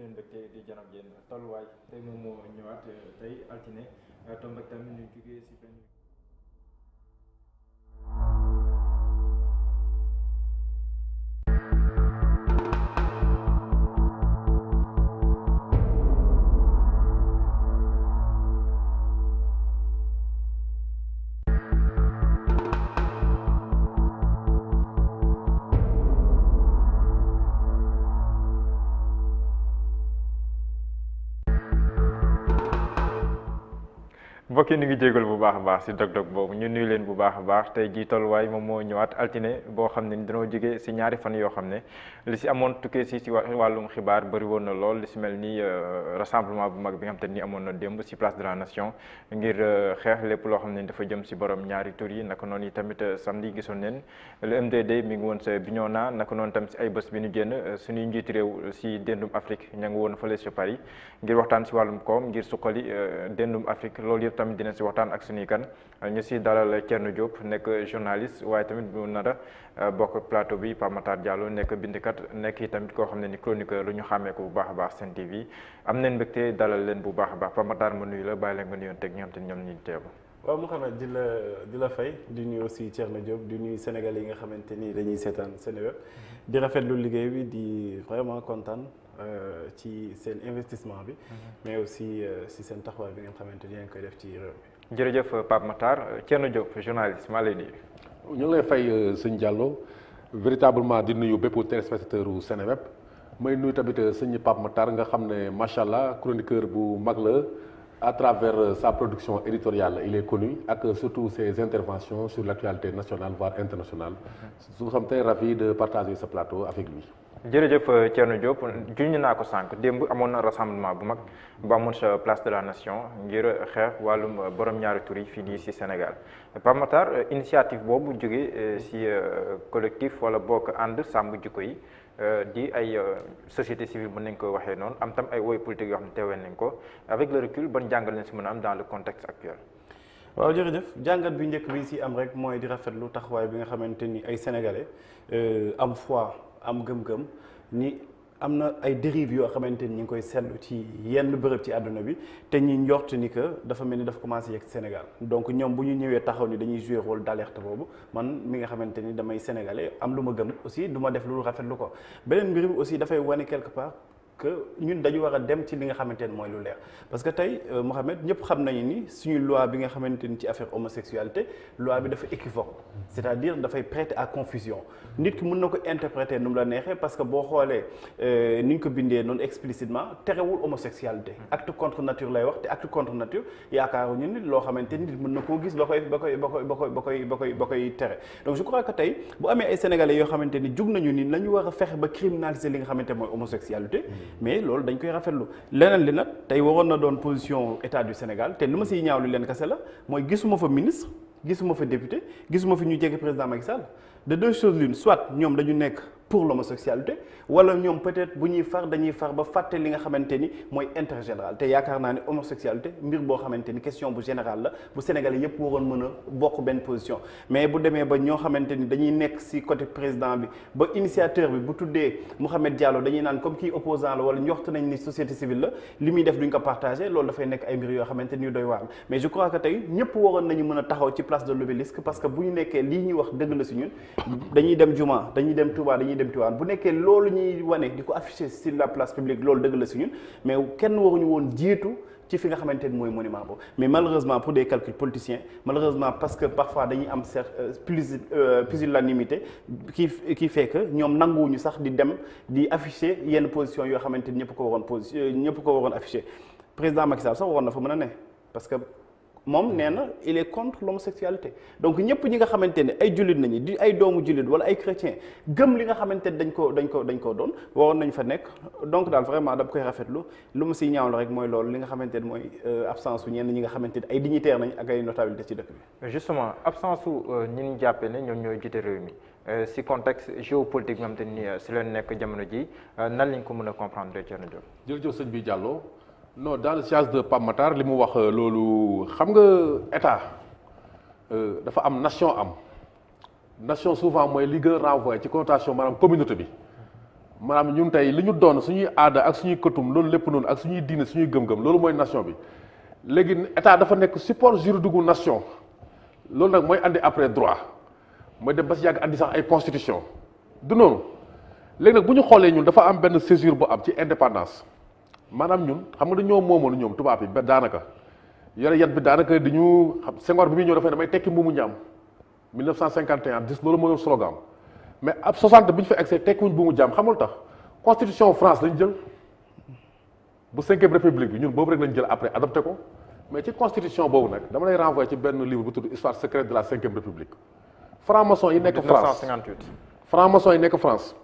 beneen mbégte di janok yéen tolluwaay tey moom moo ñëwaat tey altine tomb ak tamit ñu jugee si benn mbokk yi ñu ngi jégal bu baax a baax si dog-dog boobu ñu nuyu leen bu baax baax tey jii moom moo ñëwaat altine boo xam ne dañoo jógee si ñaari fan yoo xam ne li si amoon tukkee si si wàllum xibaar bëri woon na lool li si mel ni euh, rassemblement bu mag bi nga xam te ni amoon na démb si place de la nation ngir euh, xeex lépp loo xam ne dafa jëm si borom ñaari tur yi naka noonu tamit euh, samedi gisoon neen le MDD mi ngi woon sa Bignona naka noonu tamit si ay bés bi si déndum Afrique ña ngi woon fële si si wàllum koom ngir suqali déndum Afrique xam dina si waxtaan ak suñuy gan ñu si dalal Thierno Diop nekk journaliste waaye tamit bu nar a euh, bokk plateau bi Pape Matar Diallo nekk bindikat nekk itamit koo xam ne ni chroniqueur lu ñu xàmmee ko bu baax a baax Sen TV am nañ mbégte dalal leen bu baax a baax Pape Matar ma nuyu la bàyyi la nga nuyoon teg ñi nga xam te ñoom ñu teew waaw Mouhamed di la di la fay di nuyu aussi Thierno Diop di nuyu Sénégal yi nga xamante ni dañuy seetaan Seneweb mm-hmm. di rafetlu liggéey bi di Euh, ci seen investissement bi. Mhm. mais aussi euh, si seen taxawaay bi nga xamante ni ngi koy def ci réew mi. jërëjëf Pape Matar euh, Thierno Diop journaliste maa lay nuyu. ñu ngi lay fay sëñ Diallo véritablement di nuyu bépp téléspectateur u Seneweb mooy nuyu tamit sëñ Pape Matar nga xam ne macha allah chroniqueur bu mag la. à travers sa production éditoriale il est connu ak surtout ses interventions su l' actualité nationale voire internationale mhm. nous sommes très ravis de partager ce plateau jërëjëf euh, Thierno Diop juñ naa ko sànq démb amoon na rassemblement bu mag bu amoon place de la nation ngir wàllum euh, borom ñaari tur yi fii nii si Sénégal Pape Matar euh, initiative boobu jógee si collectif wala bokk ànd sàmm jikko yi di ay société civile mën nañ ko waxee noonu am tam ay woy politique yoo xam ne teewee nañ ko avec le recul ban jàngal lañ si a am dans le contexte actuel. waaw jàngat bi njëkk bi si am rek mooy di tax taxawaay bi nga xamante ni ay sénégalais am foi. am gëm-gëm ni am na ay dérives yoo xamante ni ñu ngi koy seetlu ci yenn bërëb ci àdduna bi te ñi njort ni que dafa mel ni dafa commencé ak Sénégal donc ñoom bu ñu ñëwee taxaw ni dañuy jouer rôle d'alerte boobu man mi nga xamante ni damay sénégalais am lu ma gëm aussi du ma def lu rafetlu ko beneen mbir mi aussi dafay wane quelque part que ñun dañu war a dem ci li nga xamante ne mooy lu leer parce que tey euh, Mohamed ñëpp xam nañu ni suñu loi bi nga xamante ni ci affaire homosexualité loi bi dafa équivoque c'est-à-dire dafay prêter à confusion nit ki mën na ko interpréter nu mu la neexee parce que boo xoolee euh, ni ñu ko bindee noonu explicitement terewul homosexualité acte contre nature lay wax te acte contre nature yaakaaruñu nit loo xamante nit mën na koo gis ba koy ba koy ba koy ba koy tere donc je crois que tey bu amee ay yoo xamante ni jug nañu ni nañu war a fexe ba criminaliser li nga xamante mooy homosexualité mais loolu dañ koy rafetlu leneen li nag tey waroon na doon position état du Sénégal te li ma siy ñaaw li leen kase la mooy gisuma fa ministre gisuma fa député gisuma fi ñu jege président Macky Sall de deux choses l'une soit ñoom dañu nekk pour l'homosexualité wala ñoom peut-être bu ñuy far dañuy far ba fàtte li nga xamante ni mooy intérêt général te yaakaar naa ne homosexualité mbir boo xamante ni question bu générale la bu Sénégalais yëpp waroon mën a bokk benn position mais bu demee ba ñoo xamante ni dañuy nekk ci coté président bi ba initiateur bi bu tuddee Mouhamed Diallo dañuy naan comme kii opposant la wala njoxtu nañ ni société civile la yoo xamante ni doy waar mais je crois que tey ñëpp waroon nañu ñu wax dëgg la ci ñun dañuy dem juma dañuy dem Touba dañuy dem Tiwaan bu nekkee loolu ñuy wane di ko affiché sur la place publique loolu dëgg la si ñun mais kenn waruñu woon jiitu ci fi nga xamante ni mooy monument boobu mais malheureusement pour des calculs politiciens malheureusement parce que parfois dañuy am cer euh, plus euh, pusillanimité qui qui fait que ñoom nanguwuñu sax di dem di afficher yenn position yoo xamante ni ñëpp ko waroon posi ñëpp ko waroon afficher président Macky Sall sax waroon na fa mën a ne moom nee na il est contre l'homosexualité donc ñëpp ñi nga xamante ne ay jullit nañu di ay doomu jullit wala ay chrétien gëm li nga xamante ne dañ ko dañ ko dañ koo doon waroon nañ fa nekk donc daal vraiment dama koy rafetlu lu ma siy ñaawlu rek mooy loolu li nga xamante ne mooy euh, absence su ñenn ñi nga xamante ne ay dignitaire nañ ak ay notabilité ci dëkk bi justement absence su euh, ñi ni jàppee ne ñoom ñooy jiite réew mi euh, si contexte géopolitique bi nga xamante ni si leen nekk jamono ji nan lañ ko mën a comprendre Thierno Diop jërëjëf sëñ bi Diallo non dans le sens de Pape Matar li mu wax euh, loolu xam nga état euh, dafa am nation am nation souvent mooy li gën a renvoyé ci connotation maanaam communauté bi maanaam ñun tey li ñu doon suñuy aada ak suñuy këtum loolu lépp noonu ak suñuy diine suñuy gëm-gëm loolu mooy nation bi léegi état dafa nekk support juridique gu nation loolu nag mooy indi après droit mooy dem ba si yàgg indi sax ay constitution du noonu léegi nag bu ñu xoolee ñun dafa am benn césure bu am ci indépendance maanaam ñun xam nga dañoo moomoon ñoom tubaab yi ba daanaka yore yat bi daanaka di ñu xam Senghor bi muy ñëw dafay damay tekki mbuumu njaam 1951 dis loolu mooy slogan mais ab 60 bi ñu fa egg tekkiwuñ mbuumu njaam xamul tax constitution France lañ jël bu cinquième république bi ñun boobu rek lañ jël après adopté ko mais ci constitution boobu nag dama lay renvoyer ci benn livre bu tudd histoire secrète de la cinquième république franc-maçon yi nekk France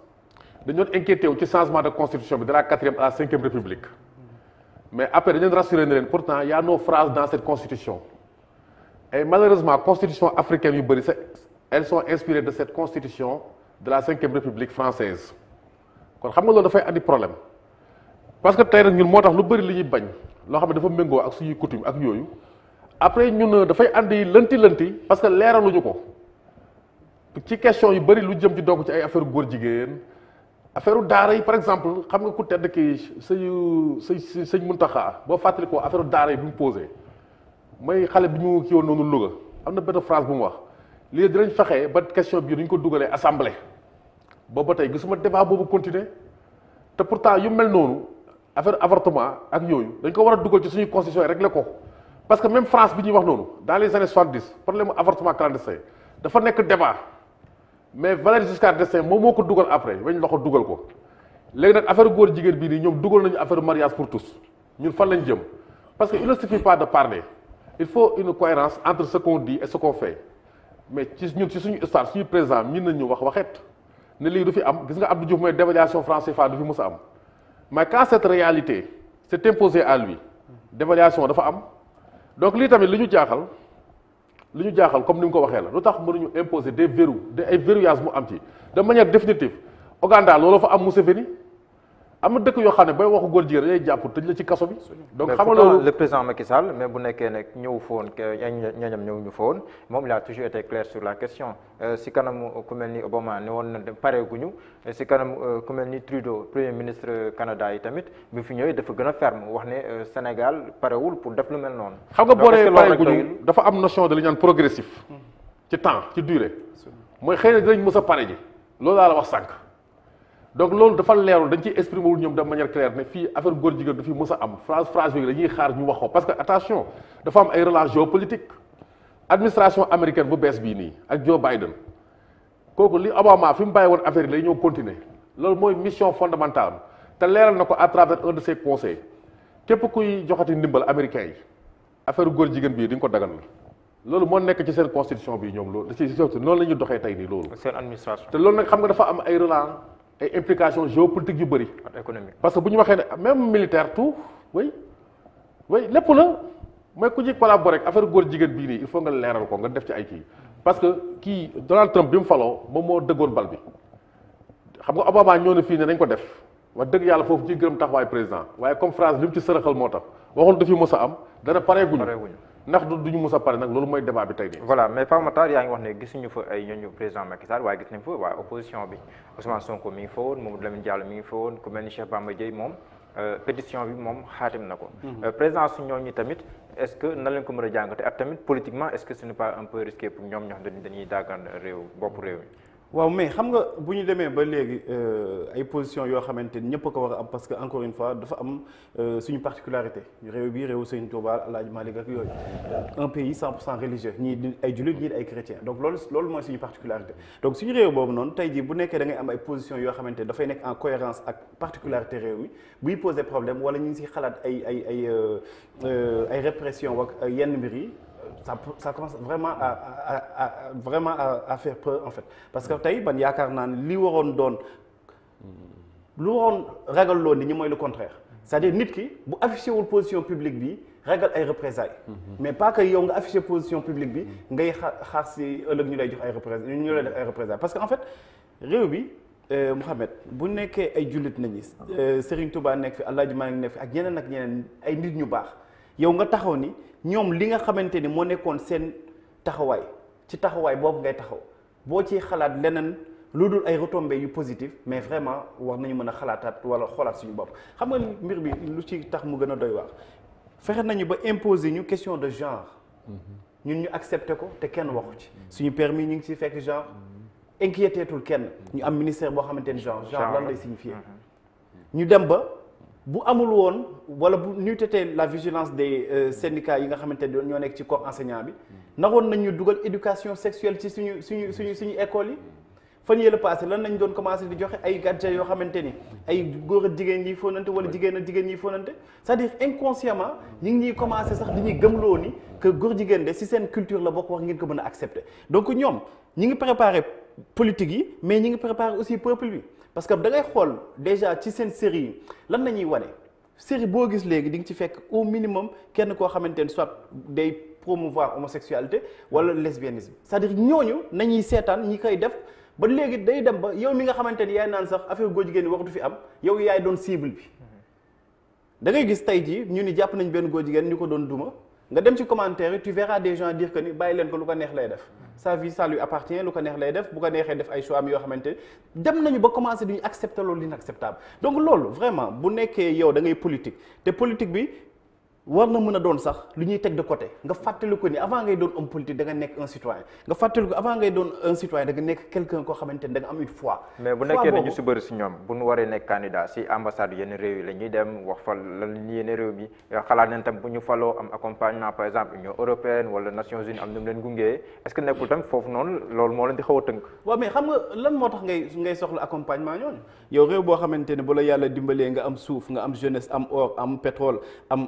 dañoon inquiété wu ci changement de constitution bi de la quatrième à la cinquième république mais après dañu leen rassuré ne leen pourtant y a nos phrases dans cette constitution et malheureusement constitution africaine yu bëri elles sont inspirées de cette constitution de la cinquième république française kon xam nga loolu dafay andi problème parce que tey rek moo tax lu bëri li ñuy bañ loo xam ne dafa méngoo ak suñuy coutume ak yooyu après ñun dafay andi lënti lënti parce que leeraluñu ko ci question yu bëri lu jëm ci donc ci ay affaire góor jigéen affaire daara yi par exemple xam nga ku tedd ki sëyu sëñ sëñ Muntaxa boo fàttali ko affaire daara yi bi mu posé may xale bi ñu kii woon noonu Louga am na benn phrase bu mu wax lii dinañ fexe ba question bii duñ ko dugalee assemblée booba tey gisuma débat boobu continuer te pourtant yu mel noonu affaire avortement ak ñooñu dañ ko war a dugal ci suñu constition yi réglé ko parce que même France bi ñuy wax noonu dans les années soixante-dix problème dafa nekk débat mais Valéry Giscard d'Estaing moom moo ko dugal après weñ loxo dugal ko léegi nag affaire góor jigéen bii nii ñoom dugal nañu affaire mariage pour tous ñun fan lañ jëm parce que il ne suffit pas de parler il faut une cohérence entre ce qu'on et ce fait mais ci ñun ci suñu histoire suñu président ñun nañ ñu wax waxet ne lii du fi am gis nga Abdou Diouf mooy dévaluation franc CFA du fi mës am mais quand cette réalité s'est imposée à lui dévaluation dafa am donc lii tamit li ñu jaaxal li ñu jaaxal comme ni mu ko waxee la lu tax mënuñu imposer des verrous des ay verrouillage mu am ci de manière définitive Ouganda loolu fa am Museveni am na dëkk yoo xam ne booy waxu góor jigéen a jàpp tëj la ci kaso bi. donc xam nga loolu le président Macky Sall mais bu nekkee ne ñëw foon ñañam ñëw ñu foon moom il a toujours été clair sur la question euh, si kanam euh, ku mel ni Obama ne woon na pare guñu si kanam euh, ku mel ni Trudeau premier ministre Canada yi tamit bi fi ñëwee dafa gën a ferme wax ne Sénégal parewul pour def lu mel noonu. xam nga boo nee pare guñu dafa am notion de li ñaan progressif. Hmm. ci temps ci a donc loolu dafa leerul dañ ci exprimer wul ñoom de manière claire ne fii affaire góor jigéen du fi am phrase phrase yooyu xaar ñu wax ko parce que attention am ay relance géopolitique administration américaine bu bees bii nii ak Joe Biden kooku li Obama fi mu bàyyi woon affaire yi ñëw continuer loolu mooy mission fondamentale te leeral na ko à travers un de ses conseils képp kuy joxati ndimbal américain yi affaire góor jigéen bii di ko dagan loolu moo nekk ci seen constitution bi ñoom loolu da la ñuy doxee tey nii loolu. seen administration te loolu nag xam nga dafa am ay relance. ay implications géopolitiques yu bëri. économique parce que bu ñu waxee ne même militaire tout oui wey lépp na mooy ku ci collaboré rek affaire góor jigéen bii nii il faut nga leeral ko nga def ci ay kii. parce que kii Donald Trump bi mu faloo moom moo dëggoon bal bi xam nga Obama ñoo ne fii ne nañ ko def wax dëgg yàlla foofu ci gërëm taxawaay président waaye comme France li mu ci sërëxal moo tax waxoon daf fi mos a am dana pareeguñu. ndax du duñu mës a pare nag loolu mooy débat bi tey nii. voilà mais Pape Matar yaa ngi wax ne gisuñu fa ay ñooñu président Macky waaye gis nañ fa waa opposition bi Ousmane Sonko mi ngi fa woon Mamadou Lamine Diallo mi ngi fa ku mel ni Cheikh Bamba Dièye moom euh, pétition bi moom xaatim na ko. Mhm. Euh, présence ñooñu tamit est-ce que na lañ ko mën a jàngatee ak tamit politiquement est-ce que ce n'est pas un peu risqué pour ñoom ñoo xam ne dañuy daagaan waaw mais xam nga bu ñu demee ba léegi euh, ay position yoo xamante ni ñëpp ko war a am parce que encore une fois dafa am euh, suñu particularité réew bi réew Sëñ Touba El Hadj Malick ak yooyu un pays 100 pour cent religieux ñii di ay jullit ñii di ay chrétiens donc lool loolu mooy suñu particularité donc suñu réew boobu noonu tey jii bu nekkee da am ay position yoo xamante ni dafay nekk en cohérence ak particularité réew mi buy poser problème wala ñu ngi si xalaat ay ay ay euh, ay répression ak yenn mbir yi ça ça commence vraiment à à à, à vraiment à, à peur en fait parce que tey man yaakaar naa ne li waroon doon lu waroon ragal lool nit ñi mooy le contraire cest dire nit ki bu affiché wul position publique bi ragal ay représailles mhm. mais pas que yow nga affiché position publique bi ngay xaar si ëllëg ñu lay jox ay représailles ñu lay def ay représailles parce que en fait réew bi euh, Mouhamed bu nekkee ay jullit nañu euh, Serigne Touba nekk fi Alaaji Maalik nekk ak ñeneen ak ñeneen ay nit ñu baax yow nga taxaw ni ñoom li nga xamante ni moo nekkoon seen taxawaay ci taxawaay boobu ngay taxaw boo ciy xalaat leneen lu dul ay retombées yu positif mais vraiment war nañu mën a xalaataat wala xoolaat suñu bopp xam nga mbir bi lu ci tax mu gën a doy waar fexe nañu ba imposer ñu question de genre ñun ñu accepté ko te kenn waxu ci suñu permis ñu ngi ciy fekk genre inquiététul kenn ñu am ministère boo xamante ni genre genre lan lay signifier mhm. ñu dem ba bu amul woon wala bu ñu tetee la vigilance des euh, syndicats yi nga xamante ne ñoo nekk ci corps enseignant bi naroon nañ dugal éducation sexuelle ci suñu suñu suñu suñu école yi fan yële passé lan lañ doon commencé di joxe ay gadget yoo xamante ni ay góor a jigéen ñiy fóonante wala jigéen a jigéen ñiy fóonante c'est-à-dire inconsciemment ñi ngi ñuy sax di ñuy gëmloo ni que góor jigéen de si seen culture la bokk wax ngeen ko mën a accepter donc ñoom ngi préparé politique yi mais ñi ngi préparé aussi peuple bi parce que da ngay xool déjà ci seen série yi lan la ñuy wane série boo gis léegi di nga ci fekk au minimum kenn koo xamante ne soit day promouvoir homosexualité wala lesbianisme c'est-à-dire ñooñu ñuy seetaan ñi koy def ba léegi day dem ba yow mi nga xamante ni yaay naan sax affaire goo jigéen waxtu fi am yow yaay doon cible bi mm-hmm. da ngay gis tey jii ñu ni jàpp nañ benn góor jigéen ñu ko doon duma nga dem ci commentaire yi tu verras des gens dire que ni bàyyi leen ko lu ko neex lay def sa vie ça appartient lu ko neex lay def bu ko neexee def ay choix am yoo xamante dem nañu ba commencé duñu li loolu l'inacceptable donc loolu vraiment bu nekkee yow dangay ngay te politique bi war na mën a doon sax lu ñuy teg de côté nga fàttali ko ni avant ngay doon homme politique da nekk un citoyen nga fàttali nga am une foi. mais bu nekkee dañu si bëri si ñoom bu ñu waree nekk candidat si ambassade yenn réew yi la dem wax fa lan yenn réew mi euh, xalaat nañ tam bu ñu faloo am accompagnement par exemple union européenne wala nations unies am nu mu leen gungee est-ce que nekkul tam foofu noonu loolu moo leen di xaw a tënk. waaw mais xam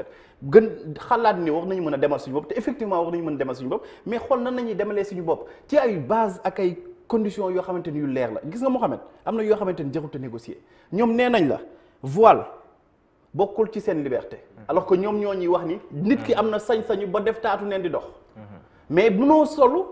fait gën xalaat ni wax nañu mën a demal suñu bopp te effectivement wax nañu mën a demal suñu bopp mais xool nan nañuy demalee suñu bopp ci ay base ak ay conditions yoo xamante ni yu leer la gis nga Mohamed am na yoo xamante ni jarut a négocier ñoom nee nañ la voile bokkul ci seen liberté mm-hmm. alors que ñoom ñoo ñuy wax ni nit ki mm-hmm. am na sañ-sañu ba def taatu neen di dox mm-hmm. mais munoo sol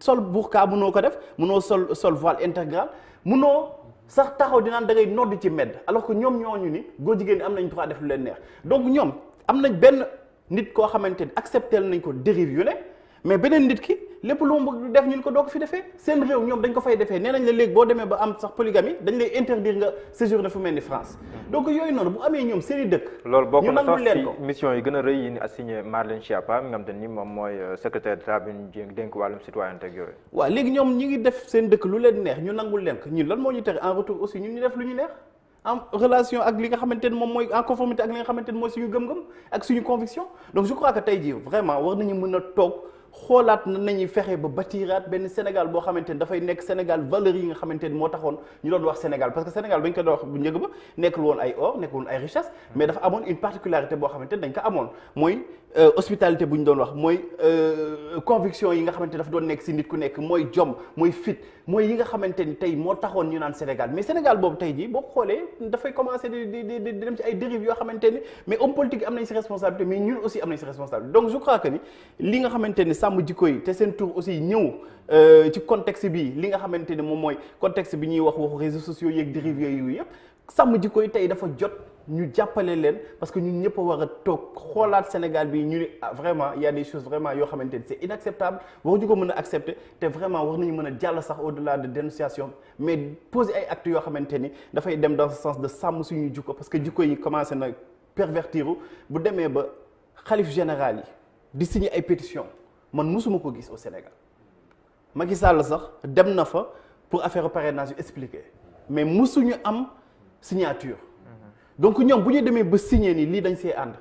sol burka munoo ko def munoo sol sol voile intégral munoo sax taxaw dinaan da ngay nodd ci medd alors que ñoom ñooñu ni góor jigéen am nañ droit def lu leen neex donc ñoom am nañ benn nit koo xamante ni accepté nañ ko dérive yu ne mais beneen nit ki lépp lu mu bëgg def ñun ko doo ko fi defee seen réew ñoom dañ ko fay defee nee nañ la léegi boo demee ba am sax polygamie dañ lay interdire nga séjourné fu mel ni France donc yooyu noonu bu amee ñoom seen i dëkk loolu bokk na sax ci mission yi gën a rëy yi ni assigné Marlène Schiappa mi nga xam te ni moom mooy euh, secrétaire d'état bi ñu dénk wàllum citoyenneté ak yooyu ngi def seen dëkk lu leen neex ñu nangul leen ko ñun lan moo ñu tere en retour aussi ñun ñu def lu ñu neex en relation ak li nga xamante ne moom mooy en conformité ak li nga xamante ne mooy suñu gëm-gëm ak suñu conviction donc je crois que tey jii vraiment war nañu mën a toog xoolaat na nañuy fexe ba batiiraat benn Sénégal boo xamante ni dafay nekk Sénégal valeurs yi nga xamante ni moo taxoon ñu doon wax Sénégal parce que Sénégal bañ ko doon wax bu njëkk ba nekkul woon ay or nekkul woon ay richesse mais dafa amoon une particularité boo xamante ni dañ ko amoon mooy Euh, hospitalité bu ñu doon wax mooy euh, conviction yi nga xamante dafa doon nekk si nit ku nekk mooy jom mooy fit mooy yi nga xamante ni tey moo taxoon ñu naan Sénégal mais Sénégal boobu tey jii boo xoolee dafay commencer di dem ci ay dérives yoo xamante ni mais homme politique am nañ si responsabilité mais ñun aussi am nañ si responsabilité donc je crois que ni li nga xamante ni sàmm jikko yi te seen tour aussi ñëw euh, ci contexte bi li nga xamante ni moom mooy contexte bi ñuy wax waxu réseaux sociaux yeeg dérives yooyu yëpp sàmm jikko yi tey dafa jot. ñu jàppale leen parce que ñu ñëpp war a toog xoolaat Sénégal bi ñu ni ah, vraiment il y a des choses vraiment yoo xamante ni c'est inacceptable waruñu ko mën a accepter te vraiment war nañu mën a jàll sax au-delà de dénonciation mais poser ay actes yoo xamante ni dafay dem dans ce sens de sàmm suñu jikko parce que jikko yi commencé na pervertir bu demee ba xalif général yi di signer ay pétitions man mosuma ko gis au Sénégal Macky Sall sax dem na fa pour affaire parrainage yu expliqué mais mosuñu am signature donc ñoom bu ñuy demee ba signé ni lii dañ see ànd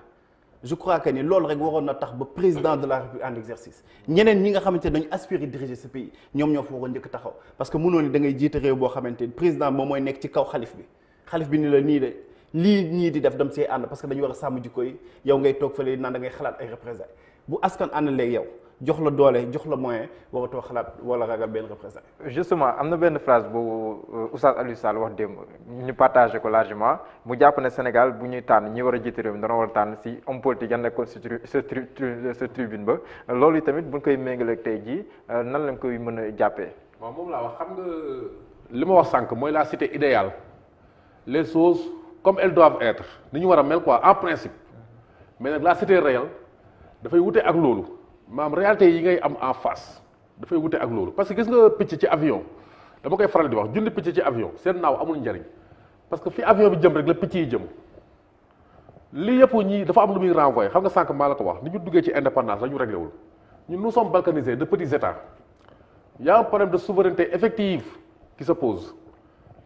je crois que ni loolu rek waroon na tax ba président de la République en exercice ñeneen ñi nga xamante ne dañu aspirer diriger ce pays ñoom ñoo fa waroon njëkk taxaw parce que munoo ni da ngay jiite réew boo xamante ni président moom mooy nekk ci kaw xalif bi xalif bi ni la nii de lii ñii di def dem see ànd parce que dañ war a sàmm jikko yi yow ngay toog fële naan da ngay xalaat ay représailles bu askan ànd léegi yow jox la doole jox la moyen waratoo xalaat wala ragal benn représentant. justement am na benn phrase bu euh, Oustaz Aliou Sall wax démb ñu partagé ko largement mu jàpp ne Sénégal bu ñuy tànn ñi war a jiite réew mi dana tànn si homme politique yan nekkoon si sa sa tribune ba loolu yi tamit bu ñu koy méngaleeg tey jii euh, nan lañ koy mën a jàppee. waaw moom laa wax xam nga li ma wax sànq mooy la cité idéale les choses comme elles doivent être ni ñu war a mel quoi en principe mais nag la cité réelle dafay wute ak loolu. maam réalité yi ngay am en face dafay wute ak loolu parce que gis nga picc ci avion dama koy faral di wax junni picc ci avion seen naaw amul njariñ parce que fi avion bi jëm rek la picc yi jëm lii yëpp ñii dafa am lu muy renvoyé xam nga sànq maa ko wax ni ñu duggee ci indépendance la ñu réglé wul ñun nous sommes balkanisés de petits états y a un problème de souveraineté effective qui se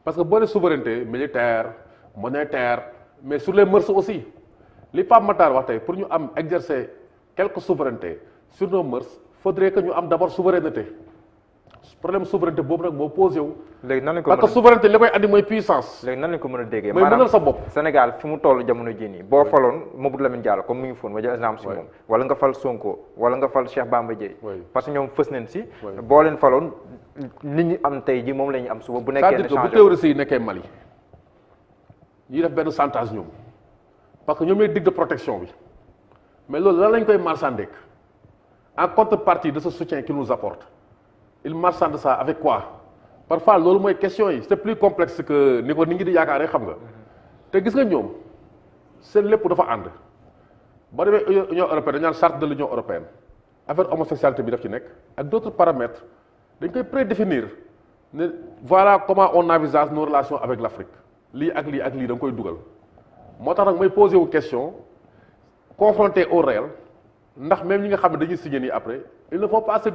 parce que boo nee souveraineté militaire monétaire mais sur les mœurs aussi li Pape Matar wax tey pour ñu am exercer quelque souveraineté sur nos mœurs faudrait ñu am d' abord souveraineté problème souveraineté boobu nag moo posé wu. léegi na lañ ko mën a parce que souveraineté ko mën a déggee. mooy mënal sa bopp Sénégal fi mu toll jamono ji nii boo faloon Mamadou Lamine Diallo comme mu ngi foon ma jël exemple si moom. wala nga fal Sonko wala nga fal Cheikh Bamba Dièye. parce que ñoom fës nañ si. boo leen faloon li ñu am tey jii moom la ñu am suba. bu nekkee ne changé bu théorie yi nekkee Mali ñuy def benn chantage ñoom parce que ñoom ñooy digg bi mais loolu lan lañ koy marchandé en contrepartie de ce soutien qu'il nous apporte il marchande ça avec quoi parfois loolu mooy question yi c'est plus complexe que ni ko nit ñi di yaakaaree xam nga te gis nga ñoom seen lépp dafa ànd boo demee union européenne dañu naan charte de l'union européenne affaire homosexualité bi daf ci nekk ak d'autres paramètres dañ koy prédéfinir ne voilà comment on envisage nos relations avec l'Afrique lii ak lii ak lii da koy dugal moo tax nag mooy poser wu question confronté au réel ndax même ñi nga xam ne dañuy signé nii après il ne faut pas se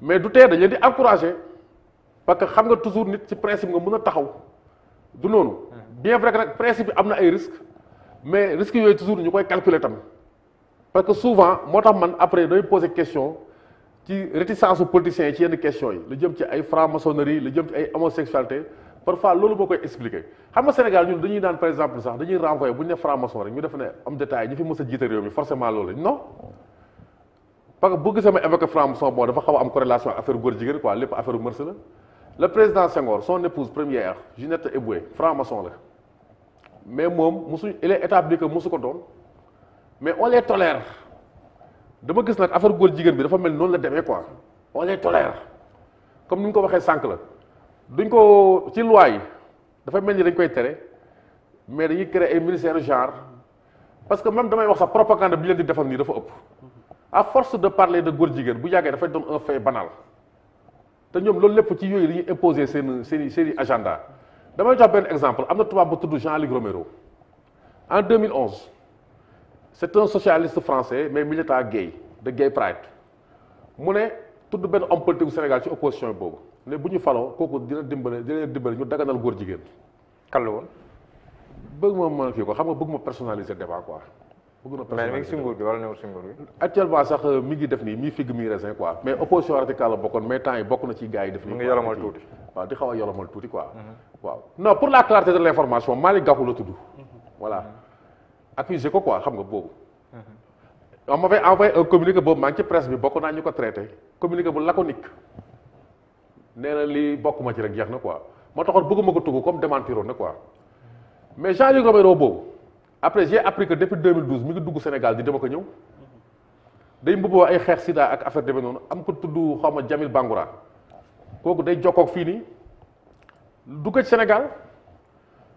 mais du tee dañ leen di encouragé parce que xam nga toujours nit ci principe nga mën a taxaw du noonu. bien vrai rek nag principe bi am na ay risques mais risque yooyu toujours ñu koy calculer tam parce que souvent moo tax man après day poser question ci réticence su politiciens yi ci yenn question yi lu jëm ci ay franc-maçonnerie lu jëm ci ay homosexualité. parfois loolu moo koy expliqué xam nga Sénégal ñun dañuy naan par exemple sax dañuy renvoyé bu ñu ne franc-maçon rek ñu def ne am détail ñi fi mës a jiite réew mi forcément loolu lañ non parce que bu gisee ma évoqué franc-maçon dafa xaw a am corrélation ak affaire góor jigéen quoi lépp affaire mœurs la le président Senghor ne épouse première Ginette Eboué franc la mais moom mosuñ il est établi que mosu ko doom mais on les tolère dama gis nag affaire góor jigéen bi dafa mel noonu la demee quoi on les tolère comme ni nga ko waxee sànq la duñ ko ci loi yi dafa mel ni dañ koy tere mais dañuy créer ay ministère genre parce que même damay wax sax propagande bi leen di defal nii dafa ëpp a force de parler de góor jigéen bu yàggee dafay doon un fait banal te ñoom loolu lépp ci yooyu dañuy imposer seen seen seen agenda damay jox benn exemple am na tubaab bu tudd Jean-Luc Romero en 2011 c'est un socialiste français mais militant gay de Gay Pride mu ne tudd benn homme politique bu Sénégal ci opposition boobu. ne bu ñu faloo kooku dina dimbale dina dimbale ñu daganal góor jigéen. kan la woon. bëgg ma mën kii ko xam nga bëgg ma personnaliser débat quoi. bëgg na personnaliser mais mi ngi si bi wala newul si bi. actuellement sax euh, mi ngi def nii mi figg mi raisin quoi mais opposition radicale la bokkoon mais temps yi bokk a mhm. mhm. mhm. naa ñu ko traité communiqué bu laconique nee na lii bokk ma ci rek jeex na quoi moo taxoon bëgguma ko tugg comme démentiroon na quoi mais Jean-Luc Romero boobu après j'ai appris que depuis 2012 ngi dugg Sénégal di dama ko ñëw day mbubboo ay xeex sida ak affaire demee noonu am ko tudd xaw ma Jamil Bangoura kooku day jokkoog fii nii dugg ci Sénégal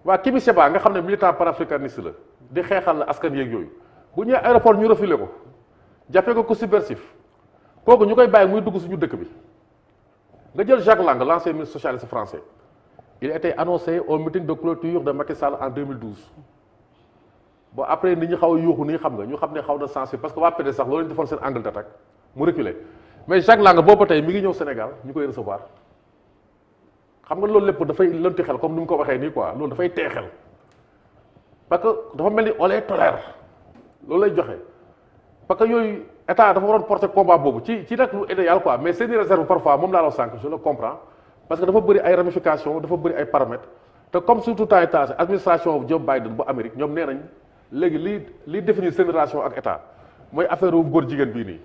waa Kimi Seba nga xam ne militant panafricaniste la di xeexal askan yeeg yooyu bu ñëwee aéroport ñu refilé ko jàppee ko ko subversif kooku ñu koy bàyyi muy dugg suñu dëkk bi. nga jël Jacques Lang l'ancien ministre socialiste français il était annoncé au meeting de clôture de Macky Sall en 2012 après nit ñi xaw a yuuxu nii xam nga ñu xam ne xaw na sensé parce que waa PDS sax loolu ñu defoon seen angle d'attaque mu reculé mais Jacques Lang boobu tey mi ngi ñëw Sénégal ñu koy recevoir xam nga loolu lépp dafay lënti xel comme ni mu ko waxee nii quoi loolu dafay tee xel parce que dafa mel ni on les tolère loolu lay joxe parce état dafa waroon porter combat boobu ci ci nag lu idéal quoi mais seeni réserve parfois moom laa la sànq je le comprends parce que dafa bëri ay ramifications dafa bëri ay paramètres te comme surtout temps état administration Joe Biden bu Amérique ñoom nee nañ léegi li li définir seen relation ak état mooy affaire wu góor jigéen bii nii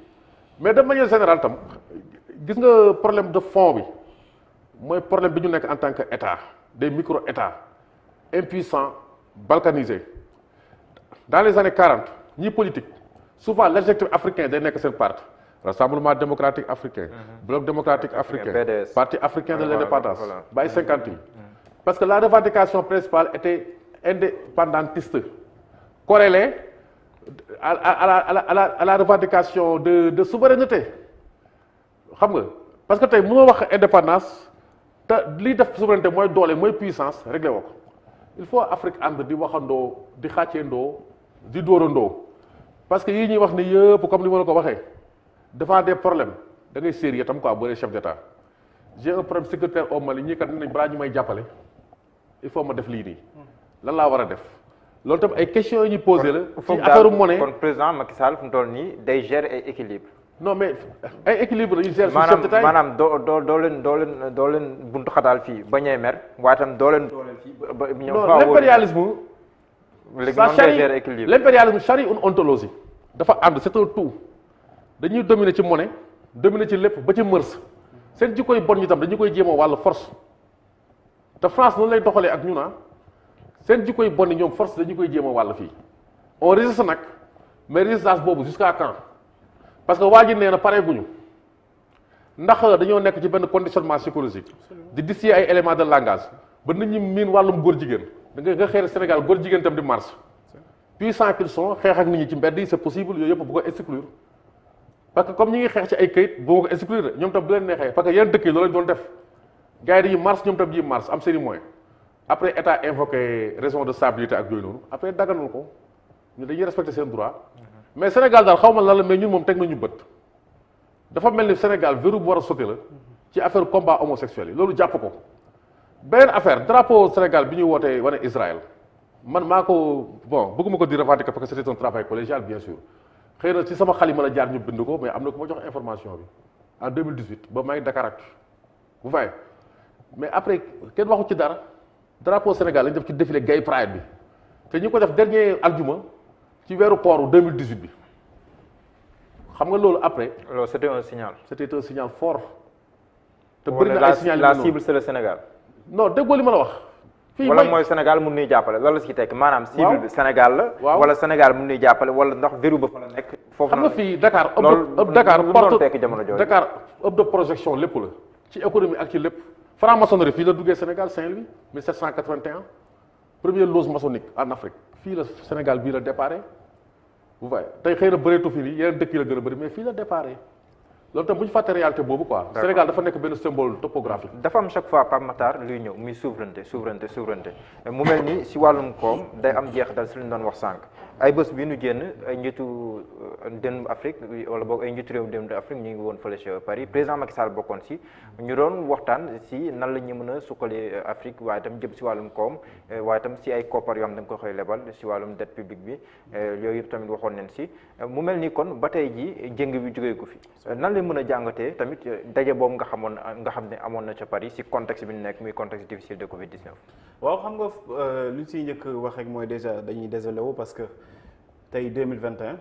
mais de manière générale tam gis nga problème de fond bi mooy problème bi ñu nekk en tant que état des micro états impuissants balkanisés dans les années 40 ñi politique souvent l'adjectif africain day nekk seen parti rassemblement démocratique africain mhm. bloc démocratique africain parti africain de l'indépendance bàyyi cinquante yi mhm. parce que la revendication principale était indépendantiste corrélée à la à la à la revendication de de souveraineté xam nga parce que tey mënoo wax indépendance te liy def souveraineté mooy doole mooy puissance réglé woo ko il faut Afrique ànd di waxandoo di xàcceendoo di dóorandoo parce que yi ñuy wax ne yëpp comme ni ma la ko waxee devant des problèmes da ngay tam quoi boo dee chef d'état j'ai un problème sécuritaire au Mali ñii kat ne balaa ñu may jàppale il faut ma def lii nii lan laa war a def loolu tam ay questions yi ñu posé la ci affaire monnaie kon président Macky Sall fu mu ay équilibre non mais ay équilibre dañuy gérer doo leen buntu xataal fii bañee mer waaye tam doo leen doo leen fii ba ñëw ça charrie l'impérialisme charrie une ontologie dafa ànd c'est un tout dañuy dominer ci monnaie dominer ci lépp ba ci mërs seen jikko yu bon ñu tam dañu koy jéem a wàll force te France noonu lay doxalee ak ñun ah seen jikko yu bon ñoom force dañu koy jéem a wàll fii on résiste nag mais résistance boobu jusqu'à quand parce que waa ji nee na pare guñu ndax dañoo nekk ci benn conditionnement psychologique di dis distiller ay éléments de langage ba nit ñi miin wàllum góor jigéen nga nga Sénégal góor jigéen itam di marche puissant qu'ils sont xeex ak nit ñi ci mbedd yi c'est possible yooyu yëpp bu ko exclure parce que comme ñi ngi xeex ci ay kayit bu ko exclure ñoom tam bu leen neexee parce que yenn dëkk yi loolu lañ doon def gars yi dañuy ñoom tam ñuy marche am seen i moyens après état invoqué raison de stabilité ak yooyu noonu après daganul ko ñu dañuy respecté seen droit mhm. mais Sénégal daal xaw ma lan la mais ñun moom teg nañu bët dafa mel ni Sénégal verrou bu war a sauté la ci affaire combat homosexuel yi loolu jàpp ko beneen affaire drapeau Sénégal bi ñuy wootee wane Israël man maa ko bon bëgguma ko di revendiquer parce que c'était un travail collégial bien sûr xëy na si sama xal yi mën a jaar ñu bind ko mais am na ku ma jox information bi en 2018 ba may Dakar ak vous voyez mais après kenn waxu ci dara drapeau Sénégal lañu def ci défilé Gay Pride bi te ñu ko def dernier aljuma ci weeru kooru 2018 bi xam nga loolu après. loolu c'était un signal. c'était un signal fort. te bëri na ay signal la cible c'est le Sénégal. no déggoo li ma la wax. fii wala mooy Sénégal mun nuy jàppale loolu la si tekk maanaam. cible bi Sénégal la. wala Sénégal mun nuy jàppale wala ndax verrou ba fa la nekk. foofu xam nga fii Dakar. loolu Dakar porte Dakar ëpp de projection lépp la ci économie ak lépp. franc-maçonnerie fii la duggee Sénégal Saint-Louis 1781 première loge maçonnique en Afrique fii la Sénégal bii la déparé vous voyez tey xëy na bëreetu fii yeneen dëkk yi la gën a bëri mais fii la déparé loolu tam bu ñu fàtte réalité boobu quoi. Sénégal dafa nekk benn symbole topographique. dafa am chaque fois par Matar luy ñëw muy souveraineté souveraineté souveraineté mu mel ni si wàllum koom day am jeexital si li ñu doon wax sànq. ay bés bi ñu génn ay njiitu euh, dem Afrique wala boog ay njiitu réew Afrique ñu ngi woon fële Paris président Macky Sall bokkoon si ñu doon waxtaan si nan la ñu mën a suqali euh, Afrique waaye itam jëm si wàllum koom euh, waaye itam si ay koppar yoo xam ko koy lebal si wàllum dette publique bi yooyu yëpp tamit waxoon nañ si mu mel ni kon ba tey ji jëng bi jógee ko fi nan la mën a jàngatee tamit daje boobu nga xam ne amoon na ca Paris si contexte bi ñu nekk muy contexte difficile de Covid 19. waaw xam tey 2021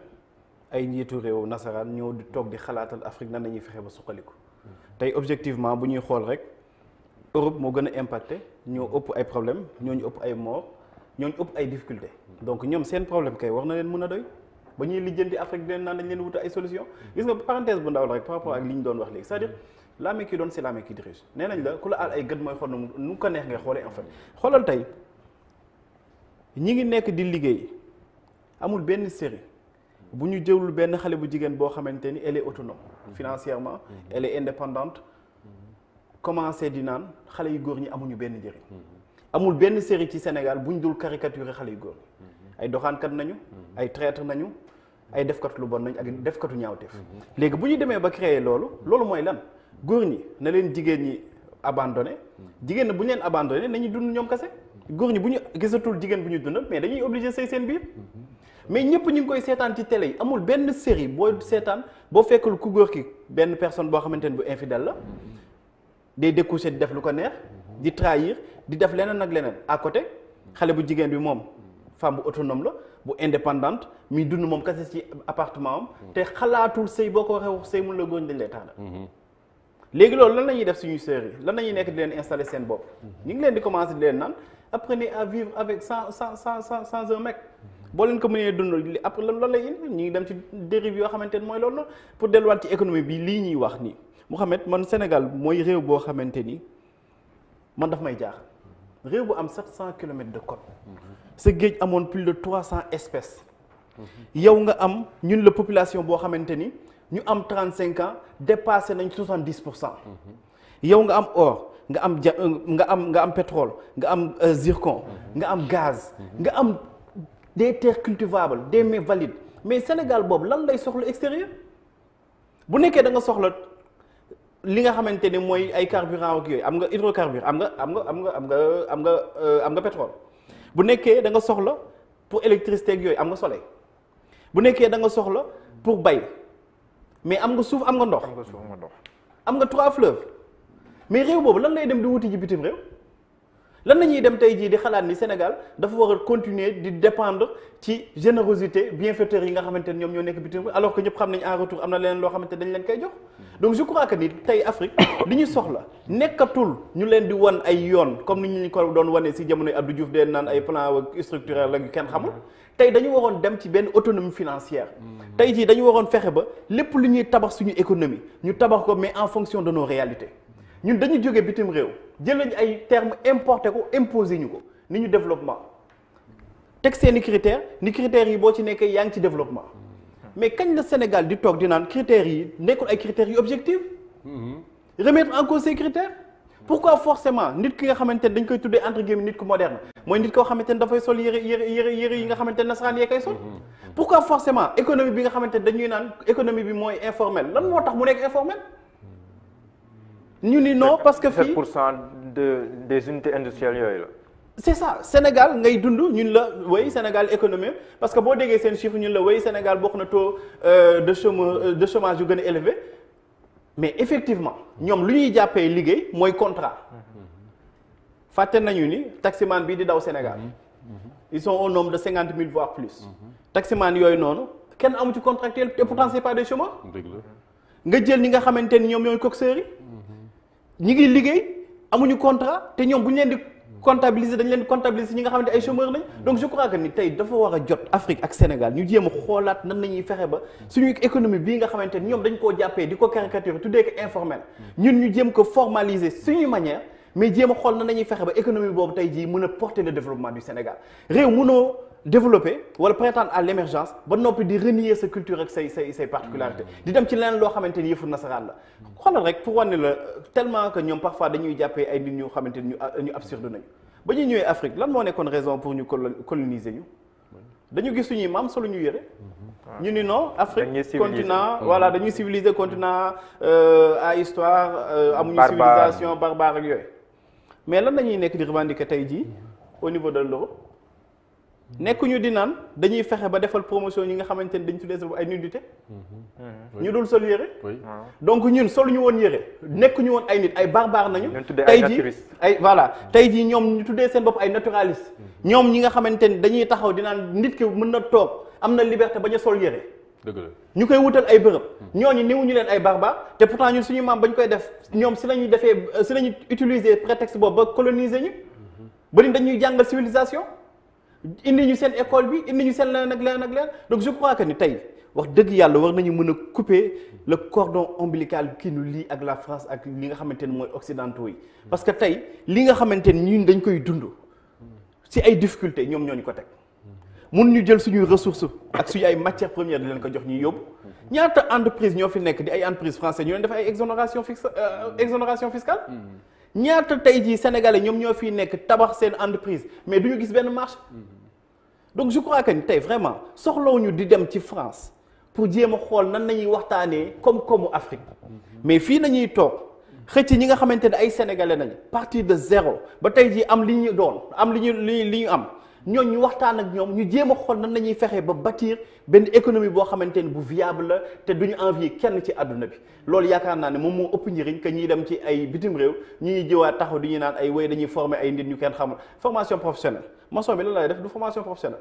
ay njiitu réew nasaraan ñoo di toog di xalaatal Afrique nan la ñuy fexe ba suqaliku tey objectivement bu ñuy xool rek Europe moo gën a impacté ñoo ëpp ay problème ñoo ñu ëpp ay mort ñooñu ëpp ay difficulté donc ñoom seen problème kay wax na leen mën a doy ba ñuy lijjanti Afrique leen nan lañ leen wuta ay solution gis nga parenthèse bu ndaw la rek par rapport ak li ñu doon wax léegi c'est-à-dire laame ki doon c'est laame ki dirige nee nañ la ku la aal ay gët mooy xool nu mu ko en fait xoolal tey ngi nekk di liggéey amul benn série bu ñu jëlul benn xale bu jigéen boo xamante ni elle est autonome mhm. financièrement mhm. elle indépendante commencé di naan xale yu góor ñi amuñu benn njëriñ mhm. amul benn série ci Sénégal bu ñu dul caricaturer xale yu góor ñi ay doxaankat nañu ay traitre nañu ay defkat lu bon nañu ak defkatu ñaawteef léegi bu ñu demee ba créer loolu loolu mooy lan góor ñi na leen jigéen ñi abandonné jigéen bu ñu leen abandonné nañu dund ñoom kase góor ñi bu ñu gisatul jigéen bu ñu dund mais dañuy obligé say seen biir mais ñëpp ñu ngi koy seetaan ci télé yi amul benn série boo seetaan boo fekkul ku góor ki benn personne boo xamante ne bu infidèle la day découché di def lu ko neex di trahir di def leneen ak leneen à côté xale bu jigéen bi moom femme bu autonome la bu indépendante mi dund moom kase ci appartement am te xalaatul sëy boo ko waxee sëy mun la góoñ dañ lay taala léegi loolu lan la ñuy def suñu sœurs yi lan la ñuy nekk di leen installé seen bopp ñu ngi leen di commencé di leen naan apprenez à vivre avec sans sans sans sans un mec boo leen ko mënee dund li après loolu lay indi ñu ngi dem ci dérive yoo xamante ne mooy loolu pour delluwaat ci économie bi lii ñuy wax nii Mouhamed man Sénégal mooy réew boo xamante ni man daf may jaax réew bu am 700 kilomètres de côte sa géej amoon plus de 300 espèces yow nga am ñun la population boo xamante ni ñu am 35 ans dépassé nañ 70 pour cent yow nga am or nga am ja euh, nga am nga am pétrole nga am euh, zircon nga am gaz nga am des terres cultivables des mets valides mais Sénégal boobu lan lay soxla extérieur bu nekkee da nga soxla li nga xamante ne mooy ay carburant ak yooyu am nga hydrocarbure am nga am nga am nga am nga am nga euh, am nga pétrole bu nekkee da nga soxla pour électricité ak yooyu am nga soleil bu nekkee da nga soxla pour bay mais am nga suuf am nga ndox am nga trois fleuves mais réew boobu lan lay dem di wuti ji bitim réew lan la ñuy dem tey jii di xalaat ni Sénégal dafa war a continuer di dépendre ci générosité bienfaiteurs yi nga xamante ne ñoom ñoo nekk bitim alors que ñëpp xam nañ en retour am na leneen loo xamante dañ leen koy jox donc je crois que tey Afrique li ñu soxla nekkatul ñu leen di wan ay yoon comme ni ñu ko doon wane si jamonoy Abdou Diouf deen naan ay plan a structurel la yu kenn xamul tey dañu waroon dem ci benn autonomie financière mm-hmm. tey jii dañu waroon fexe ba lépp lu ñuy tabax suñu économie ñu tabax ko mais en fonction de nos réalités ñun dañu jógee bitim réew jël nañu ay termes importé ko imposé ñu ko ni ñu développement teg seeni critères ni critères yi boo ci nekkee yaa ngi ci développement mais kañ la Sénégal di toog di naan critères yi nekkul ay critères yu objectifs remettre en cause ces critères pourquoi forcément nit ki nga xamante ne dañ koy tuddee entre guillemets nit ku moderne mooy nit koo xamante ne dafay sol yére yére yére yére yi nga xamante ne nasaraan yee koy sol pourquoi forcément économie bi nga xamante ne dañuy naan économie bi mooy informel lan moo tax mu nekk informel ñu ni non parce que fii 7 pour cent de des unités industrielles yooyu la. c' est ça Sénégal ngay dund ñun la way Sénégal économie parce que boo déggee seen chiffre ñu la way Sénégal bokk na taux euh, de chômage euh, de chômage yu gën a élevé mais effectivement ñoom lu ñuy jàppee liggéey mooy contrat fàtte nañu ni taximan bii di daw Sénégal il sont au nombre de cinquante mille voire plus taximan yooyu noonu kenn amu ci contractuel et pourtant c' pas des chômeurs nga jël ñi nga xamante ni ñoom ñooy coxeurs yi ñi ngi liggéey amuñu contrat te ñoom bu ñu leen di comptabiliser dañ leen di comptabiliser ñi nga xamante ay chômeurs lañ donc je crois que ni tey dafa war a jot Afrique ak Sénégal ñu jéem a xoolaat nan la ñuy fexe ba su suñu économie bii nga xamante ni ñoom dañ koo jàppee di ko caricature tuddee ko informel ñun ñu jéem ko formaliser suñu manière mais jéem a xool na nañuy fexe ba économie boobu tey jii mën a porter le développement du Sénégal réew mënoo développer wala prétendre à l'émergence ba noppi di renier sa culture ak say say say particularités mm. di dem ci leneen loo xamante ni yëfu nasaraan la xoolal rek pour wane la tellement que ñoom parfois dañuy jàppee ay nit ñu xamante ni ñu absurde nañu ba ñu ñëwee Afrique lan moo nekkoon raison pour ñu coloniser ñu dañu gis suñuy maam solo ñu yére mm-hmm. ñu ni non ah. Afrique continent mm-hmm. voilà dañuy civiliser continent euh, à histoire euh, amuñu civilisation barbare ak yooyu mais lan lañuy nekk di revendiquer tey jii au niveau de l'Europe nekkuñu di naan dañuy fexe ba defal promotion ñi nga xamante ni dañ tuddee sa ay nudité mhm. ñu dul sol yére ah. donc ñun soluñu woon yére nekkuñu woon ay nit ay barbaar nañu tey ji ay voilà tey ji ñoom ñu tuddee seen bopp ay naturaliste mhm. ñoom ñi nga xamante ni dañuy taxaw di naan nit ki mën na toog am na liberté ba ñu sol yére dëgg ñu koy wutal ay bërëb mhm. ñooñu ñu leen ay barbaar te pourtant ñun suñu maam bañ koy def ñoom si lañuy defee si lañuy utiliser prétexte boobu ba coloniser ñu ba ni dañuy jàngal civilisation indi ñu seen école bi indi ñu seen leneen ak leneen ak leneen donc je crois que ni tey wax dëgg yàlla war nañu mën a couper le cordon ombilical qui nous lie ak la France ak li nga xamante ni mooy occidentaux yi. parce que tey li nga xamante ni ñun dañ koy dund si ay difficultés ñoom ñoo ñu ko teg. mun ñu jël suñuy ressources ak suñu ay matières premières di leen ko jox ñuy yóbbu ñaata entreprise ñoo fi nekk di ay entreprise française ñu leen def ay exonération fixe euh, exonération fiscale. Hmm. ñaata tey jii sénégalais ñoom ñoo fiy nekk tabax seen entreprise mais du gis benn marché. donc je crois que tey vraiment soxlawuñu di dem ci France pour jéem a xool nan nañuy waxtaanee koom-koomu Afrique mais fii nañuy toog xëcc ñi nga xamante ne ay sénégalais nañu parti de zéro ba tey jii am li ñu doon am li ñu li li ñu am ñooñ ñu waxtaan ak ñoom ñu jéem a xool nan nañuy fexee ba bâtir benn économie boo xamante ni bu viable la te du ñu envier kenn ci adduna bi loolu yaakaar naa ne moom moo ëpp njëriñ que ñiy dem ci ay bitim réew ñi ñuy jiwaat taxaw di ñu naan ay way dañuy former ay nit ñu kenn xamul formation professionnelle moson bi lan lay def du formation professionnelle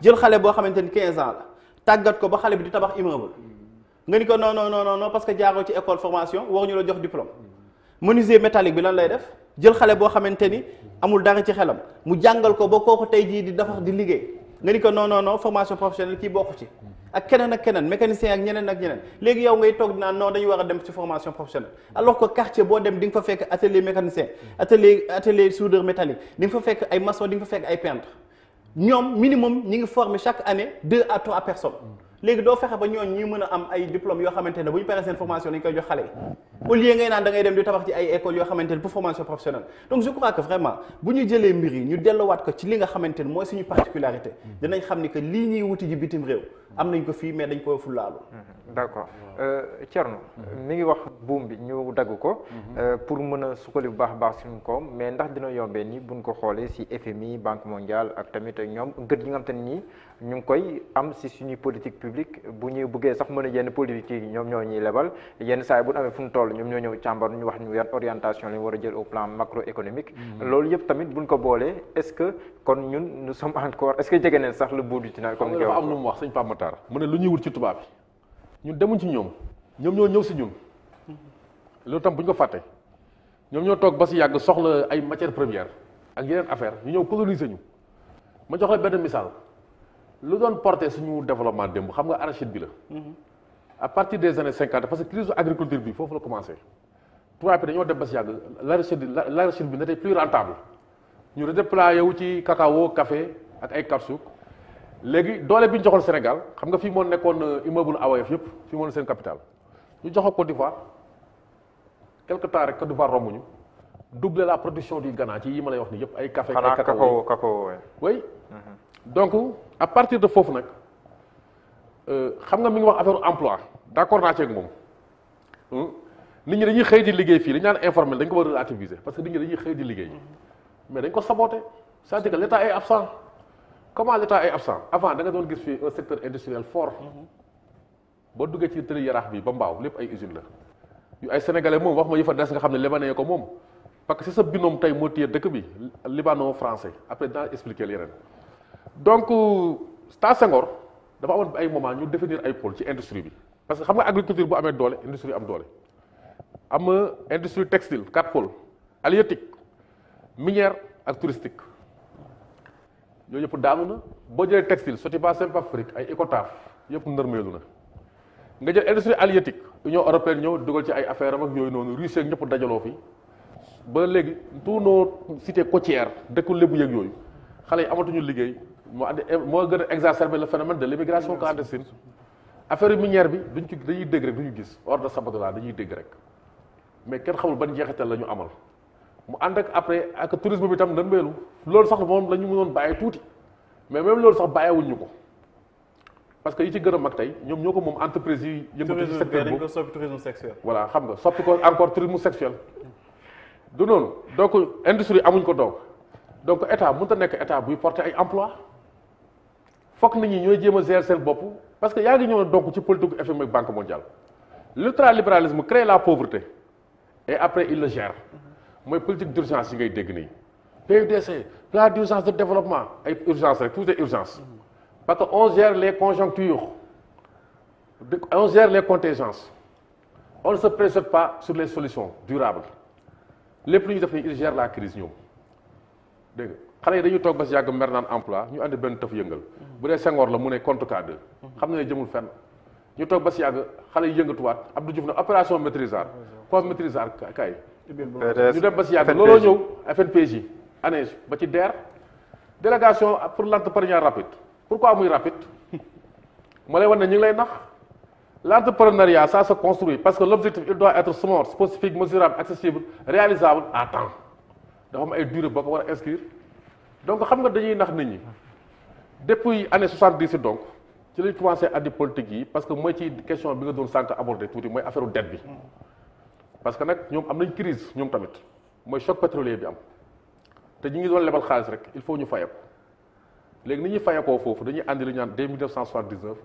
jël xale boo xamante ni 15 ans la tàggat ko ba xale bi di tabax immeuble nga ni ko non non no non parce que jaaroo ci école formation ñu la jox diplôme menuisier métallique bi lan lay def jël xale boo xamante ni amul dara ci xelam mu jàngal ko ba kooku tey jii di dafax di liggéey nga ni ko non non non formation professionnelle kii bokku ci ak keneen ak keneen mécanicien ak ñeneen ak ñeneen léegi yow ngay toog naan non dañu war a dem ci formation professionnelle alors que quartier boo dem di nga fa fekk atelier mécanicien atelier atelier soudeur métallique di nga fa fekk ay maçon di nga fa fekk ay peintre ñoom minimum ñi ngi former chaque année deux à trois personnes léegi doo fexe ba ñooñ ñi mën a am ay diplôme yoo xamante ne bu ñu paree seen formation dañ koy jox xale yi au lieu ngay naan da ngay dem di tabax yoo xamante ne pour formation professionnelle donc je crois que vraiment bu ñu jëlee mbir ko ci li nga xamante ne mooy suñu particularité dinañ xam ni que lii ñuy wuti ji bitim réew am nañ ko fii mais dañ ko fullaalu mhm. d'accord euh, Thierno mhm. mi ngi wax buum bi ñu dagg ko mhm. euh, pour mën a sukkali bu baax baax suñu koom mais ndax dina yombee ni buñ ko xoolee si FMI banque mondiale ak tamit ñoom gët yi nga xam nii ñu ngi koy am si suñuy politique publique bu ñuy buggee sax mën a yenn politique yi ñoom ñoo ñuy lebal yenn saa bu amee fu ñu toll ñoom ñoo ñëw càmbar ñu wax ñu yan orientation la ñu war a jël au plan macroéconomique. Mhm. loolu yëpp tamit buñ ko boolee est-ce que ñun nous sommes encore est-ce que jege neen sax le bout du tunnel. comme ni am mu wax sëñ Pape Matar mu ne lu ñuy wut ci tubaab yi ñun demuñ ci ñoom ñoom ñoo ñëw si ñun mhm. loolu tam bu ñu ko fàtte ñoom ñoo toog ba si yàgg soxla ay matières premières ak yeneen affaire ñu ñëw coloniser ñu ma jox la benn misaal lu doon porté suñu développement démb xam nga arachide bi la. Mm-hmm. à partir des années cinquante parce que crise agriculture bi foofu la commencé. tubaab bi dañoo dem ba si yàgg l'arachide l'arachide bi n'était plus rentable ñu redéployé wu ci cacao café ak ay kapsuk léegi doole bi ñu joxoon Sénégal xam nga fii moo nekkoon euh, immeuble AOF yëpp fii moo seen capital ñu joxoon Côte d'Ivoire quelque temps rek Côte d'Ivoire romb ñu doubler la production du Ghana yi ma lay wax nii yëpp ay café ay cacao xanaa à partir de foofu nag euh, xam nga mi ngi wax affaire emploi d'accord naa ci moom hmm? nit ñi dañuy xëy di liggéey fii dañu naan informel dañ ko war a relativiser parce que nit ñi dañuy xëy di liggéey mais dañ ko saboté c'est-à-dire que l'État absent comment l'État est absent avant da doon gis fii un secteur industriel fort boo duggee ci tëli yaraax bi ba mbaaw lépp ay usines la yu ay sénégalais moom wax ma yi fa des nga xam ne libanais ko moom parce que sa binôme tey moo téye dëkk bi libano français après dinaa expliquer yeneen donc euh, Star Senghor dafa amoon ay moment ñu définir ay pole ci industrie bi parce que xam nga agriculture bu amee doole industrie am doole am industrie textile quatre pôles halieutique minière ak touristique yooyu yëpp daanu na boo jëlee textile Sotiba Simpafric ay Ecotaf yëpp ndërmeelu na nga jël industrie halieutique Union européenne ñëw dugal ci ay affaire am ak yooyu noonu Russie ak ñëpp dajaloo fi ba léegi tous nos cités côtières dëkku lébu yeeg yooyu xale yi amatuñu liggéey. moo andi moo gën a exacerber le phénomène de l'immigration clandestine affaire minière bi duñ ci dañuy dégg rek duñu gis hors de Sabodala dañuy dégg rek mais kenn xamul ban jeexital la ñu amal mu ànd ak après ak tourisme bi tam nan beelu loolu sax moom la ñu mënoon bàyyi tuuti mais même loolu sax bàyyiwuñ ñu ko parce que yi ci gën a mag tey ñoom ñoo ko moom entreprise yi yëngatu ci secteur boobu tourisme xam nga soppi ko encore tourisme se noonu donc industrie amuñ ko doog donc état mënut a nekk état buy porter ay emploi fokk nit ñi ñooy jéem a gérer bopp parce que yaa ngi ñëw donc ci politique FMI ak banque mondiale l'ultralibéralisme crée la pauvreté et après il le gère mooy politique d'urgence yi ngay dégg nii PUDC plan d'urgence de développement ay urgence rek tout est urgence parce que on gère les conjonctures on gère les contingences on ne se précipite pas sur les solutions durables lépp lu def nii il gère la crise ñoom xale yi dañu toog ba si yàgg mer naan emploi ñu andi benn tëf yëngal bu dee Senghor la mu ne compte cas deux xam na jëmul fenn ñu toog ba si yàgg xale yi yëngatuwaat Abdou Diouf na opération maîtrisard quoi maîtrisard kay ñu dem ba si yàgg looloo ñëw FNPJ ANEJ ba ci DER délégation pour l'entrepreneuriat rapide pourquoi muy rapide ma lay wan ne ñu ngi lay nax l'entrepreneuriat ça se construit parce que l'objectif il doit être smart spécifique mesurable à temps ay durée boo ko a donc xam nga dañuy nax nit ñi depuis année 70 donc ci lañ commencé andi politique yi parce que mooy ci question bi nga doon sànq abordé tuuti mooy affaire dette bi parce que nag ñoom am nañ crise ñoom tamit mooy choc pétrolier bi am te ñu ngi doon lebal xaalis rek il faut ñu fayako léegi ni ñuy fayakoo foofu dañuy andi lu ñu naan dès 1979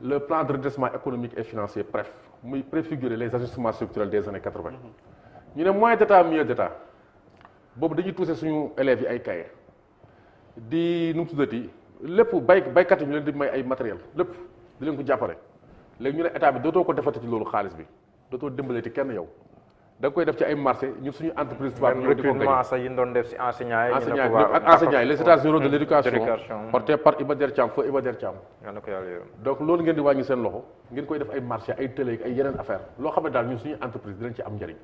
le plan de redressement économique et financier PREF muy préfigurer les mm-hmm. ñu ne moyen d' état mieux d' état boobu dañuy touché suñu élèves ay cahier di nu mu ti lépp bay baykat yi ñu leen di may ay matériel lépp di leen ko jàppale léegi ñu ne état bi dootoo ko defate ci loolu xaalis bi dootoo dimbaleeti kenn yow da nga koy def ci ay marché ñun suñu entreprise tubaab de l'éducation porté par Iba Der Thiam feu Iba donc loolu ngeen di wàññi seen loxo ngeen koy def ay marché ay télé ay yeneen affaire loo xam ne daal ñu suñu entreprise dinañ ci am njëriñ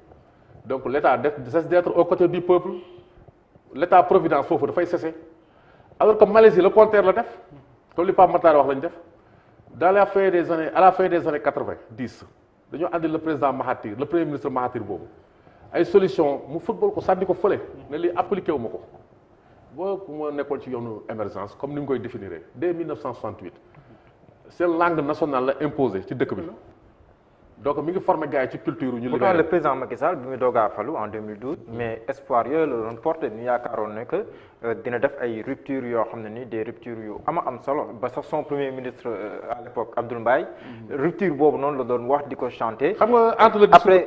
donc l' état cesse d' être aux côtés du peuple l' foofu dafay cessé alors que Malaisie le contraire la def comme li Pape Matar wax lañ def dans la fin des années à la fin des années quatre-vingt-dix dañoo àndi le président Mahathir le premier ministre Mahathir boobu ay solution mu football ko sànni ko fële ne li appliqué wu ma ko boo ku ma nekkoon ci yoonu émergence comme ni mu koy définir dès 1968 seen langue nationale la imposé ci dëkk bi donc mi ngi formé gars yi ci culture ñu. liggéey le président Macky Sall bi mu doog a falu en mm. mais espoir yooyu la doon porté ñu yaakaaroon ne euh, dina def ay ruptures yoo xam ne nii des ruptures yu ama am solo ba sa son premier ministre euh, à l'époque Abdoul Mbaye mm. rupture boobu noonu la doon wax di ko chanté. xam nga entre le après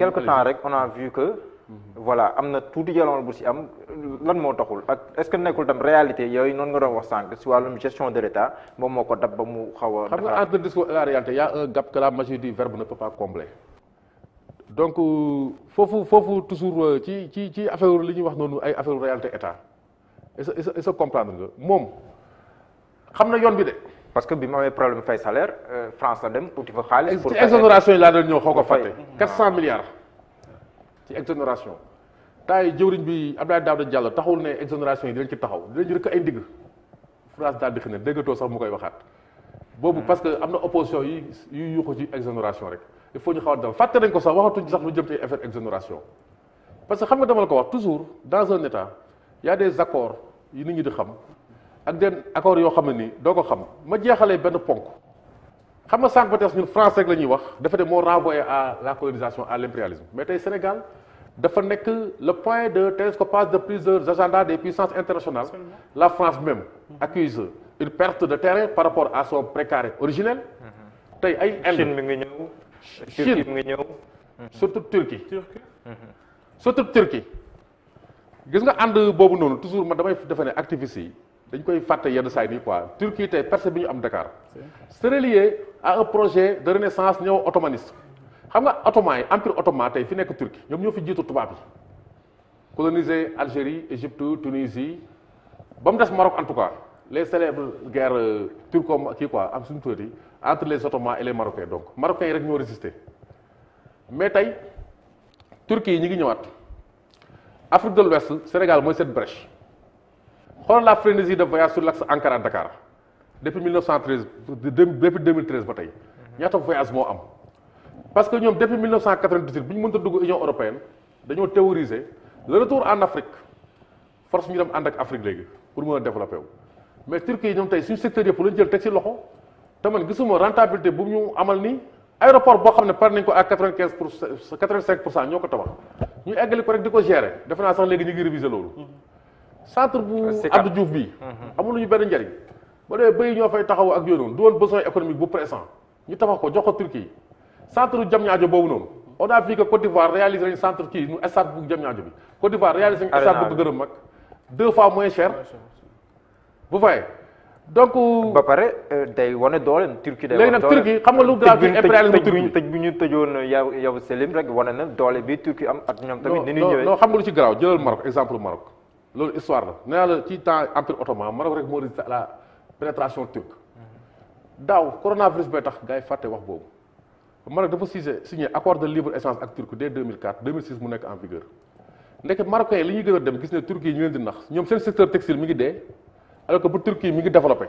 quelque mm. temps rek on a vu que. Mhm. voilà am na tuuti jaloon bu si am lan moo taxul ak est-ce que nekkul tam réalité yooyu noonu nga doon wax sànq si wàllum gestion de moom moo ko dab ba mu xaw xam nga entre le a un gap que la magie du donc euh, foofu foofu toujours euh, ci ci ci affaire li ñuy wax noonu ay affaire réalité état est-ce est comprendre nga moom xam na yoon bi de. parce que bi mu amee problème fay salaire euh, France la dem uti fa xaalis. pour exonération yi laa doon ñëw xoo ko fàtte. 400 milliards. ci exonération temps yi jëwriñ bi Abdoulaye Daouda Diallo taxawul ne exonération yi dinañ ci taxaw dinañ rëkk ay ndigg France daal di xëy na déggatoo sax mu koy waxaat boobu hmm. parce que am na opposition yi yu yuuxu ci exonération rek il faut ñu xaw a dal fàtte nañ ko sax waxatuñ sax lu jëm ci affaire exonération parce que xam nga dama ko wax toujours dans un état y a des accords yi nit ñi di xam ak des accords yoo xam ne nii doo ko xam ma jeexalee benn ponk xam nga sànq ba tey ñun France ñuy wax dafa ne moo renvoyé à la colonisation à l'impérialisme mais tey Sénégal dafa nekk le point de télescopage de plusieurs agendas des puissances internationales. Absolument. La France même accuse une perte de terrain par rapport à so précaré originel. Mm-hmm. tey ay Inde Chine mi ngi ñëw. Turquie mi ngi ñëw. Mm-hmm. surtout Turquie. Turquie. Mm-hmm. surtout Turquie. gis nga ànd boobu noonu toujours ma damay defe ne yi dañ koy fàtte yenn saa yi nii quoi Turquie tey percée bi ñu am Dakar. c'est relié à un projet de renaissance ñëw ottomaniste xam nga ottoman yi empire ottoman tey fi nekk turki ñoom ñoo fi jiitu tubaab yi colonisé Algérie Égypte Tunisie ba mu des Maroc en tout cas les célèbres guerres euh, turco kii quoi am suñu tuuti entre les ottomans et les marocains donc marocains yi rek ñoo résister mais tey turquie yi ñu ngi ñëwaat Afrique de l'Ouest Sénégal mooy cette brèche xoolal la frénésie de voyage sur l'axe Ankara Dakar depuis 1913 depuis 2013 ba tey ñaata voyage moo am. parce que ñoom depuis 1998 bu ñu mënta dugg Union européenne dañoo théoriser le retour en Afrique force ñu dem ànd ak Afrique léegi pour mën a développé wu. mais Turquie ñoom tey suñu secteur yëpp lañu jël teg ci loxo te man gisuma rentabilité bu ñu amal nii aéroport boo xam ne par nañ ko à 95 pour 85 pour cent ñoo ko tabax ñu eggali ko rek di ko gérer defe naa sax léegi ñu ngi réviser loolu. centre Diamniadio boobu noonu on a vu que Côte d'Ivoire réalisé nañu centre kii nu stade bu Diamniadio bi Côte d'Ivoire réalisé nañu stade bu gërëm mag deux fois moins cher bu fayee donc. Euh, ba pare euh, day wane doole Turquie day wane doole léegi nag Turquie xam nga lu grave ci impérialisme Turquie tëj bu ñu tëjoon euh, yow yow Selim rek wane na doole bi Turquie am ak ñoom tamit ni ñuy ñëwee non xam nga lu ci garaaw jëlal Maroc exemple Maroc loolu histoire la nee naa la ci temps empire ottoman Maroc rek moo résisté mm-hmm. tax gars fàtte wax boobu. Maroc dafa signé signé accord de libre échange ak Turquie dès 2004 2006 mu nekk en vigueur ndeke marocain li ñuy gën a gis ne Turquie ñu leen di nax ñoom seen secteur textile mi ngi dee alors que bu Turquie mi ngi développé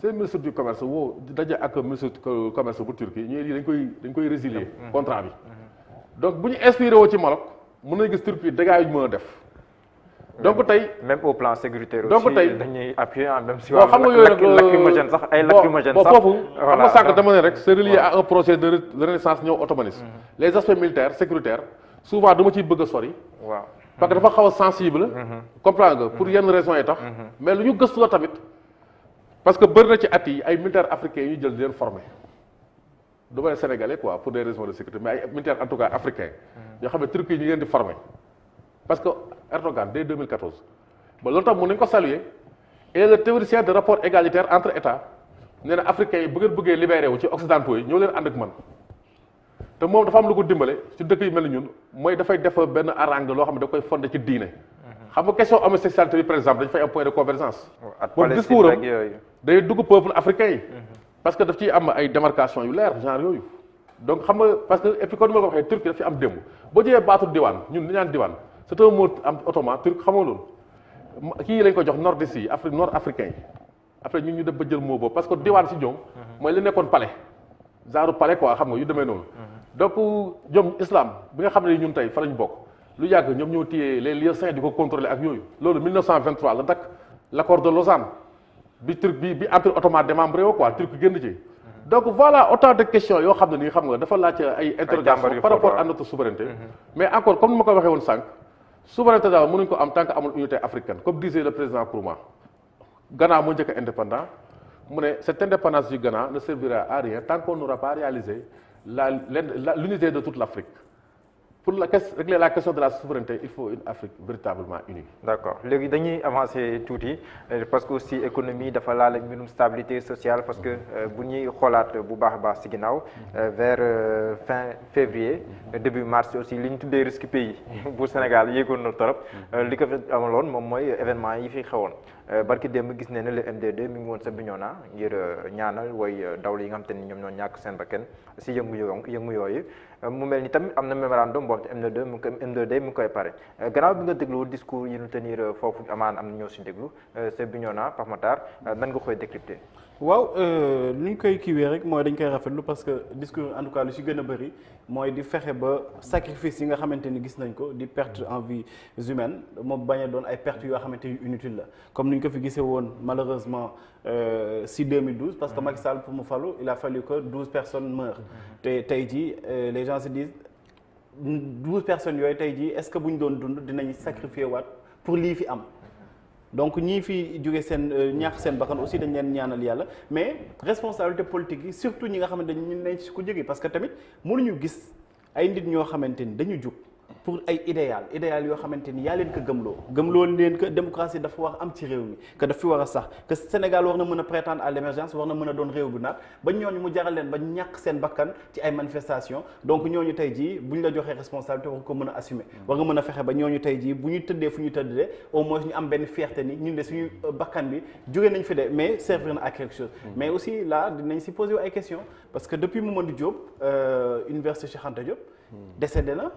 seen ministre du commerce woo daje ak ministre commerce bu Turquie ñu ne dañ koy dañ koy résilier mm-hmm. contrat bi mm-hmm. donc bu ñu inspiré ci Maroc mën nañ gis Turquie dégâts yu ñu def. donc euh, tey même au plan sécuritaire aussi donc tey dañuy appuyer en même si waaw xam nga yooyu nag euh, lacrymogène sax ay lacrymogène sax foofu xam nga sànq dama ne mhm. les aspects militaires sécuritaires souvent dama ciy bëgg a sori parce que dafa xaw a sensible mhm. comprends nga pour mhm. yenn raisons yi tax mais lu ñu gëstu la tamit parce que bëri ci at ay militaires africains yi ñu jël leen former du ma ne sénégalais quoi pour des raisons de sécurité mais ay militaires en tout cas africains yoo xam ne turcs ñu leen di former parce Erdogan dès 2014 ba loolu tam mën nañu ko saluer et le théoricien de rapport égalitaire entre états nee na yi bu bëggee libéré wu ci occidentaux yi ñëw leen ànd ak man te moom dafa am lu ko dimbale ci dëkk yu mel ni ñun mooy dafay def benn harangue loo xam ne da koy fondé ci diine. Mhm. xam nga question homosexualité bi par exemple dañ fay am point de convergence. ak discours am day dugg peuple africain yi. Mhm. parce que daf ciy am ay démarcation yu leer genre yooyu. donc xam nga que et puis comme ni ma ko waxee Turquie daf c'est un mot am ottoman turc xamoo loolu kii lañ ko jox nordistes yi Afrique nord africain yi après ñun ñu def ba jël mot boobu parce que diwaan si ñoom. Mhm. mooy li nekkoon palais genre palais quoi xam nga yu demee noonu. Mhm. donc ñoom islam bi nga xam ne ñun tey fa lañ bokk. lu yàgg ñoom ñoo téye les lieux saints di ko contrôler ak yooyu loolu 1923 la dakk l'accord de Lausanne bi turc bi bi entre ottoman démembré woo quoi génn ci. Mhm. donc voilà souveraineté daal mënuñ ko am tant amul unité africaine comme disait le président Nkrumah Ghana mu njëkk indépendant mu ne cette indépendance du Ghana ne servira à rien tant qu'on n'aura pas réalisé la l'unité de toute l'Afrique pour la régler la question de la souveraineté il faut une Afrique véritablement unie. d' léegi dañuy avancer tuuti euh, parce que aussi économie dafa laal mbirum stabilité sociale parce que euh, bu ñuy xoolaat bu baax a baax si ginnaaw euh, vers fin février début mars aussi li ñu tuddee risque pays bu Sénégal yéegoon na trop li ko fi amaloon moom mooy événement yi fi xewoon. Euh, barki démb gis ne ne le MDD mi ngi woon sa Bignona ngir euh, ñaanal way euh, dawlu yi nga xam te ni ñoom ñoo ñàkk seen bakkan si yëngu yëngu yooyu mu mel ni tamit am na mémorandum boo xam te MDD mu ngi koy pare gannaaw bi nga déglu discours yi ñu tenir foofu amaan am na ñoo si déglu sa Bignona Pape Matar nan nga koy décrypter waaw li euh, ñu koy kiiwee rek mooy dañ koy rafetlu parce que discours en tout cas lu si gën a bëri mooy di fexe ba sacrifice yi nga xamante ni gis nañ ko di perte en vie humaines moom bañ a doon ay pertes yoo xamante ni inutile la comme ni ñu ko fi gisee woon malheureusement euh, si 2012 parce que Macky Sall pour mu falu il a fallu que douze personnes meurent te tey jii euh, les gens se disent douze personnes yooyu tey jii est-ce que bu ñu doon dund dinañu sacrifier waat pour lii fi am donc ñii fi jóge seen euh, ñaax seen bakkan aussi dañ leen ñaanal yàlla mais responsabilité politique yi surtout ñi nga xamante ne dañu ne ci ku jóge parce que tamit ñu gis ay nit ñoo xamante ni dañu jug pour ay idéal idéal yoo xamante ni yaa leen ko gëmloo gëmloo leen que démocratie dafa war am ci réew mi que daf war a sax que Sénégal war na mën a prétendre à l'émergence war na mën a doon réew bu naat ba ñooñu mu jaral leen ba ñàkk seen bakkan ci ay manifestations donc ñooñu tey jii bu ñu la joxee responsabilité war ko mën a assumer war nga mën a fexe ba ñooñu tey jii bu ñu tëddee fu ñu tëddee au moins ñu am benn fierté ni ñu de suñu euh, bakkan bi jóge nañ fi de mais servir na à quelque chose mm-hmm. mais aussi là dinañ si poser ay questions parce que depuis Mamadou Diop euh, université Cheikh Anta Diop mm-hmm. na mm-hmm.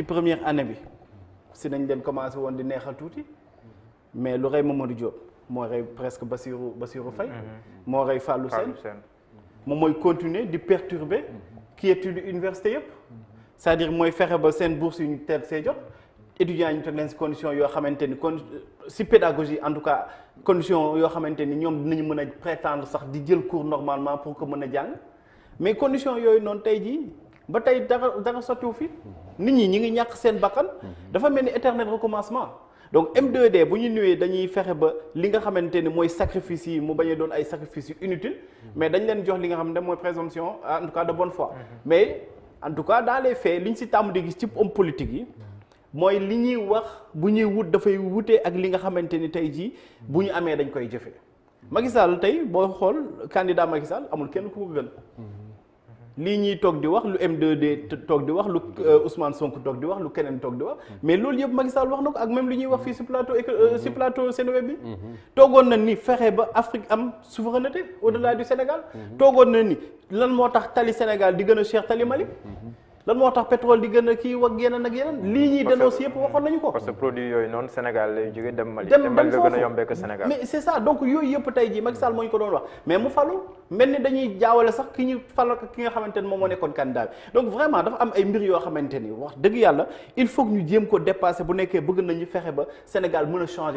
ci première année bi si nañ leen commencé woon di neexal tuuti mais lu rey di Diop moo rey presque Bassirou Bassirou Faye mhm. moo rey Fallou Sène moom mooy continuer di perturber mhm. qui étudie université yëpp mhm. cest à mooy fexe ba seen bourse yu ñu teel see jot étudiants yi ñu condition yoo xamante ni kon si pédagogie en tout cas condition yoo xamante ni ñoom dinañu mën a prétendre sax di jël cours normalement pour que mën a jàng mais condition yooyu noonu tey jii ba tey dara dara sottiwu fi nit ñi ñi ngi ñàkk seen bakkan dafa mel ni éternel recommencement donc md 2 bu ñu ñëwee dañuy fexe ba li nga xamante ni mooy sacrifice yi mu bañ a doon ay sacrifice yu inutile mais dañ leen jox li nga xam ne mooy présomption en tout cas de bonne foi mais en tout cas dans les faits li ñu si tàmm di gis ci homme politique yi mooy li ñuy wax bu ñuy wut dafay wutee ak li nga xamante ni tey jii bu ñu amee dañ koy jëfee magisal tey boo xool candidat Macky Sall amul kenn ku lii ñuy toog di wax lu m 2 toog di wax lu euh, Ousmane Sonko toog di wax lu keneen toog di wax mais loolu yëpp Macky Sall wax na ko ak même lu ñuy wax fii si plateau si euh, plateau Seneweb bi toogoon na ni fexe ba Afrique am souveraineté au-delà du Sénégal toogoon na ni lan moo tax tali Sénégal di gën a cher tali Mali lan moo tax pétrole di gën a kii wak yeneen ak yeneen lii ñuy dénoncé yëpp waxoon nañu ko parce que produit yooyu noonu Sénégal lay jóge dem Mali dem Mali la gën a ki nga xamante ne moom moo nekkoon candidat bi donc vraiment am ay mbir yoo xamante ni wax dëgg yàlla il faut que ñu jéem ko dépasser nekkee bëgg nañu fexe ba Sénégal mën a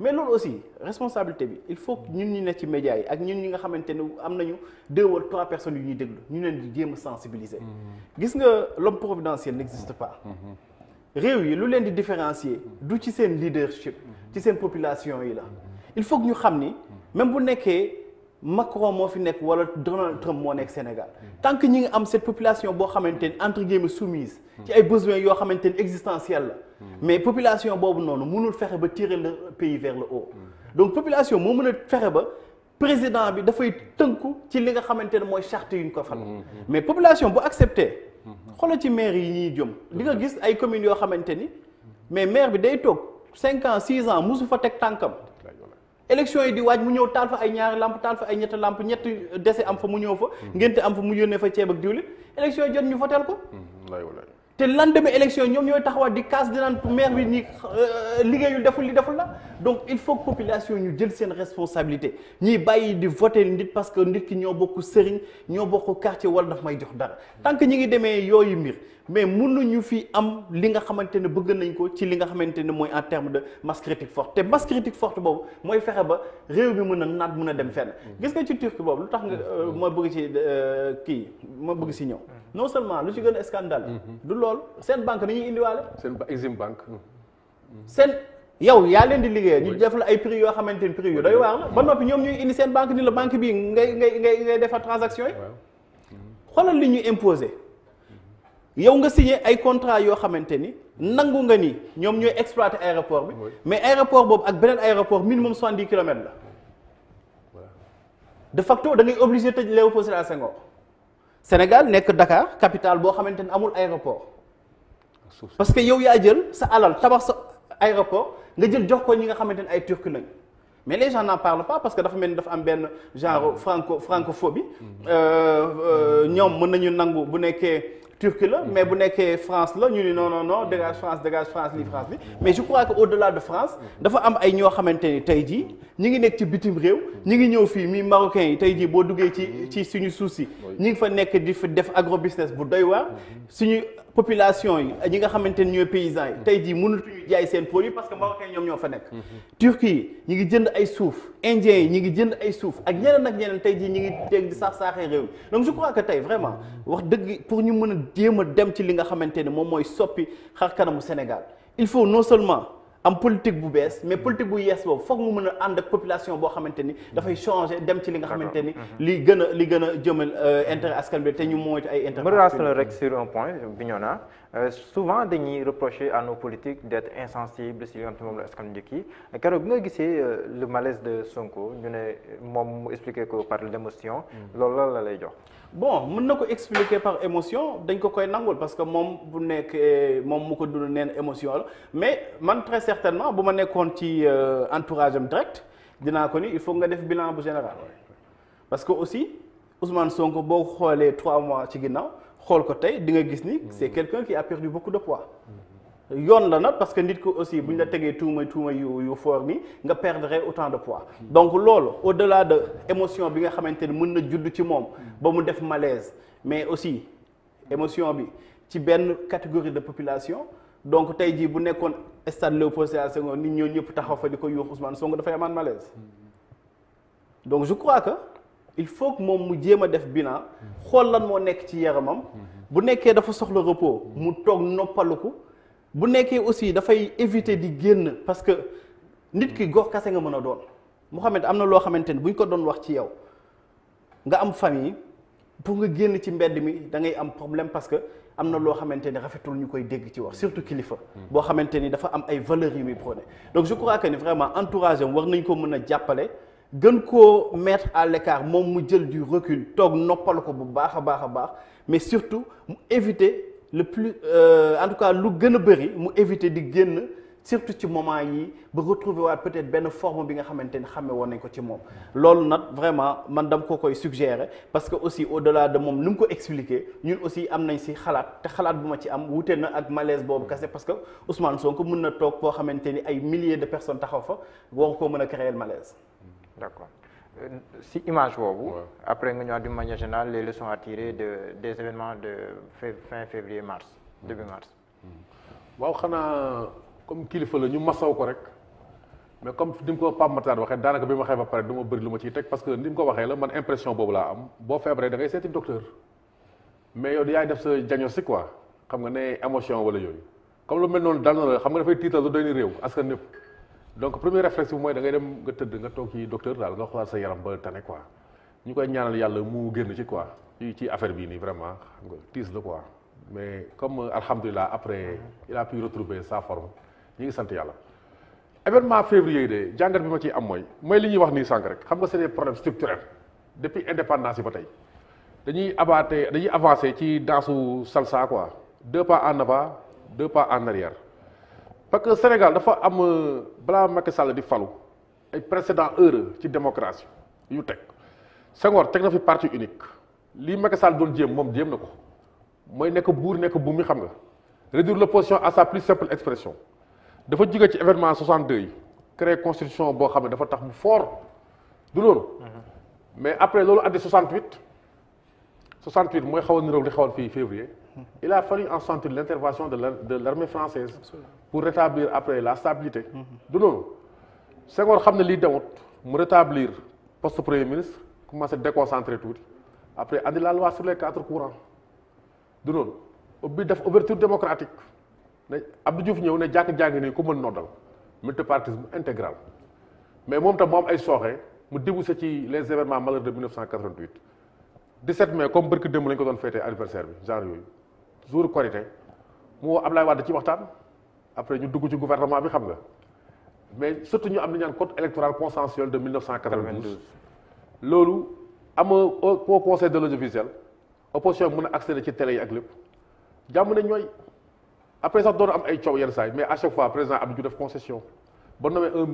mais loolu aussi responsabilité bi il faut que ñun ñi ne ci yi ak ñun ñi nga xamante ne am nañu deux wala trois yu ñuy déglu ñu neen di jéem a sensibiliser mm. gis nga l'homme providentiel n'existe pas réew yi lu leen di différencier du ci seen leadership ci seen population yi la il faut ñu xam ni même bu nekkee Macron moo fi nekk wala Donald Trump moo nekk Sénégal tant que ñi ngi am cette population boo xamante ne entre guillemets soumise ci ay besoins yoo xamante ne existentiel la mais population boobu noonu mënul fexe ba tirer le pays vers le o donc population moo mën a fexe ba président bi dafay tënku ci li nga xamante ne mooy charte yu ñu ko xoolal ci maire yi ñuy jëm di nga gis ay communes yoo xamante ni mais maire bi day toog cinq ans six ans musu fa teg tànkam élection yi di waaj mu ñëw taal fa ay ñaari làmp taal fa ay ñetti làmp ñetti dese am fa mu ñëw fa mm-hmm. ngénte am fa mu yónnee fa ceeb ak diwlin élection yi jot ñu foteel ko mm-hmm. te lan lendemain élection ñoom ñooy taxawaat di cas di naan maire bi nii euh, liggéeyul deful li deful la donc il faut que population ñu jël seen responsabilité ñuy bàyyi di voter nit parce que nit ki ñoo bokku sëriñ ñoo bokku quartier wala dafa may jox dara tant que ñi ngi demee yooyu mbir mais mun mënuñu fi am li nga xamante ne bëgg nañ ko ci li nga xamante ne mooy en terme de masse critique forte te masse critique forte boobu mooy fexe ba réew bi mën a naat mun a dem fen gis nga ci Turquie boobu lu tax nga euh, ma bëgg ci euh, kii ma bëgg si ñëw. non seulement lu ci gën a scandale du lool seen banque dañuy indiwaale. seen Exim banque. seen yow yaa leen di liggéey ñu def la ay prix yoo xamante ni prix yu doy waar la ba noppi ñoom ñuy indi seen banque ni la banque bii ngay ngay ngay ngay defar transaction xoolal li ñu imposé. yow nga signé ay contrat yoo xamante ni nangu nga ni ñoom ñooy exploiter aéroport bi mais aéroport boobu ak beneen aéroport minimum soixante-dix kilomètres la de facto da ngay obligé tëj Léopold Sédar Senghor Sénégal nekk Dakar capital boo xamante ni amul aéroport parce que yow yaa jël sa alal tabax sa aéroport nga jël jox ko ñi nga xamante ni ay turc nañ mais les naa n'en parlent pas parce que dafa mel ni dafa am benn genre franco ah franco francophobie mm-hmm. euh, euh, ñoom mën nañu nangu bu nekkee Turquie la mais bu nekkee France la ñu ni non non non dégage France dégage France lii France lii mais je crois que au-delà de France dafa am ay ñoo xamante ni tey jii ñi ngi nekk ci bitim réew ñi ngi ñëw fii mi marocain yi tey jii boo duggee ci ci suñu suuf si ñi ngi fa nekk di fa def agro business bu doy waar suñu population yi ñi nga xamante ni ñooy paysans yi tey jii mënatuñu jaay seen produit parce que marocain ñoom ñoo fa nekk mhm. turquie ñi ngi jënd ay suuf indien yi ñi ngi jënd ay suuf ak ñeneen ak ñeneen tey jii ñi ngi teg di saax-saaxee réew mi donc je crois que tey vraiment wax dëgg pour ñu mën a jéem a dem ci li nga xamante ne moom mooy soppi xar kanamu Sénégal il faut non seulement am politique bu bees mais politique bu yees boobu foog mu mën a ànd ak population boo xamante ni dafay changer dem ci li nga xamante ni li gën a li gën a jëmal euh, intérêt askan bi te ñu moytu ay intérêt ma la rek sur un point Bignona euh, souvent dañuy reprocher à nos politiques d'être insensibles si li nga xam te moom la askan njëkk yi keroog bi nga gisee euh, le malaise de Sonko ñu ne moom mu expliqué ko par l'émotion mm. loolu la la lay jox bon mën na ko expliquer par émotion dañ ko koy nangul parce que moom bu nekk eh, moom mu ko dund neen émotion la mais man très certainement bu ma nekkoon ci euh, entourage am direct dinaa ko ni il faut nga def bilan bu général parce que aussi Ousmane Sonko boo xoolee trois mois ci ginnaaw xool ko tey di nga gis ni mm. c'est quelqu'un qui a perdu beaucoup de poids mm. yoon la na parce que nit ko aussi bu ñu la tegee tuuma tuuma yu yu fort ni nga perdre autant de poids donc loolu au delà de émotion bi nga xamante ni mën na judd ci moom ba mu def malaise mais aussi émotion bi ci benn categorie de population donc tey jii bu nekkoon stade Léopold Sédar Senghor nit ñoo ñëpp taxaw fa di ko yuux Ousmane Sonko dafay amaan malaise donc je crois que il faut que moom mu jéem a def bilan xool lan moo nekk ci yaramam mm-hmm. bu nekkee dafa soxla repos mu toog noppaluku bu nekkee aussi dafay éviter di génn parce que nit ki gox kase nga mën a doon xamante am na loo xamante ni bu ñu ko doon wax ci yow nga am famille pour nga génn ci mbedd mi da ngay am problème parce que am na loo xamante ni rafetul ñu koy dégg ci wax surtout kilifa. boo xamante ni dafa am ay valeurs yu muy prôné donc je crois que ni vraiment entourage am war nañ ko mën a jàppale gën koo mettre à l'écart moom mu jël du recul toog noppalu ko bu baax a baax a baax mais surtout mu éviter. le plus euh, en tout cas lu gën a bëri mu éviter di génn surtout ci moment yi ba retrouver waat peut-être benn forme bi nga xamante ni xamee woon nañ ko ci moom loolu nag vraiment man dam koo koy suggérer parce que aussi au-delà de moom ni mu ko expliquer ñun aussi am nañ si xalaat te xalaat bu ma ci am wute na ak malaise boobu kese parce que Ousmane Sonko mën na toog koo xamante ni ay milliers de personnes taxaw fa war koo mën a créer malaise d'accord Euh, si image boobu. Ouais. après nga ñëwaat d'une manière générale les leçons à tirer de des événements de fin février mars mm-hmm. début mars. Mm-hmm. waaw xanaa comme kilifa la ñu masaw ko rek mais comme ni mu ko Pape Matar waxee daanaka bi ma xee ba pare du ma bëri lu ma ciy teg parce que ni mu ko waxee la man impression boobu laa am boo feebaree da ngay seeti docteur mais yow yaay def sa si quoi xam nga ne émotion wala yooyu comme lu mel noonu dal na la xam nga dafay tiital lu doy réew askan ñëpp. donc premier réflexe bi mooy da ngay dem nga tëdd nga toog ci docteur daal nga xoolaat sa yaram ba tane quoi ñu koy ñaanal yàlla mu génn ci quoi ci ci affaire bii nii vraiment xam nga tiis la quoi mais comme euh, alhamdulilah après il a pu retrouver sa forme ñu ngi sant yàlla. événement février de jàngat bi ma ciy am mooy mooy li ñuy wax nii sànq rek xam nga c'est des problèmes structurels depuis indépendance yi ba tey dañuy abaate dañuy avancer ci dansu salsa quoi deux pas en avant deux pas parce que Sénégal dafa am euh, balaa Macky Sall di falu ay précédent heureux ci démocratie yu teg Senghor teg na fi parti unique lii Macky Sall doon jéem moom jéem na ko mooy nekk buur nekk bu mi xam nga réduire l'opposition à sa plus simple expression dafa jóge ci événement 62 yi créer constitution boo xam ne dafa tax mu fort du loolu. Mhm. mais après loolu andi 68 68 mooy xaw a niroog li xawoon fii février. il a fallu en centre l'intervention de l'armée française pour rétablir après la stabilité du noonu Senghor xam ne lii demut mu rétablir poste premier ministre commencé déconcentrer tuuti après andi la loi sur les quatre courants du noonu ubbi def ouverture démocratique ne Abdou Diouf ñëw ne jàkk-jàng nii ku mën noddal multipartisme intégral mais moom tam moom ay sooxe mu débouché ci les événements malheureux de 1988 17 mai comme bërki démb la ñu ko doon bi jour Korité mu woo Ablaye Wade ci waxtaan après ñu dugg ci gouvernement bi xam nga mais surtout ñu am li ñaan code électoral consensuel de 1992 loolu am au conseil de l'audiovisuel opposition bi mën a accéder ci télé yi ak lépp jàmm ne ñooy après sax doon am ay coow yenn saay mais à chaque fois président Abdou ju def concession ba nommé un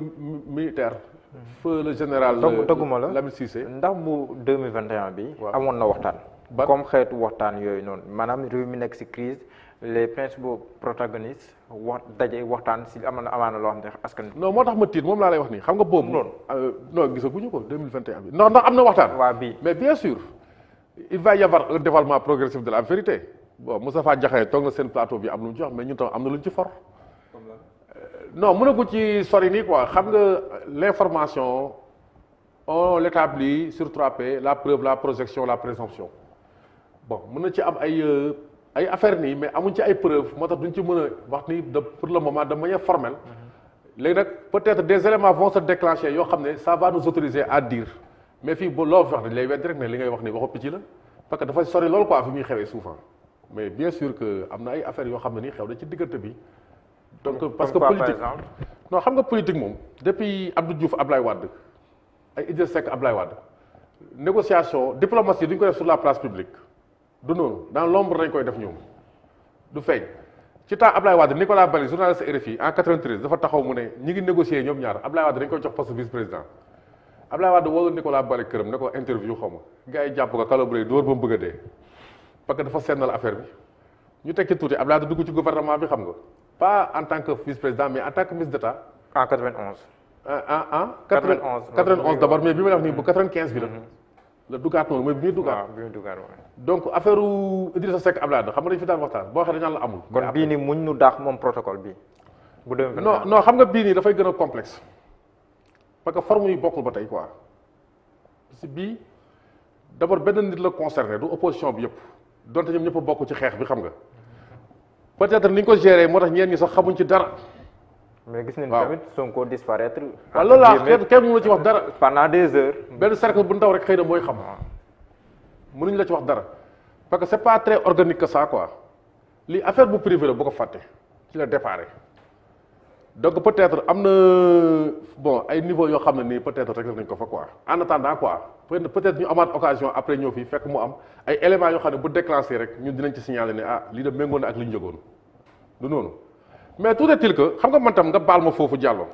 militaire hmm. feu le général Lamine Cissé ndax mu 2021 bi amoon na waxtaan comme xeetu waxtaan yooyu noonu maanaam réew mi nekk ci crise les principaux protagonistes wax daje waxtaan ci am na amaana loo xam ne askan non moo tax ma tiit moom laa lay wax nii xam nga boobu noonu euh, non gisaguñu ko 2021 bi ndax ndax am na waxtaan waaw bii mais bien sûr il va y avoir un développement progressif de la vérité bon Moustapha Diakhaté toog na seen plateau bi am lu mu ci wax mais ñun tam am na lu ñu ci for euh, non mën na ko ci sori nii quoi xam nga l'information on l'établit sur trois la preuve la projection la présomption bon mën na ci am ay euh, ay affaire nii mais amuñ ci ay preuve moo tax duñ ci mën a wax ni de pour le moment de manière formelle mhm. léegi nag peut-être des éléments vont se yoo xam ne ça va nous autoriser à dire mais fii ba loo wax dañ lay weddi rek ne li ngay wax ni waxu picc la parce que dafa sori loolu quoi fi muy xewee souvent mais bien sûr que am na ay affaires yoo xam ne nii xew na ci diggante bi donc parce que politique non xam nga politique moom depuis Abdou Diouf Ablaye Wade ay Idrissa Seck Ablaye Wade négociation diplomatie duñ la place publique du noonu dans l'ombre nañ koy def ñoom du feeñ ci temps Ablaye Wade Nicolas Bally journaliste RFI en 93 dafa taxaw mu ne ñi ngi négocier ñoom ñaar Ablaye Wade dañ koy jox poste vice président Ablaye Wade woowu Nicolas Bally këram ne ko interview xaw ma gars yi jàpp ko calobré dóor ba mu bëgg a dee parce que dafa sennal affaire bi ñu tekki tuuti Ablaye Wade dugg ci gouvernement bi xam nga pas en tant que vice président mais en tant ah, ah, ah, bi la dugaat noonu mooy bi muy dugaat bi muy dugaat donc affaire Idrissa Seck Abdoulaye Wade xam nga dañu fi daan waxtaan boo waxee dañu la amul. kon bii nii muñ ñu daax moom protocole bi bu demee xam nga bii nii dafay gën a complexe parce que forme yi bokkul ba tey quoi parce que bii d' benn nit la concerné du opposition bi yëpp donte ñoom ñëpp a ci xeex bi xam nga peut-être ni ñu ko géré moo tax ñeen ñi sax xamuñ ci dara. mais gis nañu tamit Sonko disparaître. waaw ah, loolu laa kenn kenn mënu ci wax dara. pendant des heures. benn cercle bu ndaw rek xëy na mooy xam. Ah. mënuñ la ci wax dara parce que c'est pas très organique saa ça lii affaire bu privé la bu ko fàtte ci la déparé donc peut-être am na bon ay niveau yoo xam ne nii peut-être rek nañ ko fa quoi en attendant peut-être ñu amaat occasion après ñëw fii fekk mu am ay éléments yoo xam ne bu déclenché rek ñun dinañ ci signaler ne ah, lii de méngoo na ak li ñu jógoon noonu. mais tout est-il xam nga man tam nga baal ma foofu jàllo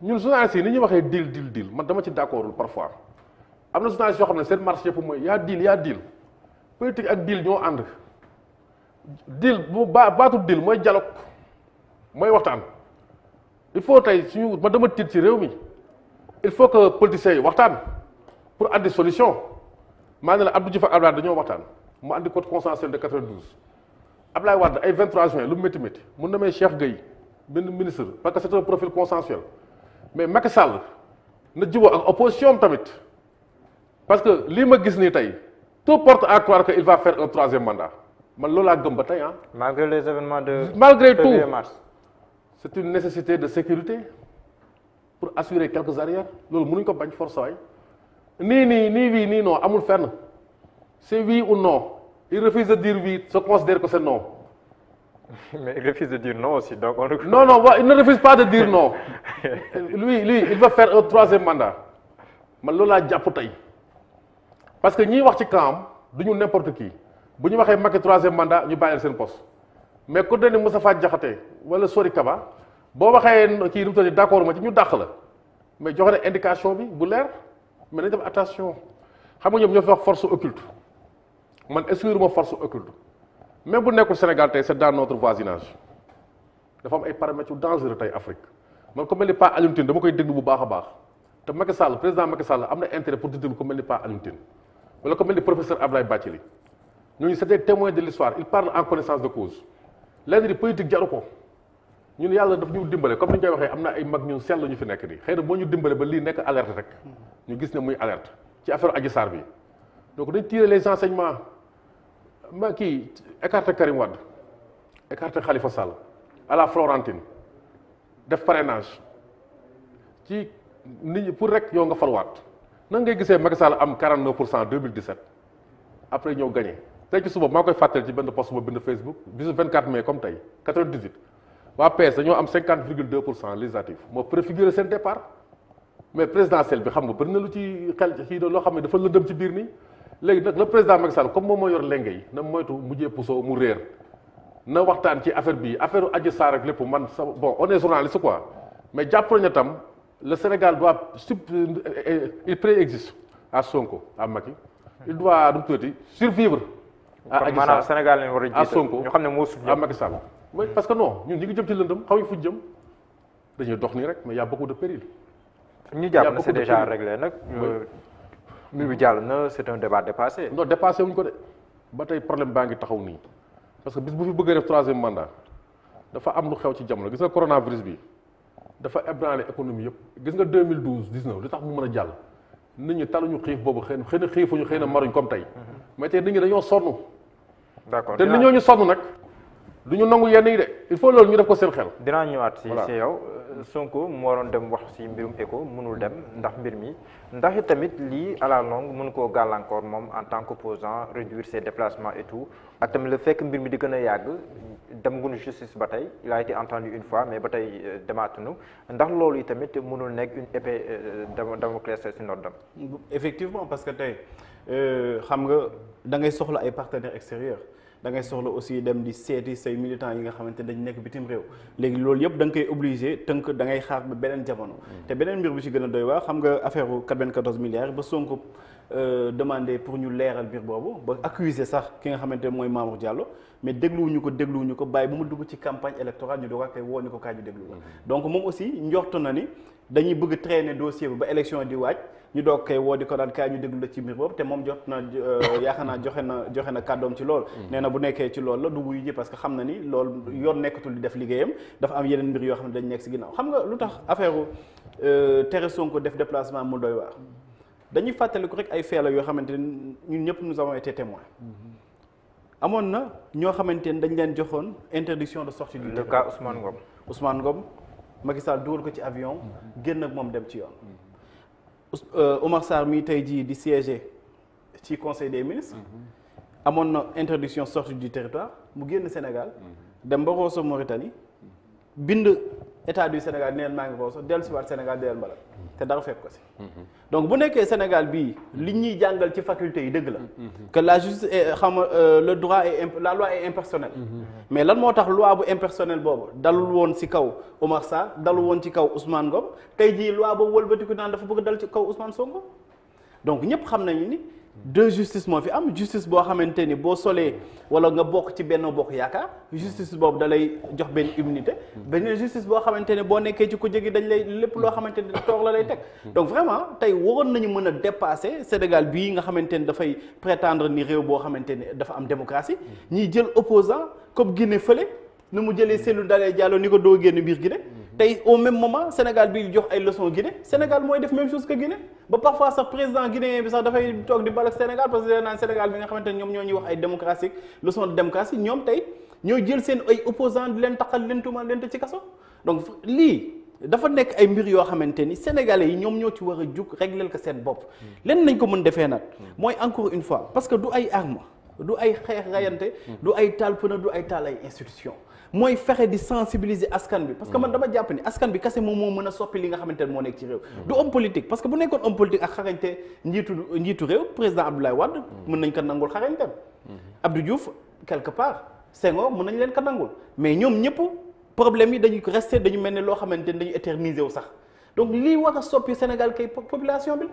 ñun journalistes yi ni ñuy waxee deal deal deal man dama ci d'accordul parfois am na journalistes yoo xam ne seen marché yëpp mooy yaa deal yaa deal politique ak deal ñoo ànd deal bu baa baatu deal mooy dialogue mooy waxtaan il faut tey suñu ma dama tiit ci réew mi il faut que politiciens yi waxtaan pour andi solution maa ne la Abdou Diouf ak Abdoulaye dañoo waxtaan ma andi code consensuel de 92 Ablaye Wade ay 23 juin lu mu métti métti na may Cheikh Gueye benn ministre parce que c'est un profil consensuel mais Macky Sall na jubóo ak opposition am tamit parce que lii ma gis nii tey tout porte à croire que il va faire un troisième mandat man loolu laa gëm ba tey ah. malgré les événements de. malgré tout c'est une nécessité de sécurité pour assurer quelques arrières loolu mënuñ ko bañ force waay nii nii nii wii nii noo amul fenn c'est oui ou non. il refuse de dire oui, se considère que c'est non. Mais il refuse de dire non aussi. Donc on... Non, non, il ne refuse pas de dire non. lui, lui, il va faire un troisième mandat. man loolu laa jàpp tey parce que ñiy wax ci camp du ñu n'importe qui bu ñu waxee Macky troisième mandat ñu bàyyil seen poste mais ku ne ni Moustapha Diakhaté wala Sori Kaba boo waxee kii nu mu tuddati d'accord ma ci ñu dàq la mais joxe na indication bi bu leer mais nañ def attention xam nga ñoom ñoo fi wax force occulte man excluruma force occulte même bu nekkul Sénégal tey c'est dans notre voisinage dafa am ay paramètres yu dangereux tey Afrique man ku mel ni Pa Alioune dama koy déglu bu baax a baax te Macky Sall président Macky Sall am na intérêt pour di déglu ku mel ni Pa Alioune Tine wala ku mel ni professeur Abdoulaye Bathily ñooñu c'est des témoins de l'histoire ils parlent en connaissance de cause lenn di politique jaru ko ñun yàlla daf ñu dimbale comme ni ñu koy waxee am na ay mag ñun seetlu ñu fi nekk nii xëy na moo ñu dimbale ba lii nekk alerte rek ñu gis ne muy alerte ci affaire Adji Sarr bi donc dañ tirer mba kii écarté Karim Wade écarté Khalifa Sall à la Florentine def parrainage ci nit ñi pour rek yow nga falwaat nan ngay gisee Macky Sall am 49 pour cent 2017 après ñëw gagné tey ci suba maa koy fàttali ci benn post bu bind Facebook bisu 24 mai comme tey 98 waa PS dañoo am 50 virgule 2 pour cent législatif moo préfiguré seen départ mais présidentielle bi xam nga bëri na lu ci xel ci loo xam ne dafa lëndëm ci biir nii. léegi nag le président Macky Sall comme moom moo yor lenge yi na moytu mujjee puso mu réer na waxtaan ci affaire bi affaire Adji Sarr ak lépp man sa bon on est journaliste quoi mais jàpp nañu tam le Sénégal doit sub euh, il préexiste à Sonko à Macky il doit nu mu tuddati survivre. à Adji Sarr war a jiite à Sonko ñu xam ne moo sut à Macky Sall. oui parce que non ñun ñu ngi jëm ci lëndëm xaw ñu fu jëm dañuy dox nii rek mais y' a beaucoup de péril. ñu jàpp ne c'est réglé nag. Euh, mbir bi jàll na c'est un débat dépassé. non dépassé wuñ ko de ba tey problème baa ngi taxaw nii parce que bis bu fi bëggee def troisième mandat dafa am lu xew ci jamono gis nga coronavirus bi dafa ébranlé économie yëpp gis nga li tax mu mën a jàll nit ñi taluñu xiif boobu xëy xëy na xiifuñu xëy na maruñ comme tey mhm. mais tey nit ñi dañoo sonn. te nit ñoo ñu sonn nag. lu ñu nangu yenn yi de il faut loolu ñu def ko seen xel. dinaa ñëwaat si si yow. Euh, Sonko mu waroon dem wax si mbirum éco mënul dem ndax mbir mi ndax it tamit lii à longue mën koo gàllankoor moom en tant qu'opposant réduire ses déplacements et tout ak tamit le fekk mbir mi di gën a yàgg dem gunu justice ba tey il a été entendu une fois mais ba tey euh, demaatunu ndax loolu yi tamit mënul nekk une épée euh, Damoclès si dem effectivement parce que tey xam nga da ngay soxla ay partenaires extérieurs. da ngay soxla aussi dem di seeti say militants yi nga xamante dañ nekk bitim réew léegi loolu yëpp danga nga koy obligé tënk da ngay xaar ba beneen jamono mm. te beneen mbir bi ci gën a doy waa xam nga affaire 94 milliards ba Sonko Euh, demandé pour ñu leeral mbir boobu ba accuser sax ki nga xamante mooy Mamour Diallo mais dégluwuñu ko dégluwuñu ko bàyyi bu mu dugg ci campagne électorale ñu doog koy woo ni ko kaay ñu déglu ko mm-hmm. donc moom aussi njort na ni dañuy bëgg traîner dossier bi di waaj ñu doog woo di ko daan kaay ñu déglu la ci mbir boobu te moom jot na euh, yaakaar naa joxe na joxe na kàddoom ci lool mm-hmm. nee na bu nekkee ci loolu la du yi ji parce que xam na ni loolu yoon nekkatul di def liggéeyam dafa am yeneen mbir yoo xam ne dañ nekk si ginnaaw xam nga lu tax affaire euh, tere Sonko def déplacement mu doy waar dañuy fàttaliku rek ay feela yoo xamante ne ñun ñëpp nous avons été témoins mm-hmm. amoon na ñoo xamante ne dañ leen joxoon interdiction de sortie du le cas Ousmane Ngom Ousmane Ngom Macky Sall dugal ko ci avion mm-hmm. génn ak moom dem ci yoon mm-hmm. euh, Omar Sarr mii tey jii di siéger ci conseil des ministres amoon na interdiction sortie du territoire mu génn Sénégal dem ba Rosso Mauritanie bind état du Sénégal neen maa ngi Rosso dellu si Sénégal di leen te dara fekk ko si. donc bu nekkee Sénégal bii li ñuy jàngal ci faculté yi dëgg la. que la justice est euh, xam euh, le droit est imp la loi est mais lan moo tax loi bu impersonnelle boobu dalul woon si kaw Omar Sarr dalul woon ci kaw Ousmane Ngom tey jii loi boobu wëlbatiku naan dafa bëgg dal ci kaw Ousmane Sonko donc ñëpp xam nañu ni. deux justice moo fi am justice boo xamante ni boo solee wala nga bokk ci benn bokk yaakaar justice boobu dalay jox benn immunité beneen justice boo xamante ne boo nekkee ci ko jegi dañ lay lépp loo xamante ni toog la lay teg donc vraiment tey waroon nañu mën a dépasser Sénégal bii nga xamante ni dafay prétendre ni réew boo xamante ne dafa am démocratie ñiy jël opposant comme Guinée fële nu mu jëlee Cellou Dalein Diallo ni ko doo génn biir Guinée tey au même moment Sénégal bi jox ay leçon Guinée Sénégal mooy def même chose que Guinée ba parfois sax président guinéen bi sax dafay toog di balak Sénégal parce que naan Sénégal bi nga xamante ne ñoom ñoo ñuy wax ay démocratique leçon de démocratie ñoom tey ñoo jël seen ay opposants di leen taqal leen tuumal leen te ci kaso donc lii dafa nekk ay mbir yoo xamante ni sénégalais yi ñoom ñoo ci war a jug régleel ko seen bopp leen nañ ko mën defee nag mooy encore une fois parce que du ay armes du ay xeex rayante du ay taal pëna du ay taal ay institution mooy fexe di sensibiliser askan bi parce que man mm. dama jàpp ni askan bi kase moom moo mën a soppi li nga xamante ne moo nekk ci réew du homme politique parce que bu nekkoon homme politique ak xarañte njiitu njiitu réew président Abdoulaye Wade mm. mën nañ ko nangul xarañteem mm-hmm. Abdou Diouf quelque part Senghor mën nañ leen ko nangul mais ñoom ñëpp problème yi dañu resté dañu mel ne loo xamante ne dañu éterniser wu sax donc lii war a soppi Sénégal kay population bi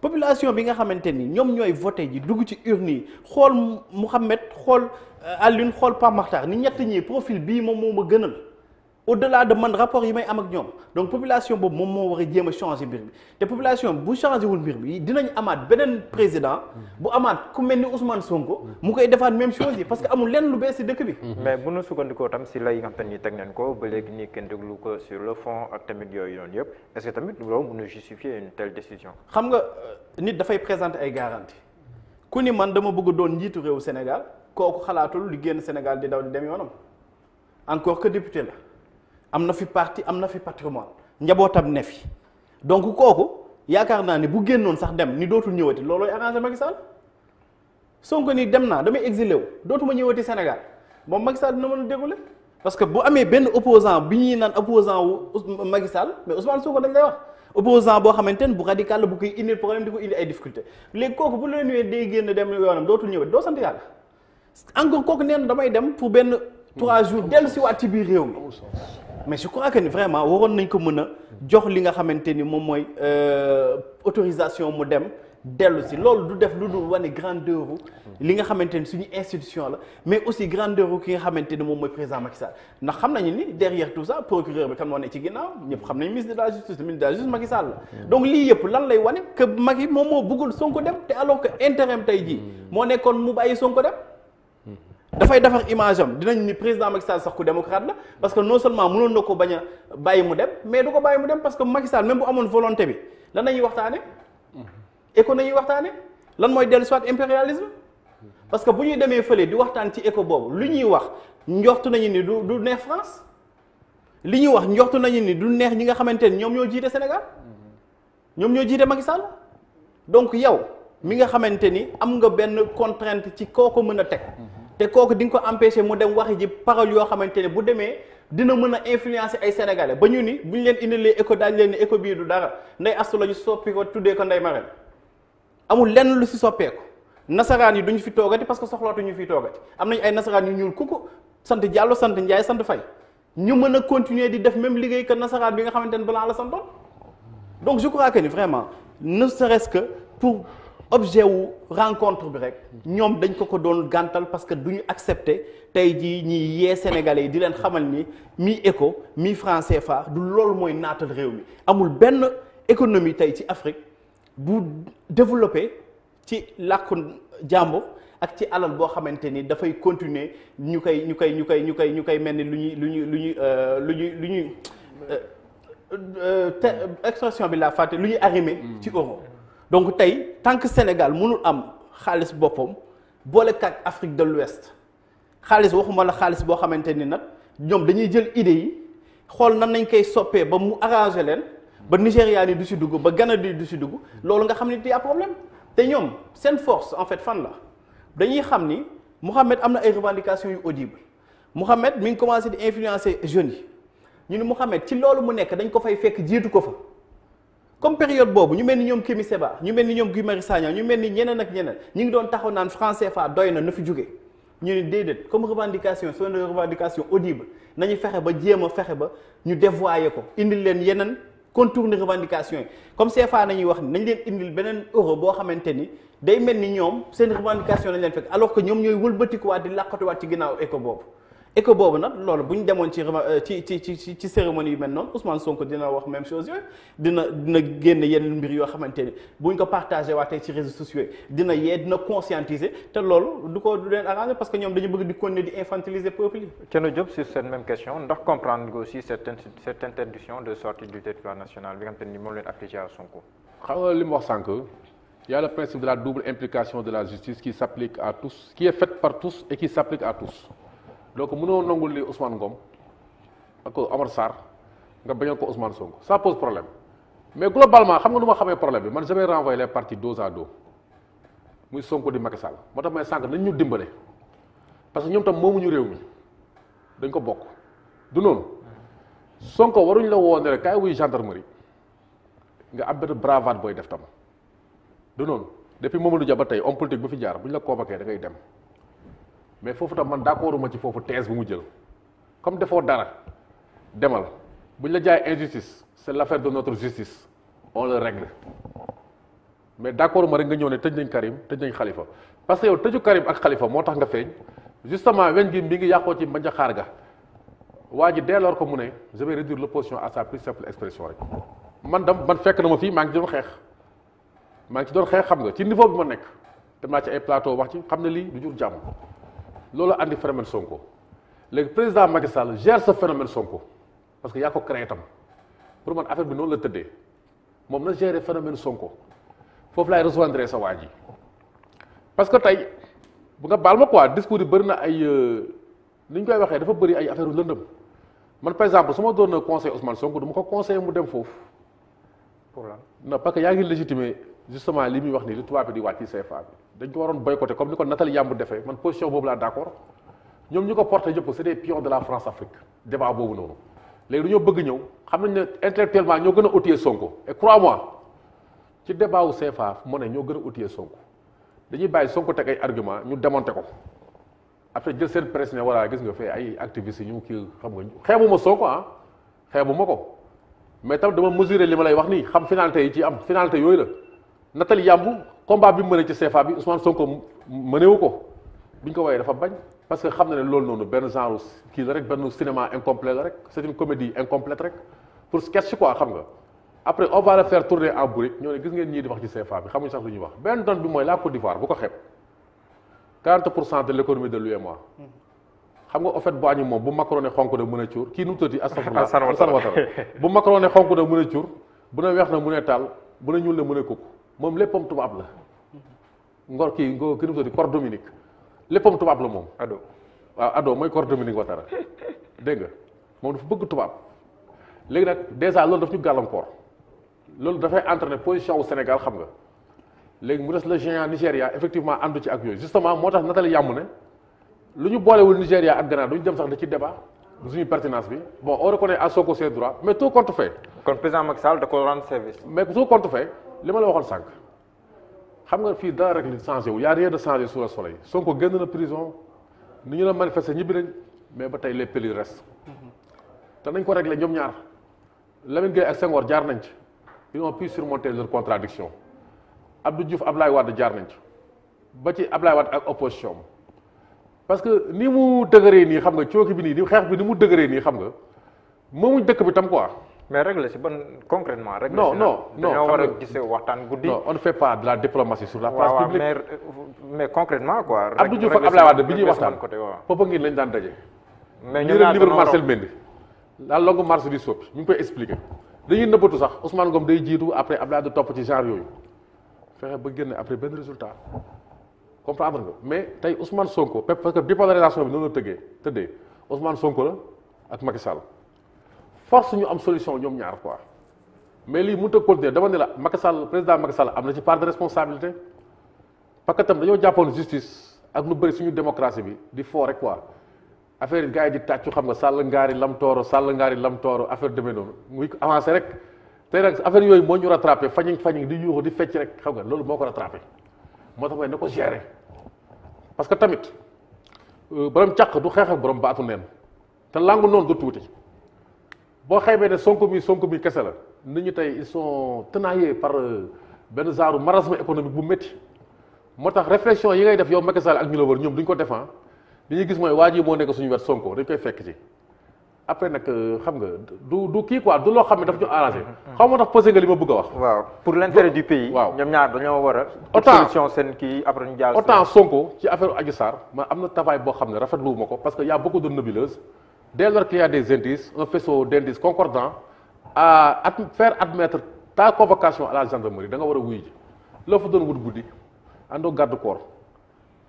population bi nga xamante ni ñoom ñooy voté ji dugg ci urne yi xool Mouhamed xool Euh, Alioune xool Pape Makhtar ni ñett ñi profil bi moom moo ma gënal au-delà de man rapport yi may am ak ñoom donc population boobu moom moo war a jéem a changer mbir bi te population bu changé wul mbir bi dinañ amaat beneen président bu amaat ku mel ni Ousmane Sonko mu koy defaat même chose yi parce que amul lenn lu bees si dëkk bi. Mm-hmm. mais bu ñu sukkandikoo tam si la yi nga xam ko ba léegi nii kenn le fond ak tamit yooyu noonu yëpp est-ce que tamit loolu mën na justifier une xam nga euh, nit dafay présenter ay garanties ku ni man dama bëgg doon njiitu réewu Sénégal. kooku xalaatul di génn Sénégal di daw di dem yoonam encore que député la am na fi parti am na fi patrimoine njabootam ne fi donc kooku yaakaar naa ne bu génnoon sax dem ni dootul ñëwati loolooy arrangé Macky Sall Sonko ni dem naa damay exilé wu dootuma ñëwati Sénégal moom Macky Sall dina mën a dégoulé parce que bu amee benn opposant bi ñuy naan opposant wu Macky Sall mais Ousmane Sonko dañ lay wax opposant boo xamante bu radical la bu koy indi ay difficulté kooku bu la nuyee day génn dem dootul ñëwati doo sant yàlla encore kooku nee na damay dem pour benn trois jours dellu si waat ci biir réew mais je crois que ni vraiment waroon nañ ko mën jox li nga xamante ni moom mooy euh, autorisation mu dem dellu si loolu du def lu dul wane grandeur li nga xamante ni suñu institution la mais aussi grandeur ki nga xamante ni moom mooy président Macky Sall ndax xam nañu ni derrière tout ça procureur bi kan moo ne ci ginnaaw ñëpp xam nañ ministre de la justice ministre de la lii yëpp lan lay wane que Macky moom moo bëggul Sonko dem te alors que intérim tey jii moo nekkoon mu bàyyi Sonko dem dafay defar image am dinañ ni président Macky Sall sax ku démocrate la parce que non seulement mënoon na ko bañ a bàyyi mu dem mais du ko bàyyi mu dem parce que Macky Sall même bu amoon volonté bi lan la ñuy waxtaane mm-hmm. éco nañuy waxtaane lan mooy dellu soit impérialisme parce que bu ñuy demee fële di waxtaan ci éco boobu lu ñuy wax njoxtu nañu ni du du neex France li ñuy wax njortu nañu ni du neex ñi nga xamante ni ñoom ñoo jiite Sénégal mm-hmm. ñoom ñoo jiite Macky Sall donc yow mi nga xamante ni am nga benn contrainte ci koo ko mën a teg mm-hmm. te kooku di nga ko empêcher mu dem wax waxi ji parole yoo xamante ne bu demee dina mën a influencer ay sénégalais ba ñu ni bu ñu leen indilee écho daal leen ni écho bii du dara nday astu la ñu soppi ko tuddee ko nday Marème amul lenn lu si soppeeku nasaraan yi duñu fi toogati parce que soxlaatuñu fi toogati am nañu ay nasaraan yu ñuul kuku sant Diallo sant Ndiaye sant Faye ñu mën a continuer di def même liggéey que nasaraan bi nga xamante ne balaa la santoon donc je crois que vraiment ne serait que pour. objet wu rencontre bi rek ñoom dañ ko ko doon gàntal parce que du ñu accepter tey jii ñiy yee sénégalais yi di leen xamal nii mi éco mi franc CFA du loolu mooy naatal réew mi amul benn économie tey ci Afrique bu développé ci làkku jàmbo ak ci alal boo xamante ni dafay continuer ñu koy ñu koy ñu koy ñu koy ñu koy mel ni lu ñuy lu ñuy lu ñuy euh, lu ñuy lu ñuy euh, euh, expression bi laa fàtte lu ñuy arrimer ci euro donc tey tant que Sénégal mënul am xaalis boppam boolekaat Afrique de l'Ouest xaalis waxuma la xaalis boo xamante ni nag ñoom dañuy jël idée yi xool nan nañ koy soppee ba mu arrangé leen ba Nigéria ni du si dugg ba Ghana ni du si dugg loolu nga xam ne di a problème te ñoom seen force en fait fan la dañuy xam ni Mouhamed am na ay revendications yu audible Mouhamed mi ngi commencé di influencer jeunes yi ñu ni Mouhamed ci loolu mu nekk dañ ko fay fekk jiitu ko fa comme période boobu ñu mel ni ñoom Kémi Séba ñu mel ni ñoom Guy Marius Sagna ñu mel ni ñeneen ak ñeneen ñu ngi doon taxaw naan franc CFA doy na na fi jóge ñu ne déedéet comme revendication c'est une revendication audible nañu fexe ba jéem a fexe ba ñu dévoyer ko indil leen yeneen contourner revendication yi comme CFA nañuy wax nañ leen indil beneen euro boo xamante ni day mel ni ñoom seen revendication lañ leen fekk alors que ñoom ñooy wëlbatikuwaat di ci ginnaaw éco boobu et que boobu nag loolu bu ñu demoon euh, ci ci ci ci ci cérémonie yu mel noonu Ousmane Sonko dina wax même chose yooyu dina dina génn yenn mbir yoo xamante ni bu ñu ko partagé waatee ci réseaux sociaux yi dina yee dina conscientiser te loolu du ko du leen arrangé parce que ñoom dañu bëgg di continuer di infantiliser peuple yi. Thierno Diop sur cette même question ndax comprendre nga aussi cette interdiction de sortie du territoire national bi nga ni moom leen a le principe de la double implication la justice qui s'applique à tous qui est faite par tous et à tous. donc mënoo nangul li Ousmane Ngom ak Omar Sarr nga bañal ko Ousmane Sonko ça pose problème mais globalement xam nga nu ma xamee problème bi man jamais renvoyé les partis dos à dos muy sonk di Macky moo tax may sànq nañ ñu dimbale parce que ñoom tam moomuñu réew mi dañ ko bokk du noonu Sonko waruñ la woo ne rek kaay wuy gendarmerie nga am benn bravade booy def tam du noonu depuis Mamadou Dia ba tey homme politique bu fi jaar bu ñu la convoqué da ngay dem. mais foofu tam man d'accorduma ci foofu thèse bu mu jël comme defoo dara demal bu ñu la jaay injustice c'est fair de notre justice on le règle mais d'accorduma rek nga ñëw ne tëj nañ Karim tëj nañ xalifa parce que yow tëju Karim ak Khalifa moo tax nga feeñ justement weñ gi mi ngi yàqoo ci mbañ xaar ga waa ji dès ko mu ne je vais réduire l'opposition à sa plus simple expression rek man dam man fekk na ma fii maa ngi ci doon xeex maa ngi ci doon xeex nga ci niveau bi ma nekk dem naa ci ay plateau wax ci xam ne lii du jur jàmm loolu andi phénomène Sonko léegi président Macky Sall gère ce phénomène Sonko parce que yaa ko créé tam pour man affaire bi noonu la tëddee moom na gérer phénomène Sonko foofu laay rejoindre sa waa ji parce que tey bu nga baal ma quoi discours yi bëri na ay euh, ni ñu koy waxee dafa bëri ay affaire lëndëm man par exemple su ma doon conseil Ousmane Sonko du ma ko conseillé mu dem foofu. pour la non que yaa ngi légitimer. justement li muy wax nii li tubaab di wàcc CFA bi dañ ko waroon boycotté comme ni ko Nathalie Yamb defee man position boobu laa d' accord ñoom ñu ko porté yëpp c' est des de la France Afrique débat boobu noonu léegi dañoo bëgg ñëw xam nañ ne intellectuellement ñoo gën a outillé Sonko et crois moi ci débat wu CFA mu ne ñoo gën a outillé Sonko dañuy bàyyi Sonko teg ay argument ñu démonté ko après jël seen presse ne voilà gis nga fee ay activistes yi ñu kii xam nga xeebuma Sonko ah ma ko mais tam dama mesurer li ma lay wax nii xam finalité yi ci am finalité yooyu la Nathalie Yambou combat bi mu mënee ci CFA bi Ousmane Sonko mënewu ko bi ñu ko woowee dafa bañ parce que xam na ne loolu noonu benn genre kii la rek benn cinéma incomplet la rek c'est une comédie rek pour gis ngeen ñii di wax sax lu ñuy wax benn donne bi mooy la Côte cent de hmm. xam nga au fait bu moom bu Macron ne xonk na mën a cuur kii nu mu tëddi astafurlah Alassane Ouattara bu Macron ne na mën a cuur bu ne weex na mu ne taal bu ne ñuul na mën a kukk moom léppam tubaab la ngor kii ngoo kii nu mu tudd Cor Dominique léppam tubaab la moom. Ado waaw Ado mooy Cor Dominique Ouattara dégg nga moom dafa bëgg tubaab léegi nag dèjà loolu daf ñu gàllankoor loolu dafay entraîner position wu Sénégal xam nga léegi mu des le géant Nigéria effectivement àndu ci ak yooyu justement moo tax Nathalie Yamoune lu ñu boolewul Nigéria ak Ghana du ñu dem sax da ci débat. suñu pertinence bi bon on reconnaît à Sonko ses kon président Macky Sall da ko rendre mais tout compte li ma la waxoon sànq xam nga fii dara rek li changé wu y a rien de changé sous le soleil Sonko génn na prison ni ñu la manifester ñibbi nañ mais ba tey les pelis restent te nañ ko réglé ñoom ñaar Lamine Gueye ak Senghor jaar nañ ci ils ont pu surmonter leur contradiction Abdou Diouf Ablaye wadd jaar nañ ci ba ci Ablaye Wade ak opposition parce que ni mu dëgëree nii xam nga cooki bi nii ni xeex bi ni mu dëgëree nii xam nga moomuñ dëkk bi tam quoi mais régler si ban concrètement. régler si non non gisee waxtaan guddi. non on ne fait la diplomatie sur la place publique mais mais concrètement quoi. rek Abdou bi ñuy waxtaan papa ngeen lañ daan daje. mais ñu naan libre Marcel Mendy la longue marche du SOP ñu ngi koy expliqué. dañuy nëbbatu sax Ousmane Ngom day jiitu après Abdoulaye di topp ci genre yooyu fexe ba génne après benn résultat comprendre nga mais tey Ousmane Sonko parce que bipolarisation bi noonu la tëggee tëddee Ousmane Sonko la ak Macky Sall. force suñu am solution ñoom ñaar quoi mais lii mënut a continuer dama ne la Macky Sall président Macky Sall am na ci part de responsabilité parce que tam dañoo jàppoon justice ak lu bëri suñu démocratie bi di foo rek quoi affaire yi gars yi di tàccu xam nga sàll ngaari lam tooro sàll ngaari lam tooro affaire demee noonu muy avancé rek tey nag affaire yooyu moo ñu rattrapé fañing fañing di yuuxu di fecc rek xam nga loolu moo ko rattrapé moo tax mooy na ko gérer parce que tamit euh, borom càq du xeex borom baatu neen te langu noonu tuuti. boo xaymee ne sonko bi sonko bi kese la nit ñi tey ils sont tenaillés par euh, benn genre marasme économique bu métti moo tax réflexion yi ngay def yow Macky Sall ak ñu la wër ñoom duñ ko defan ah. li ñuy gis mooy waa ji moo nekk suñu wet sonko dañ koy fekk ci après nag euh, xam nga du du kii quoi du loo xam ne daf ñu arrangé. Mm-hmm, mm-hmm. xaw ma tax posé nga li ma bëgg a wax. waaw pour l'intérêt du pays. waaw ñoom ñaar dañoo war a. solution seen kii après ñu jaar. autant sonko ci affaire Adji Sarr na tabaay boo xam ne rafetlu ko parce que y' a beaucoup de nébuleuses. dès lors qu'il y a un faisceau d'indices concordants, à adm faire admettre ta convocation à la gendarmerie da nga war a wuyu ji loo fa doon wut guddi àndoo garde corps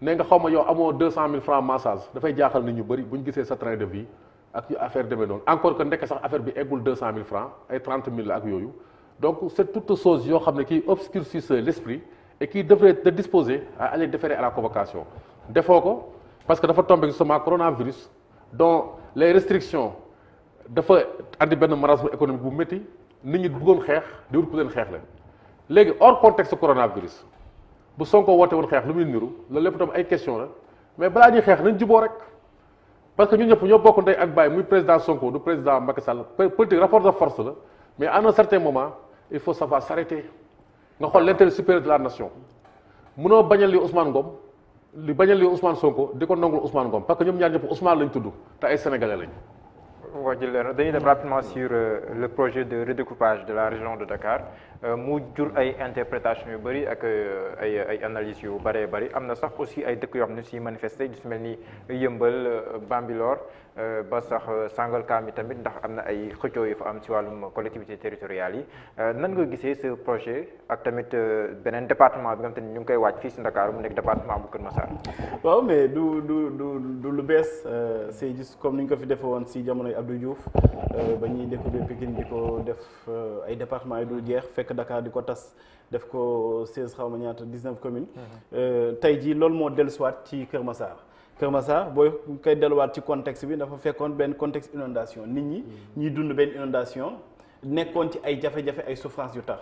ne nga xaw ma yow amoo deux cent mille francs massage dafay jaaxal nit ñu bëri bu ñu gisee sa train de vie ak yu affaire demee noonu encore que ndekk sax affaire bi eggul deux cent mille francs ay trente mille la ak yooyu donc c'est toute chose yoo xam ne qui obscurcissent l'esprit et qui devrait te disposer à defoo ko parce que dafa tombé justement coronavirus dont les restrictions dafa andi benn marasme économique bu métti nit ñi bëggoon xeex di wut ku leen xeex leen léegi hors contexte coronavirus bu Sonko woote woon xeex lu muy niru la lépp tam ay question la mais balaa ñuy xeex nañ juboo rek parce que ñun ñëpp ñoo bokk ndey ak bàyyi muy président Sonko du président Macky Sall politique rapport de force la mais à un certain moment il faut savoir s'arrêter nga xool l'intérêt supérieur de la nation mënoo bañal li Ousmane li bañal li Ousmane Sonko di ko nangul Ousmane Ngom parce que ñoom ñaar ñëpp Ousmane lañ tudd te ay sénégalais lañ. waa ji leer dañuy dem rapidement sur euh, le projet de redécoupage de la région de Dakar euh, mu jur ay interprétation yu bëri ak euh, ay ay analyses yu bëree bari am na sax aussi ay dëkk yoo xam ne si manifesté di su mel ni Yëmbal Bambilor Euh, ba sax euh, Sangalkam yi tamit ndax am na ay xëccoo yu fa am ci wàllum collectivité territoriale yi euh, nan nga gisee ce projet ak tamit beneen département bi nga xam ni ñu ngi koy waaj fii si mu nekk département bu Kër Massar. waaw mais du du du du lu bees c'est juste comme ni ñu ko fi defee woon si jamonoy Abdou Diouf ba ñuy découvrir Pikine di ko def ay département yi dul jeex fekk Dakar di ko tas def ko 16 xaw ma ñaata 19 communes. Mhm. tey jii loolu moo dellusiwaat ci Kër Massar. Kër Massar booy koy delluwaat ci contexte bi dafa fekkoon benn context inondation nit ñi ñuy dund benn inondation nekkoon ci ay jafe-jafe ay souffrance yu tax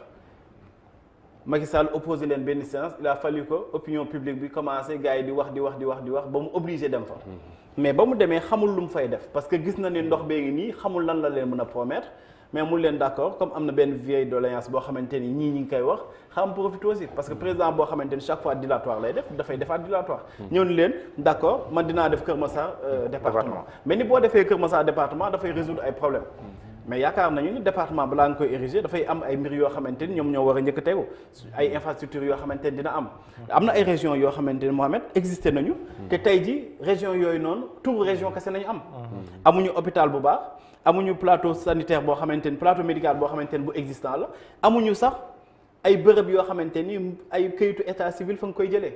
Macky Sall leen benn séance il a fallu que opinion publique bi commencé gars yi di wax di wax di wax di wax ba mu obligé dem fa mais ba mu demee xamul lu mu fay def parce que gis na ni ndox bee ngi nii xamul lan la leen mën a promettre mais mu leen d' accord comme am na benn vieille doléance boo xamante ni ñii ñi ngi koy wax xam profite aussi parce que président boo xamante ni chaque fois dilatoire lay def dafay defaat dilatoire hmm. ñëw ni leen d' accord man dinaa def Kër Massar euh, hmm. département mais ni boo defee Kër Massar département dafay résoudre ay problèmes hmm. mais yaakaar nañu ni département balaa nga koy ériger dafay am ay mbir yoo xamante ñoom ñoo war a njëkk tegu ay infrastructures yoo xamante ni dina am am na ay région yoo xamante ni Mohamed existé nañu te tey ji région yooyu noonu tour région kese nañu am amuñu hôpital bu baax amuñu plateau sanitaire boo xamante ni plateau médical boo xamante ni bu existant la amuñu sax ay bërëb yoo xamante ni ay këyitu état civil fa nga koy jëlee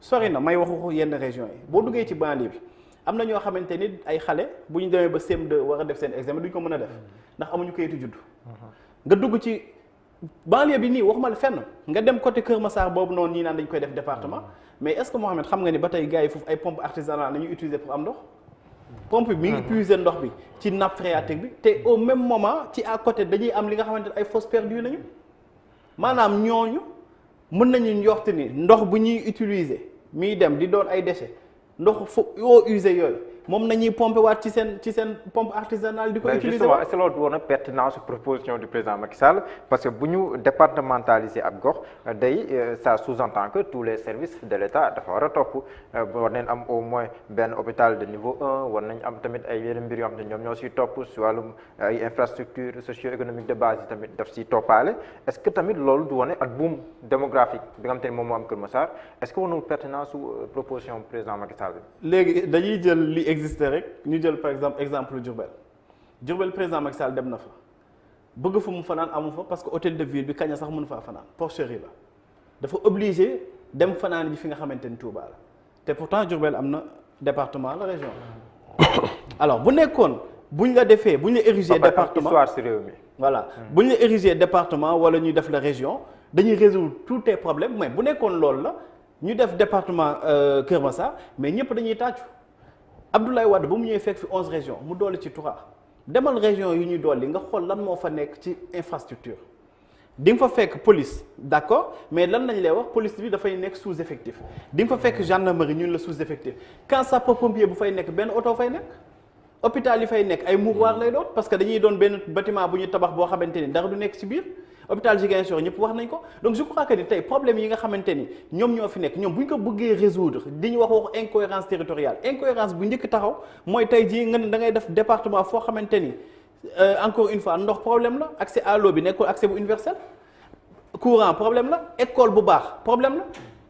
sori na may waxu yenn région yi boo duggee ci banlieue bi am na ñoo xamante ni ay xale bu ñu demee ba CM2 war a def seen examen duñ ko mën a def ndax amuñu këyitu judd nga dugg ci banlieue bi nii waxuma la fenn nga dem côté Kër Massar boobu noonu ñii naan dañ koy def département mais pour am pompe bi mi ngi ah. ndox bi ci nappe phréatique bi te au même moment ci à côté dañuy am li nga xamante ne ay fosses perdues nañu maanaam ñooñu mën nañu njort ni ndox bu ñuy utiliser miy dem di doon ay déchets ndox fo eaux usées yooyu moom nañuy pompé waat ci seen ci seen di ko utiliser est-ce que woon na pertinence proposition du président Macky Sall parce que bu ñu départementaliser ab gox day euh, ça sous-entend que tous les services de l'État dafa war a topp euh, war nañ am au moins benn hôpital de niveau un war nañ am tamit ay yeneen mbir yoo xam ne ñoom ñoo siy topp si wàllum ay infrastructure socio-économique de base yi tamit daf siy toppaale est-ce que tamit loolu du wane ak boom démographique bi nga xam te ne moom moo am Kër Massar est-ce que woonul pertinence euh, existé rek ñu jël par exemple exemple Diourbel Diourbel président Macky Sall dem na fa bëgg fu mu fanaan amu fa parce que hôtel de ville bi kaña sax mënu faa fanaan porcherie la dafa obligé dem fanaan ji fi nga xamante ni Touba te pourtant Diourbel am na département la région alors bu nekkoon buñ la defee buñ la érigé département si réew mi voilà hmm. buñ la érigé département wala ñuy def la région dañuy résoudre tous tes problèmes mais bu nekkoon loolu la ñu def département euh, Kër Massar mais ñëpp dañuy tàccu Abdoulaye Wade ba mu ñëwee fekk fi onze régions mu doole ci trois demal région yu ñuy dolli nga xool lan moo fa nekk ci infrastructure di nga fa fekk police d'accord mais lan lañ lay wax police bi dafay nekk sous effectif di nga fa fekk gendarmerie ñun la sous effectif quand sapeur pompier bu fay nekk benn oto fay nekk hôpital yi fay nekk ay mouroir lay doon parce que dañuy doon benn batiment bu ñu tabax boo xamante ni dara du nekk ci biir hôpital Ziguinchor ñëpp wax nañ ko donc je crois que ni tey problème yi nga xamante ni ñoom ñoo fi nekk ñoom bu ñu ko bëggee résoudre di ñu wax waxu incohérence territoriale incohérence bu njëkk taxaw mooy tey jii nga ne da def département foo xamante ni euh, encore une fois ndox problème la accès à bi nekkul accès bu universel courant problème la école bu baax problème la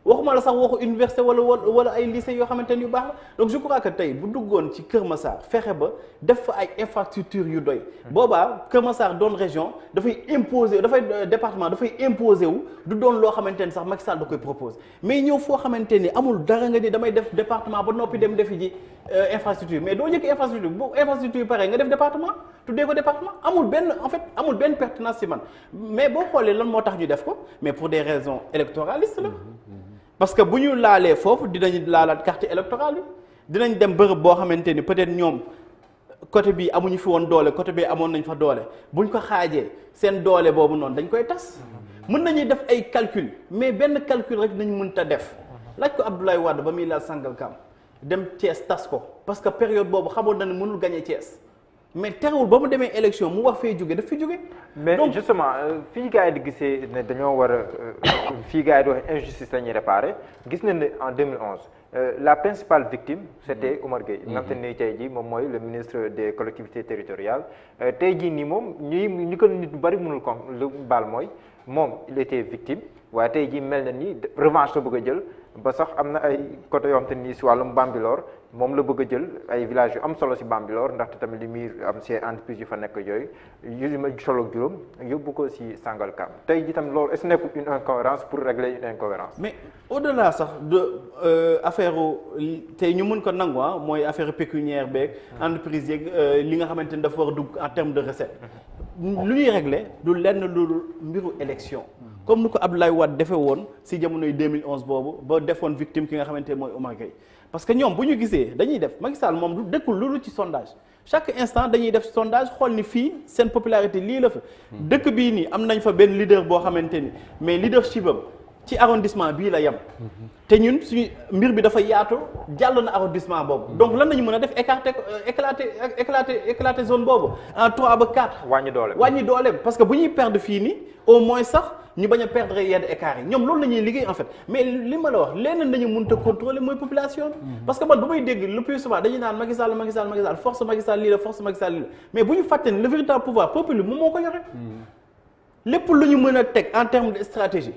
waxuma la sax waxu université wala wala ay lycée yoo xamante ni yu baax la donc je crois que tey bu duggoon ci Kër Massar fexe ba def fa ay infrastructures yu doy. boobaa Kër Massar doon région dafay imposer dafay euh, département dafay imposer wu du doon loo xamante ni sax Macky Sall da koy propose mais ñëw foo xamante ni amul dara nga ni damay def département ba noppi dem defi ji. Euh, infrastructure mais doo njëkk infrastructure bu infrastructure pare nga def département tuddee ko département amul benn en fait amul benn pertinence ci man mais boo xoolee lan moo tax ñu def ko mais pour des raisons électoralistes parce que bu ñu laalee foofu dinañ laalaat carte électorale bi dinañ dem bërëb boo xamante ni peut-être ñoom côté bi amuñu fi woon doole côté bi amoon nañ fa doole buñ ko xaajee seen doole boobu noonu dañ koy tas mën nañuy def ay calcul mais benn calcul rek nañ mën ta def laaj ko Abdoulaye Wade ba muy laal Sangalkam dem Thiès tas ko parce que période boobu xamoon na ne mënul gagné Thiès mais terewul ba mu demee élection mu wax fee jóge daf fi jóge. mais justement euh, fii gars yi di gisee ne dañoo war a euh, fii gars di wax injustice la ñuy gis nañ ne en 2011 euh, la principale victime c' était mm-hmm. Omar Gueye. nga xam mm-hmm. ne tey jii moom mooy le ministre des collectivité territoriale tey jii ni moom ñuy ñu ko nit bu bari mënul kon lu baal mooy moom il était victime waaye tey jii mel na ni revanche bëgg a jël. ba sax am na ay côté yoo xam te nii si wàllum Bambilor moom la bëgg a jël ay village yu am solo si Bambilor ndaxte tamit li muy am si entreprise yu fa nekk yooyu yu ma solo juróom yóbbu ko si Sangalkam tey ji tam loolu est-ce une incohérence pour régler une incohérence mais au-delà sax de euh, affaire tey ñu mun ko nangu ah, mooy affaire pécuniaire beeg hmm. entreprise yeeg euh, li nga xamante ni dafa war dugg en terme de recette hmm. lu ñuy régler du lenn lu mbiru élection hmm. comme ni ko Abdoulaye Wade defee woon si jamonoy 2011 boobu ba defoon victime ki nga xamante mooy Oumar Gueye parce que ñoom bu ñu gisee dañuy def Macky Sall moom du dëkkul loolu ci sondage chaque instant dañuy def sondage xool ni fii seen popularité lii la fa. dëkk bii nii am nañ fa benn leader boo xamante ni mais leadership am ci arrondissement bii la yem. te ñun suñu mbir bi dafa yaatu jàll na arrondissement boobu. donc lan nañu mën a def écarté euh, éclaté euh, éclaté éclaté zone boobu en 3 ba 4. wàññi dooleem wàññi dooleem parce que bu ñuy perdre fii nii au moins sax. ñu bañ a perdre yenn écarts yi ñoom loolu la ñuy liggéey en fait mais li ma la wax leneen nañu mënta contrôler mooy population bi mhm. parce que man bu may dégg le plus souvent dañuy naan Macky Sall Macky Sall lii la force Macky lii la mais bu ñu fàtte ne le pouvoir peuple moom moo ko yore mhm. lépp lu ñu mën a teg en terme de stratégie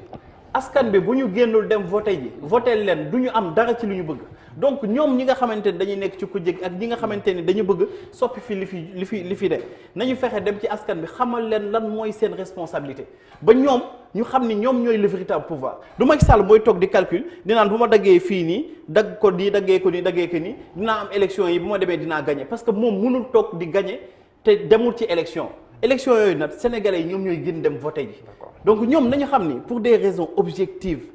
askan bi bu ñu génnul dem voté ji voté leen du ñu am dara ci lu ñu bëgg donc ñoom ñi nga xamante ni dañuy nekk ci ku jég ak ñi nga xamante ni dañu bëgg soppi fii li fi li fi li fi de nañu fexe dem ci askan bi xamal leen lan mooy seen responsabilité ba ñoom ñu xam ni ñoom ñooy le véritable pouvoir du Macky Sall mooy toog di calcul di naan bu ma daggee fii nii dagg ko nii daggee ko nii daggee ko nii dinaa am élection yi bu ma demee dinaa gagné parce que moom mënul toog di te demul ci élection élection yooyu nag sénégalais yi ñooy gën dem voté ji donc ñoom nañu xam ni pour des raisons objectives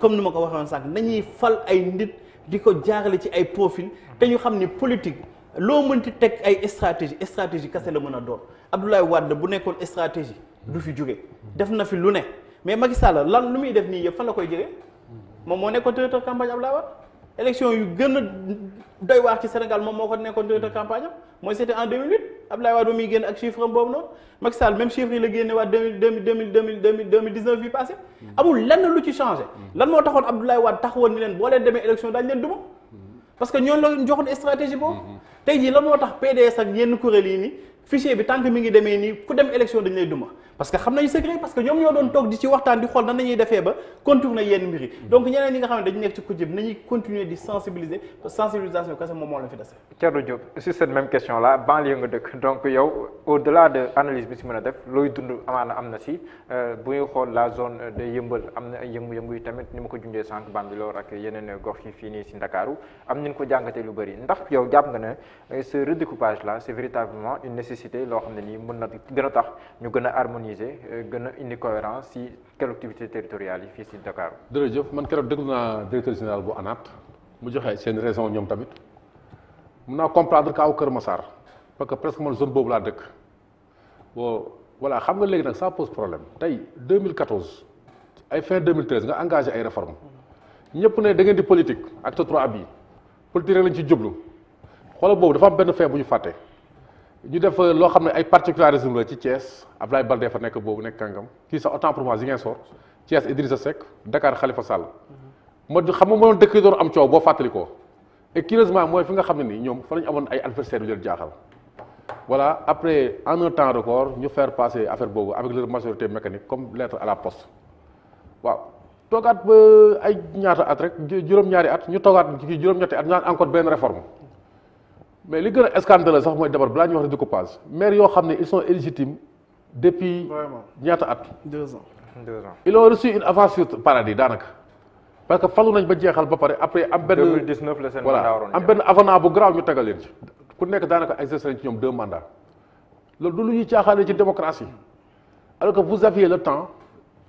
comme ni ma ko waxoon sànq nañuy fal ay nit di ko jaarale ci ay profil te ñu xam ni politique loo mënti teg ay stratégie stratégie kase la mën a doon Abdoulaye Wade bu nekkoon stratégie du fi jóge def na fi lu ne mais Macky Sall lan lu muy def nii yëpp fan la koy jëlee moom moo nekkoon directeur campagne Abdoulaye Wade élection yu gën a doy waar ci Sénégal moom moo ko nekkoon directeur campagne am mooy c'était en 2008 Abdoulaye Wade muy génn ak chiffre am boobu noonu Macky chiffre yi la génne waat deux mille deux mille dix neuf bi passé. amul lenn lu ci changé. lan moo taxoon Abdoulaye Wade taxawoon ni leen boo leen demee élection daañu leen duma. parce que ñooñu la joxoon stratégie boobu. tey jii lan moo tax PDS ak yenn kuréel yi nii fichier bi tant que mi ngi demee nii ku dem élection dañu lay duma. parce que xam nañu secret parce que ñoom ñoo doon toog di ci waxtaan di xool nan nañuy defee ba contourner yenn mbir yi donc ñeneen ñi nga xam ne dañu nekk ci bi continuer di sensibilisation kese moom la fi dese Thierno Diop question là banlieue nga dëkk donc yow au delà de analyse bi si mën a def looy dund amaana am na si euh, bu ñu xool la zone de yëmbal am na ay yëngu-yëngu yi tamit ni ma ko junjee sànq Bambilor ak yeneen gox yi fii nii si Ndakaaru am nañ ko jàngatee lu bëri ndax yow jàpp nga ne euh, ce redécoupage là c'est véritablement loo xam ne nii mën na tax harmoniser euh, gën a indi cohérence si collectivité territoriale yi fii si Dakar. jërëjëf man keroog déglu naa directeur général bu ANAT mu joxe seen raison ñoom tamit mun naa comprendre kaaw Kër Massar parce presque man zone boobu laa dëkk bon xam nga léegi nag ça pose problème tey ay fin nga engagé ay réformes ñëpp ne da ngeen di politique acte trois ab yi politique rek lañ ci jublu xoolal boobu dafa am benn fin bu ñu fàtte. ñu def loo xam ne ay particularisme la ci Thiès Abdoulaye Baldé fa nekk boobu nekk kàngam kii sax autant pour moi Ziguinchor Thiès Idrissa Seck Dakar Khalifa Sall. Mhm. ma xam nga mënoon dëkk doon am coow boo fàttali ko et mooy fi nga xam ne nii ñoom fa la ñu amoon ay adversaires yu leen jaaxal. voilà après en un temps record ñu faire passer affaire boobu avec leur majorité mécanique comme lettre à la poste waaw toogaat ba ay ñaata at rek juróom-ñaari at ñetti at ñu encore benn réforme. mais li gën a scandale sax mooy d'abord balaa ñuy wax ne découpage maire yoo xam ne ils sont illégitimes depuis. vraiment at. deux ans deux ans. ils ont reçu une avance sur paradis daanaka parce que falu nañ ba jeexal ba pare après am benn. 2019 la seen mandat waroon am benn bu grave ñu tegal ci. ku nekk daanaka exercer nañ ci ñoom deux mandats loolu du lu ñuy caaxaanee ci démocratie alors que vous aviez le temps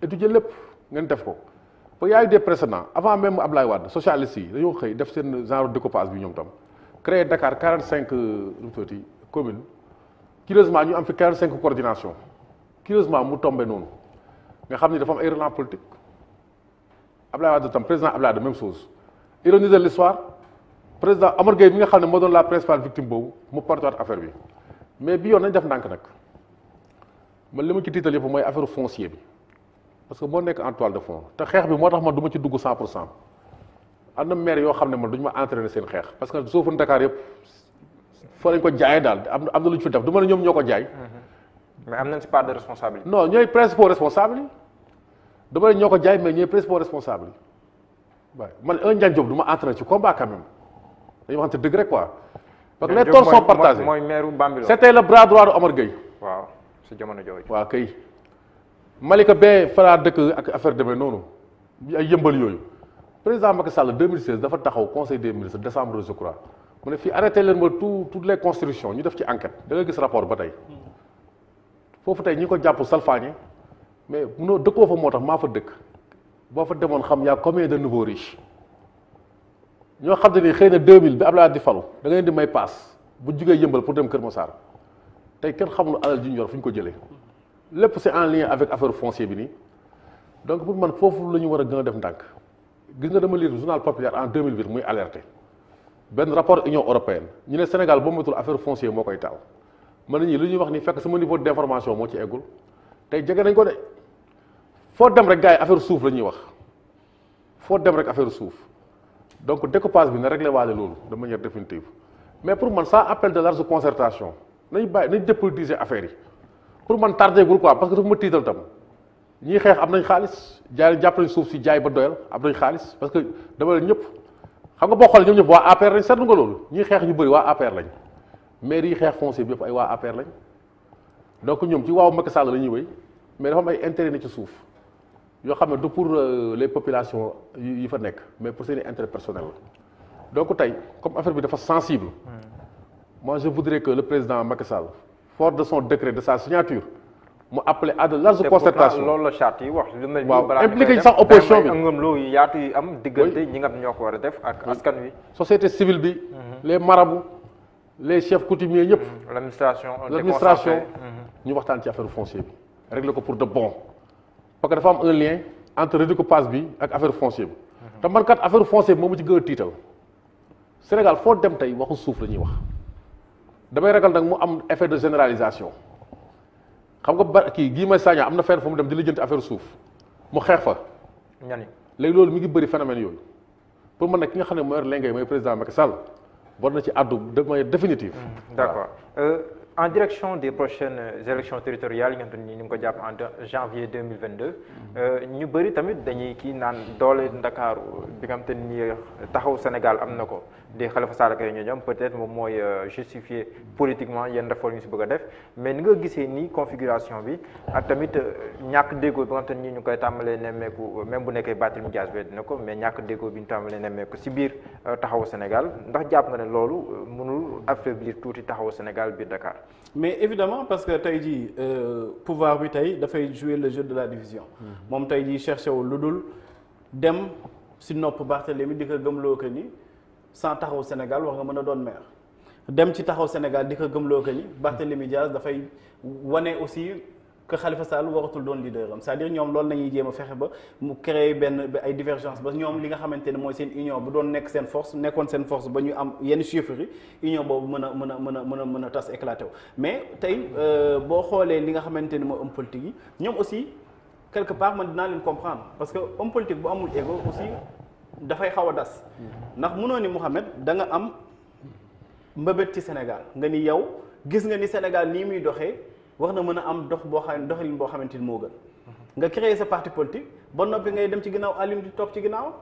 étudier lépp ngeen def ko. ba y a eu des précédents avant même Ablaye Wade socialiste yi bi ñoom tam. créer Dakar 45 euh, nu mu tuddati communes ñu am fi 45 coordination curieusement mu tombé noonu nga xam ni dafa am ay relents politique Abdoulaye Wade tam président Abdoulaye Wade même chose ironie de l'histoire président Amar Gueye bi nga xam ne moo doon la principale victime boobu mu porté waat affaire bi mais bi yoon nañ def ndànk nag man li ma ci tiital yëpp mooy affaire foncier bi parce que moo nekk en toile de fond te xeex bi moo tax man duma ci dugg 100 pour cent am na maire yoo xam ne man du ñu ma entraîner seen xeex parce que suufu Dakar yëpp fa lañ ko jaayee daal am na lu ñu fi def du ma ne ñoom ko jaay. mais am nañ ci part de responsabilité. non ñooy principaux responsables yi du ma ne ñoo ko jaay mais ñooy principaux responsables yi waaye man un Ndiagne Diop du ma entraîner ci combat quand même dañu waxante dëgg rek quoi. parce que les torts sont mooy maire Bambilor c'était le bras droit de Omar Gueye. waaw si jamono jooju. waaw kay Malika bee fa dëkk ak affaire demee noonu ay yëmbal yooyu. président Macky Sall 2016 dafa taxaw conseil des ministres décembre je crois mu ne fii arrêté leen ba tout toutes les constructions ñu def ci enquête da gis rapport ba tey foofu tey ñi ko jàpp salfaañe mais munoo dëkkoo fa moo tax maa fa dëkk boo fa demoon xam yaa combien de nouveaux riches ñoo xam ne ni xëy na mille bi la di falu da dem leen di may paas bu jugee yëmbal pour dem Kër Massar tey kenn xamul alal ji ñu yor fu ñu ko jëlee lépp c'est en lien avec affaire bi nii donc pour man la ñu war a gën a gis nga dama lire journal populaire en 2008 muy alerté benn rapport union européenne ñu ne Sénégal ba matul affaire foncière moo koy taal man na ñi lu ñuy wax ni fekk sama niveau d' information moo ci eggul tey jege nañ ko de foo dem rek gars yi affaire suuf la ñuy wax foo dem rek affaire suuf donc découpage bi na réglé waale loolu de manière définitive mais pour man ça appelle de large concertation nañ bàyyi nañ dépolitiser affaire yi pour man tardé gul quoi parce que ma tiital tam ñiy xeex am nañ xaalis jaay jàpp suuf si jaay ba doyal am nañ xaalis parce que dama leen ñëpp xam nga boo xoolee ñoom ñëpp waa APR lañ loolu ñiy xeex ñu bëri waa APR lañ mais yi xeex foncier bi yëpp ay waa APR lañ donc ñoom ci waaw Macky Sall la ñuy wéy mais dafa am ay intérêt ni ci suuf yoo xam ne du pour euh, les populations yi fa nekk mais pour seen intérêt personnel la donc tey comme affaire bi dafa sensible hmm. moi je voudrais que le président Macky Sall fort de son décret de sa signature mu appelé à de larges concertations loolu la charte yi wax. lu mel ni balaa impliqué sax opposition bi loolu yaatu ñoo ko war a def ak askan wi. société civile bi. Mhm. les marabouts les chef coutumiers ñëpp. l' l' administration. ñu waxtaan ci affaire foncier bi. réglé ko pour de bon parce que dafa am un lien entre redécoupage bi ak affaire foncier bi. Mhm. te affaire foncier bi moom ci gën a tiital Sénégal foo dem tey waxu suuf la ñuy wax damay ragal nag mu am effet de généralisation. xam nga ba kii gii may Saña am na fenn fu mu dem di lijjanti affaire suuf mu xeex fa. ñani léegi loolu mu ngi bëri phénomène yooyu pour man nag ki nga xam ne mooy Lengue mooy président Macky Sall war na ci àddu de manière définitive. Hmm, d'accord euh, en direction des prochaines élections territoriales yi nga xam ne ñu ngi ko jàpp en janvier deux mille vingt deux euh, ñu bëri tamit dañuy kii naan doole Ndakaaru bi nga xam te ni taxaw Sénégal am na ko. de Khalifa Sall ak ñoom peut-être moom mooy euh, justifier politiquement yenn réforme yu si bëgg a def mais ni nga gisee nii configuration bi ak tamit euh, ñàkk déggoo bi nga xam te ni koy tàmbalee nemmeeku euh, même bu nekkee Barthélémy Dias bi dina ko mais ñàkk déggoo bi ñu tàmbalee nemmeeku si biir taxawu Sénégal ndax jàpp nga ne loolu mënul affaiblir tuuti taxawu Sénégal biir Dakar. mais évidemment parce que tey jii pouvoir bi tey dafay jouer le jeu de la division. Mm-hmm. moom tey jii cherché wu lu dul dem si nopp Barthélémy di ko gëmloo que ni. sant taxaw Sénégal wax nga mën a doon maire dem ci taxaw Sénégal di ko gëmloo que ni Barthélémy Dias dafay wane aussi que Khalifa Sall waratul doon leader am c'est-à-dire ñoom loolu lañuy jéem a fexe ba mu créer benn ay divergence ba ñoom li nga xamante ne mooy seen union bu doon nekk seen force nekkoon seen force ba ñu am yenn chiffres yi union boobu mën a mën a mën a mën a mën a tas éclaté wu. mais tey euh, boo xoolee li nga xamante ni mooy homme politique yi ñoom aussi quelque part man dinaa leen parce que homme politique amul ego dafay xaw a das ndax munoo ni Mouhamed da nga am mbëbët ci Sénégal nga ni yow gis nga ni Sénégal nii muy doxee wax na mën a am dox boo xam doxalin boo xamante ni moo gën nga créer sa parti politique ba noppi ngay dem ci ginnaaw Alioune di toog ci ginnaaw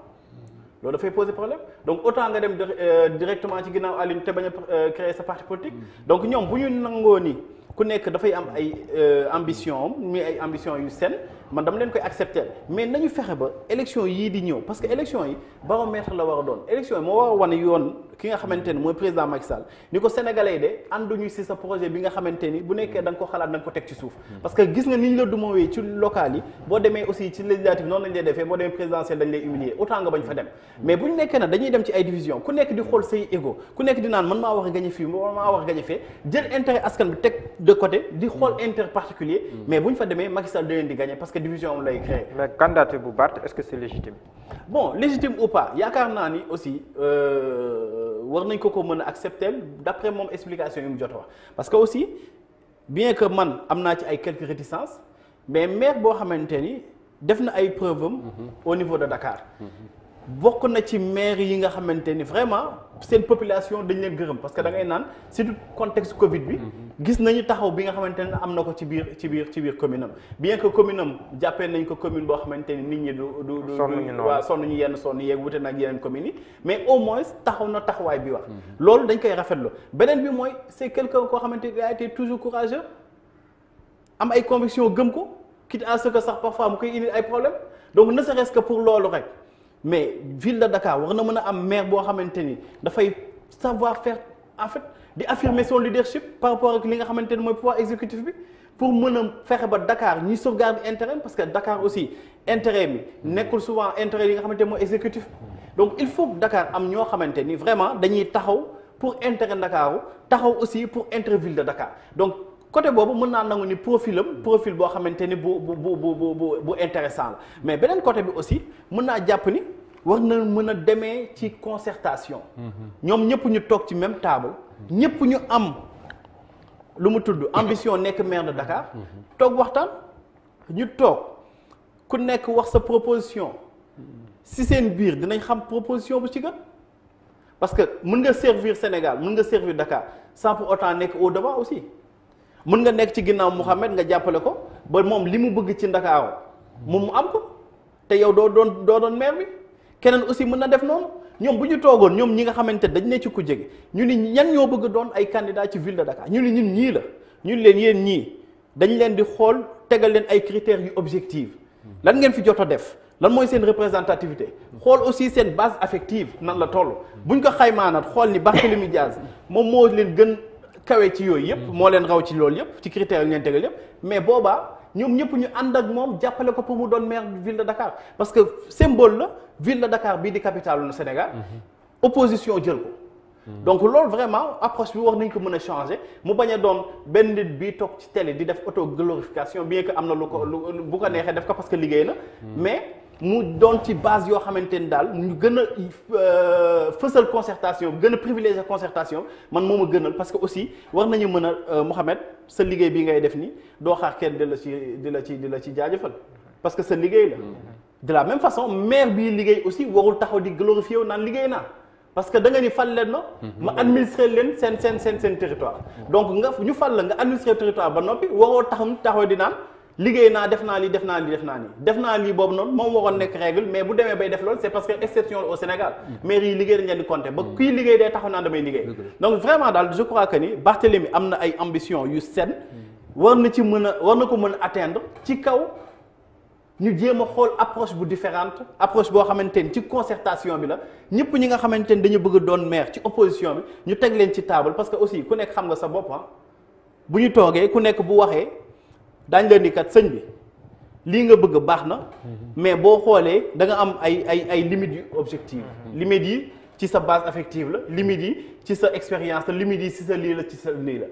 loolu dafay poser problème donc autant nga dem euh, directement ci ginnaaw Alioune te bañ a euh, créer sa parti politique donc ñoom bu ñu nangoo ni ku nekk dafay am ay euh, ambition am muy ay ambition yu sen man dama leen koy accepter mais nañu fexe ba élection yii di ñëw parce que élection yi baromètre la war a doon élection yi moo war wane yoon ki nga xamante mooy président Macky Sall ni ko sénégalais de ànduñu ci sa projet bi nga xamante ni bu nekkee da nga ko xalaat da nga ko teg ci suuf parce que gis nga ni ñu la dumoowee ci local yi boo demee aussi ci législative noonu lañ lay defee boo demee présidentielle dañ lay humilier autant nga bañ fa de côté di xool intérêt particulier mm. mais bu ñu fa demee Macky Sall da que division lay créé. mais candidature bu Barth est-ce que c'est légitime. bon légitime ou pas yaakaar naa ni aussi euh, war nañ ko ko mën a accepter d'après moom explication yu mu jot wax parce que aussi bien que man am naa ci ay quelques réticences mais maire boo xamante ni def na ay preuves mhm. au niveau de Dakar. Mhm. bokk na ci maire yi nga xamante ni vraiment seen population dañ leen gërëm parce que da ngay naan surtout contexte Covid bi. Mhm. gis nañu taxaw bi nga xamante ne am na ko ci biir ci biir ci biir commune am bien que commune am nañ ko commune boo xamante ni nit ñi du du du. sonn ñu waaw ñu yenn sonn yeeg wute na ak yeneen communes yi mais au moins taxaw na taxawaay bi wax. Mhm. loolu dañ koy rafetlu beneen bi mooy c' est quelqu'un koo xamante ni a été toujours courageux am ay conviction gëm ko quitte que sax parfois mu koy indil ay problème donc ne serait pour loolu rek. mais ville de Dakar war na mën a am maire boo xamante ni dafay savoir faire en fait di affirmer son leadership par rapport ak li nga xamante ni mooy pouvoir exécutif bi pour mën a fexe ba Dakar ñuy sauvegarde intérêt parce que Dakar aussi intérêt bi nekkul souvent intérêt yi nga xamante ni mooy exécutif donc il faut que Dakar am ñoo xamante ni vraiment dañuy taxaw pour intérêt Ndakaaru taxaw aussi pour intérêt ville de Dakar donc côté boobu mën naa nangu ni profil am profil boo xamante ni bu bu bu bu bu bu intéressant la mais beneen côté bi aussi mën naa jàpp ni wax na mën a demee ci concertation. ñoom ñëpp ñu toog ci même table. ñëpp ñu am lu mu tudd ambition nekk maire de Dakar. toog waxtaan ñu toog ku nekk wax sa proposition. si seen biir dinañ xam proposition bu ci gën. parce que mun nga servir Sénégal mun nga servir Dakar sans pour autant nekk au devant aussi. mën nga nekk ci ginnaaw Mouhamed nga jàppale ko ba moom li mu bëgg ci Ndakaaru moom mu am ko te yow doo doon doo doon maire bi keneen aussi mën na def noonu ñoom bu ñu toogoon ñoom ñi nga xamante dañ ne ci ko jege ñu ni ñan ñoo bëgg doon ay candidat ci ville de Dakar ñu ni ñun ñii la ñun leen yéen ñii dañ leen di xool tegal leen ay critères yu objectifs lan ngeen fi jot def lan mooy seen représentativité xool aussi seen base affective nan la toll buñ ko xaymaanat xool ni Barthélémy Diaz moom moo leen gën kawe ci yooyu yëpp mm-hmm. moo leen raw ci loolu yëpp ci critères yi leen tegal yëpp mais boobaa ñoom ñëpp ñu ànd ak moom jàppale ko pour mu doon maire ville de Dakar parce que symbole la ville de Dakar bii di capital lu Sénégal mm-hmm. opposition jël ko mm-hmm. donc loolu vraiment approche bi wax nañ ko mën a changer mu bañ a doon benn nit bi toog ci télé di def auto glorification bien que am na lu ko lu bu ko neexee def ko parce que liggéey na mais mu doon ci base yoo xamante ni daal ñu gën a euh, fësal concertation gën a privilégier concertation man moo ma gënal parce que aussi war nañu mën a euh, Mouhamed sa liggéey bi ngay def nii doo xaar kenn di la ci di la ci di la ci jaajëfal parce que sa liggéey la. Mm-hmm. de la même façon maire bii liggéey aussi warul taxaw di glorifier wu naan liggéey naa parce que da nga ni fal leen na mm-hmm. ma administrer leen seen seen seen seen territoire. Mm-hmm. donc nga ñu fal la nga administrer territoire ba noppi waroo taxaw taxaw di liggéey naa def naa lii def naa lii def naa nii def naa lii boobu noonu moom waroon nekk règle mais bu demee bay def loolu c'est parce que exception au Sénégal mm. maire yi liggéey dañ leen di compter ba mm. kuy liggéey day taxaw naan damay liggéey donc vraiment daal je crois que ni Barthélemy am na ay ambition yu saine mm. war na ci mën a war na ko mën a atteindre ci kaw ñu jéem a xool approche bu différent approche boo xamante ni ci concertation bi la ñëpp ñi nga xamante ni dañu bëgg a doon maire ci opposition bi ñu teg ci table parce que aussi ku nekk xam nga sa bopp ah. bu ñu toogee ku nekk bu waxee dañ leen di kat sëñ bi lii nga bëgg baax na mhm. mais boo xoolee da nga am ay ay ay limites yu objective mhm. limites yi ci sa base affective la limites yi ci sa expérience la limites yi ci sa lii la ci sa lii la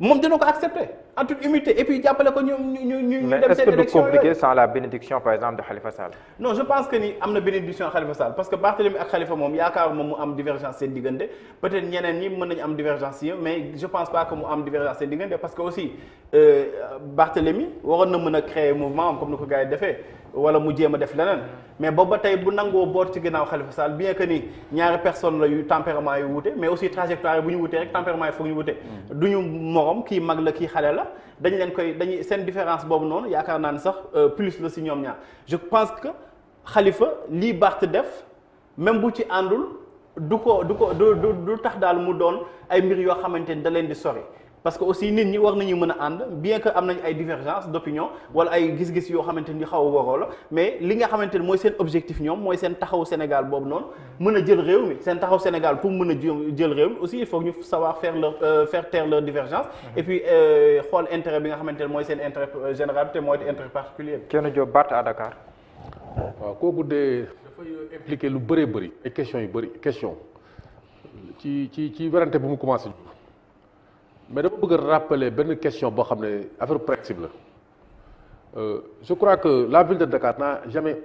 moom dina ko accepter en toute humilité et puis jàppale ko ñu ñu ñu ñu dem seen élection de Khalifa Sall. non je pense que ni am na bénédiction Khalifa Sall parce que Barthélemy ak Khalifa moom yaakaar moom mu am divergence seen diggante peut-être ñeneen ñi mën nañu am divergence yi mais je pense pas que mu am divergence seen diggante parce que aussi euh, Barthélemy waroon na mën a créer mouvement am comme ni ko gars defee. wala mu jéem a def leneen mais booba tey bu nangoo boot ci ginnaaw Khalifa Sall bien que ni ñaari personne la yu tempérament yu wuute mais aussi trajectoire bu ñu wutee rek tempérament yi foog ñu wute mm. du ñu morom kii mag la kii xale la dañ leen koy dañuy seen différence boobu noonu yaakaar naa ne sax euh, plus la si ñoom ñaar je pense que xalifa lii Barth def même bu ci àndul du ko du ko du du tax daal mu doon ay mbir yoo xamante ni da leen di sori parce que aussi nit ñi war nañu mën a ànd bien que am nañ ay divergence d'opinion wala ay gis-gis yoo xamante ni xaw a la mais li nga xamante ni mooy seen objectif ñoom mooy seen taxaw Sénégal boobu noonu mën a jël réew mi seen taxaw Sénégal pour mën a jël réew mi aussi il faut ñu savoir faire leur euh, faire taire leur divergence mhm. et puis euh, xool intérêt bi nga xamante ni mooy seen intérêt euh, général te mooy intérêt particulier Thierno Diop Bart à Dakar waaw kooku de lu bëree bëri ay yu bëri question ci ci ci werante bu mu commencé mais dama bëgg a rappeler benn question boo xam ne affaire principe la euh, je crois que la ville de Dakar n'a jamais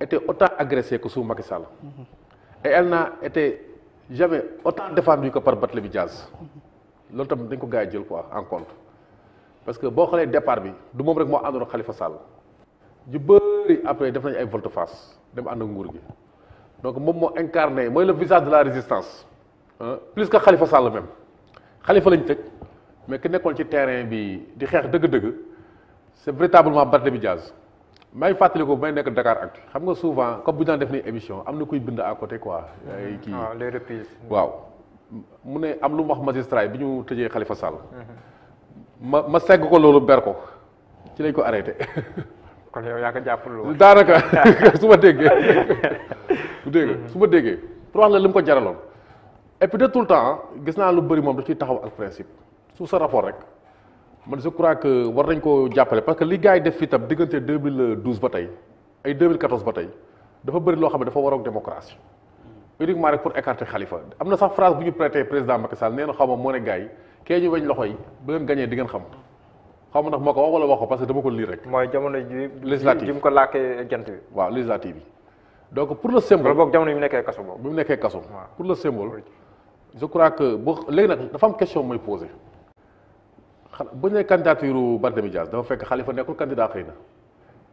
été autant agressée que sous Macky Sall. et elle n'a été jamais autant défendue que par Barthélémy Dias. loolu tam dañ ko gars jël quoi en compte parce que boo xoolee départ bi du moom rek moo àndoon Khalifa Sall. ñu bëri après def nañu ay volte-face dem ànd na nguur gi donc moom moo incarné mooy le visage de la résistance plus que Khalifa Sall même. xalifa lañu tëj mais ki nekkoon ci terrain bi di xeex dëgg-dëgg c'est véritablement Barthélémy Dias maa ngi fàttali ko may nekk Dakar ak xam nga souvent comme bu ñu daan def nii émission am na kuy bind à côté quoi. ay kii waaw ah, les reprises. waaw mu ne am lu mu wax magistrat yi bi ñu tëjee xalifa Sall. ma ma segg ko loolu ber ko ci lañ ko arrêté. kon yow yaa ko jàppaloo. daanaka su ma déggee. su su ma déggee pour wax la li mu ko jaraloon. et puis de tout le temps gis naa lu bëri moom daf ciy taxaw ak principe sous ce rapport rek man je crois que war nañ koo jàppale parce que li gars yi def fii tam diggante 2012 ba tey ay 2014 ba tey dafa bëri loo xam ne dafa waroon démocratie uniquement rek pour écarter Khalifa am na sax phrase bu ñu prêté président Macky Sall nee xaw ma moo ne gars yi kee ñu weñ loxo yi bu ngeen gañee di ngeen xam xaw ma ndax moo ko wax wala wax parce que dama ko lii rek. mooy jamono ji je crois que bu léegi nag dafa am question mooy posé xanaa bu ñu nee candidature Barthélémy Dias dafa fekk xalifa nekkul candidat xëy na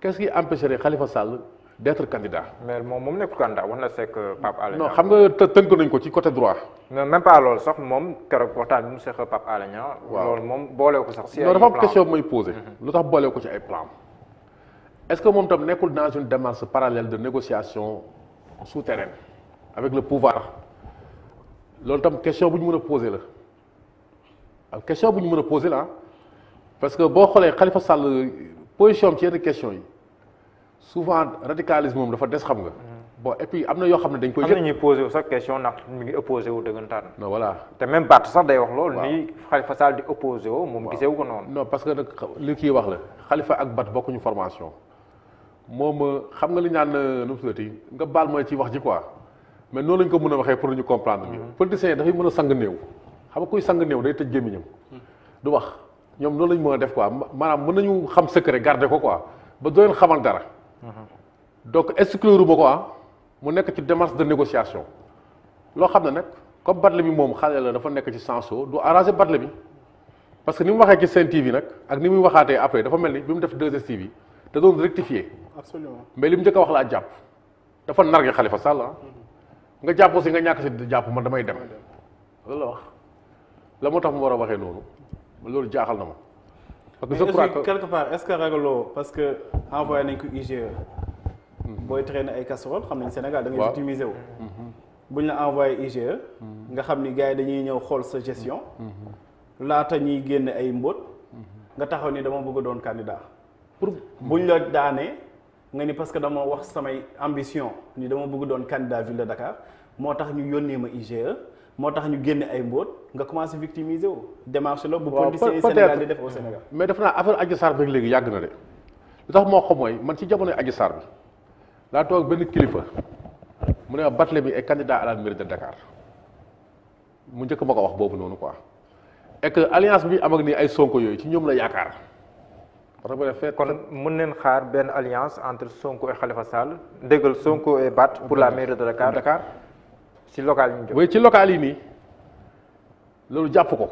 qu'est-ce qui empêcherait Khalifa Sall d'être candidat. mais moom moom nekkul candidat wax na c'est que Pape xam nga tënk nañ ko ci côté droit. non pas loolu sax moom keroog waxtaan mu seq pap Alé Niang. waaw loolu moom boolee ko sax. si ay non posé. Mhm. lu tax boole ko ci ay plan est-ce que moom tam nekkul dans une démarche parallèle de négociation souterraine avec le pouvoir. loolu tam question bu ñu mën a posé la am question bu ñu mën a posé la parce que boo xoolee xalifa Sall position am ci yenn question yi souvent radicalisme moom dafa des xam nga. Mm-hmm. bon et puis am na yoo xam ne dañ koy. jël am posé wu sax question ndax mu ngi opposé wu dëggantaan. non voilà te même Barth sax day wax loolu. nii Khalifa Sall di opposé woo moom gisee ko noonu. non parce que nag li kii wax la Khalifa ak Barth bokkuñu formation moom xam nga li ñaan euh, nu mu tuddati nga baal mooy ci wax ji quoi. mais noonu lañ ko mën a waxee pour ñu comprendre ñu mhm. politiciens yi dafay mën a sang néew xam nga koy sang néew day tëj gémmiñam mhm. du wax ñoom noonu lañ mën a def ko maanaam mën nañu xam secret garder ko quoi ba doo leen xamal dara mhm. donc exclure ma ko ah mu nekk ci démarche de négociation loo xam ne nag comme bi moom xale la dafa nekk ci senso du arrangé bi parce que ni mu waxee ci Sen TV nag ak ni muy waxaatee après dafa mel ni bi mu def 2STV da doon rectifier absolument li mu njëkk wax laa jàpp dafa narge Khalifa Sall ah. nga jàpp si nga ñàkk si jàpp ma damay dem loolu la wax la moo tax mu war a waxee noonu loolu jaaxal na ma. parce que je crois que quelque part est-ce que ragaloo parce que envoyé nañ ko IGE. Hmm. booy traîner ay casserole xam nañ Sénégal da ngay victimisé wu. Hmm. la envoyé IGE. Hmm. nga xam ni gars yi dañuy ñëw xool sa gestion. laata ñuy génn ay mbóot. nga taxaw ni dama bëgg doon candidat. pour bu buñ la daanee. nga ni parce que dama wax samay ambition ni dama bëgg doon candidat ville de Dakar moo tax ñu yónnee ma IGE moo tax ñu génne ay mbóot nga commencé victimiser wu démarche la bu politicien Sénégal di def au Sénégal mais def naa affaire Adji Sarr bi léegi yàgg na de moo xam mooy man ci jamono Adji Sarr bi toog benn kilifa mu ne ma Barthélémy est candidat à la mairie de Dakar mu njëkk ma ko wax boobu noonu quoi et que alliance bi am ak nii ay Sonko yooyu ci ñoom la yaakaar kon mën neen xaar benn alliance entre Sonko et Khalifa Sall déggal Sonko et Bat pour la mairie de Dakar Dakar si local yi ñu ci local yi nii loolu jàpp ko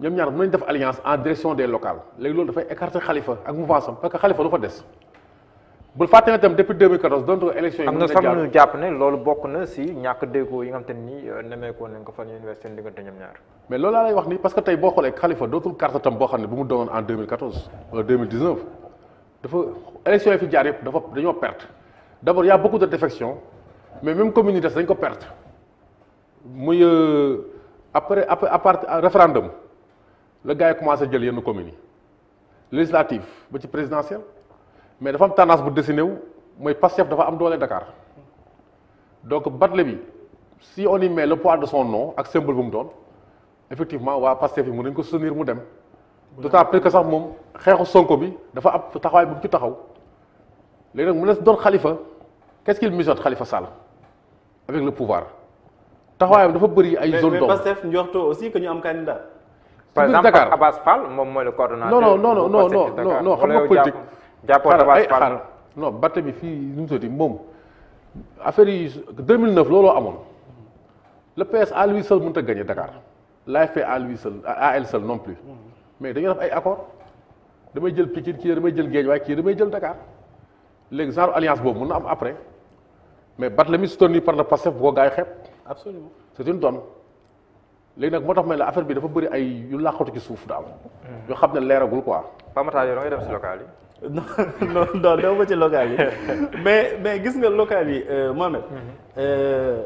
ñoom ñaar mën nañ def alliance en direction des locales léegi loolu dafay écarter Khalifa ak mouvance am parce que Khalifa du fa des bul fàtte ne tam depuis 2014 donte élection yi. mën na jàpp jàpp ne loolu bokk na si ñàkk déggoo yi nga xam te ni euh, nemeekoo nañ ko fan yéen seen diggante ñoom ñaar. mais loolu laa lay wax nii parce que tey boo xoolee Khalifa dootul carte tam boo xam ne bu mu doonoon en 2014 wala 2019 dafa élection yi fi jaar yëpp dafa dañoo perte d' abord y' a beaucoup de mais même commune yi des dañ ko perte muy euh, après après à part euh, référendum la gars yi commencé jël yenn communes yi législative ci présidentielle. mais dafa am tendance bu dessiné wu mooy Pastef dafa am doole Dakar donc Barthélémy si on y met le poids de son nom ak symbole bu mu doon effectivement waa Pastef yi mën nañu ko soutenir mu dem. d'autant plus que sax moom xeexu Sonko bi dafa am taxawaay bu ci taxaw léegi nag mu des doon Khalifa qu'est-ce qu'il mijote Khalifa avec le pouvoir taxawaayam dafa bëri ay zone d'ombre mais Pastef njortoo aussi que ñu am candidat. par exemple Abbas Fall moom mooy le coordonnateur. non non non jàppoo avance par non batte bi fii nu mu soti moom affaire yi 2009 looloo amoon le PS à lui seul mënut a gagné Dakar l'AFP à lui seul à elle seul non plus mais dañu def ay accord damay jël Pikine kii damay jël Guédiawaye kii damay jël dakaar léegi genre alliance boobu mun na am après mais Barthélémy yi par le Pastef bu ko gars yi xeeb. absolument c'est une donne. léegi nag moo tax ma ne la affaire bi dafa bëri ay yu làqatu ci suuf daal. Hmm. yoo xam ne leeragul ko Pamata yow da ngay yi. non non non daw ba ci local yi mais mais gis nga local yi euh, Mohamed mhm. euh,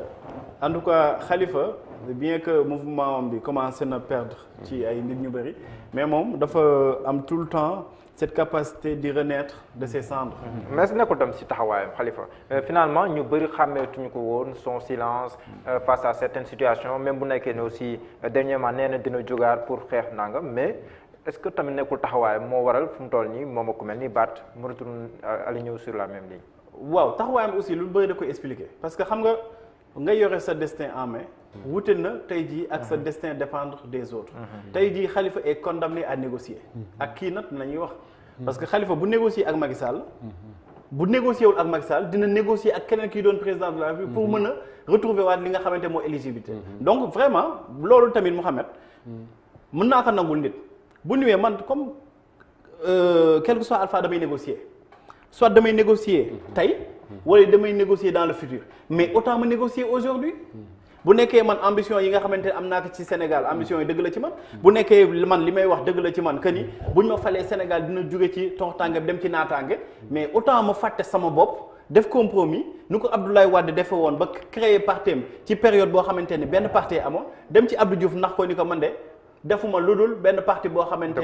en tout cas Khalifa bien que mouvement bi commencé na perdre ci ay nit ñu bëri mais moom dafa am tout le temps cette capacité di renaître de ses cendres. Mhm. mais si nekkul tam si taxawaayam xalifa euh, finalement ñu bëri xàmmeetuñu ko woon son silence mhm. face à certaines situation même bu nekkee ne aussi dernièrement nee na dina jógaat pour xeex nangam mais. est-ce que tamit nekkul taxawaay moo waral fu mu toll nii moom ak ku mel ni Baat mu retourne à ñëw sur la même ligne. waaw taxawaayam aussi lu bëri da koy expliquer parce que xam nga nga yore sa destin en main. wute na tey jii ak sa mhm. destin dépendre des autres. Mhm. tey jii xalifa et condamné à négocier. Mhm. ak kii nag la ñuy wax. parce que xalifa bu négocier ak Macky Sall. bu négocier wul ak Macky Sall dina négocier ak keneen kii doon président de la République pour mën a retrouver waat li nga xamante moo éligibilité. donc vraiment loolu tamit Mouhamed. mën naa ko nangul nit. bu ñëwee man comme euh, quel que soit alpha damay négocier soit damay négocier tey wala damay négocier dans le futur mais autant ma négocier aujourd'hui bu nekkee man ambition yi nga xamante ne am naa ko ci Sénégal ambition yi dëgg la ci man bu nekkee man li may wax dëgg la ci man que ni buñ ma falee Sénégal dina juge ci tàngam dem ci naataange mais autant ma fàtte sama bopp def compromis nu ko Abdoulaye Wade defee woon ba créer parti ci période boo xamante ne benn parti amoon dem ci Abdou Diouf ndax ko ni ko man de defuma lu dul benn parti boo xamante ni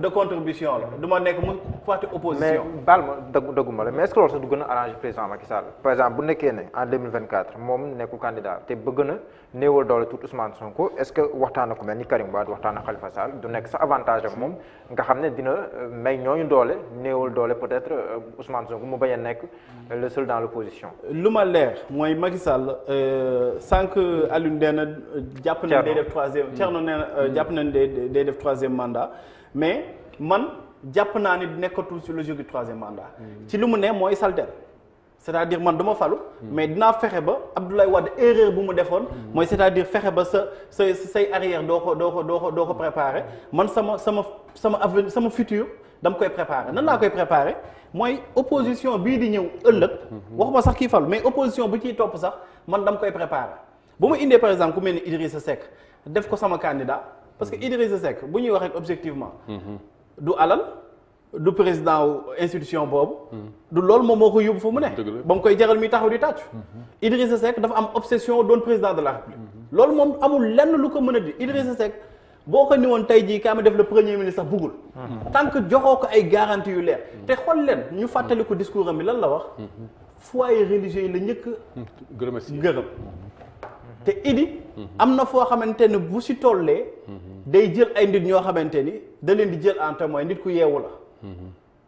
de contribution la du ma nekk mu parti opposition. mais baal ma dëgguma la mais est loolu sax du gën a arrangé président Macky Sall par exemple bu nekkee ne en 2024 moom nekkul candidat te bëgg na néewal doole tuut Ousmane Sonko est ce que waxtaan na ko mel ni Karim Wade waxtaan na Khalifa Sall du nekk sa avantage ak moom nga xam ne dina euh, may ñooñu doole néewal doole peut être euh, Ousmane Sonko mu bañ a nekk le seul l' opposition. lu ma leer mooy Macky Sall euh, sànq Alioune nee na jàpp na day def troisième nañ day def troisième mandat mais man jàpp naa ne nekkatul si logique du troisième mandat. Mm. ci lu mu ne mooy saltel c'est-à-dire man dama falu. Mm. mais dinaa fexe ba Abdoulaye Wade erreur bu mu defoon. Mm. mooy c'est-à-dire fexe ba sa sa say arrière doo ko doo ko doo ko doo ko préparé man sama sama sama avenir sama futur dama koy préparé nan laa koy préparé mooy opposition bii di ñëw ëllëg. Mm-hmm. waxuma sax kii fal mais opposition bu ciy topp sax man dama koy préparé bu ma indee par exemple mel ni Idrissa Seck def ko sama candidat. parce que Idrissa Seck bu ñuy wax rek objectivement. Mhm. du alal du président wu institution boobu. du loolu moom moo ko yóbbu fa mu ne. ba mu koy jaral muy taxaw di tàcc. Mhm. Idrissa Seck dafa am obsession doon président de la loolu moom amul lenn lu ko mën a di Idrissa mhm. boo ko ni woon tey jii kaa ma def le premier ministre sax buggul. tant que joxoo ko ay garantie yu leer. te xool leen ñu fàttali ko discours am bi lan la wax. foyer religieux yi la njëkk gërëm te Idi. am na foo xamante ne bu si tollee. day jël ay nit ñoo xamante ni da leen di jël en témoin nit ku yeewu la.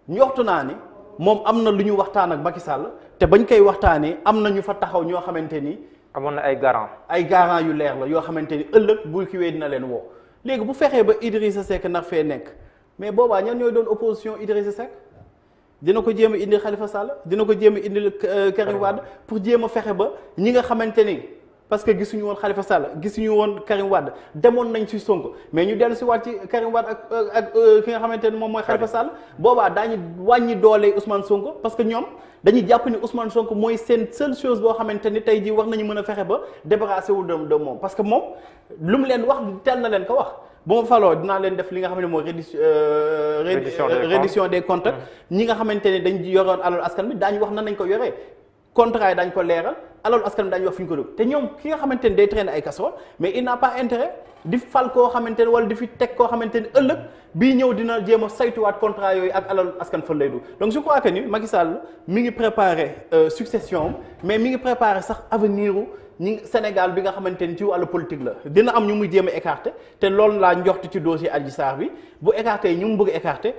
ñoxtu naa ni moom am na lu ñu waxtaan ak Macky sàll te bañ koy waxtaanee am na ñu fa taxaw ñoo xamante ni. amoon na ay garant ay garant yu leer la yoo xamante ni ëllëg bu kiiwee dina leen woo léegi bu fexee ba Idrissa Seck nar fee nekk mais boobaa ñan ñooy doon opposition Idrissa Seck dina ko jéem a indi Khalifa Sall dina ko jéem a indi euh, Karim Wade pour jéem a fexe ba ñi nga xamante ni. parce que gisuñu woon Khalifa gisuñu woon Karim Wade demoon nañ ci Sonko mais ñu dellu si waat ci Karim ak euh, ki nga xamante ne moom mooy Khalifa Sall boobaa daañu wàññi doole Ousmane Sonko parce que ñoom dañuy jàpp ni Ousmane mooy seen seule chose boo xamante ni tey ji wax nañu mën a fexe ba débarrassé wu de de moom parce que moom lu mu leen wax teel na leen ko wax bu ma faloo dinaa leen def li nga xam ne mooy euh, euh, reddition des comptes mm-hmm. ñi nga xamante ne dañ yoroon alal askan bi daañu wax nan nañ ko yoree contrat yi dañ ko leeral alalu askan bi dañu wax fi ñu ko dugg te ñoom ki nga xamante ni day traîner ay casserole mais il n'a pas intérêt di fal koo xamante ni wala di fi teg koo xamante ni ëllëg bii ñëw dina jéem a saytuwaat contrat yooyu ak alalu askan fan lay dugg donc je crois que ni Macky Sall mi ngi préparé euh, succession mais mi ngi préparé sax avenir u ñi Sénégal bi nga xamante ni ci wàllu politique la dina am ñu muy jéem a te loolu laa njoxtu ci dossier Adji Sarr bi bu écarté yi ñu mu bëgg écarté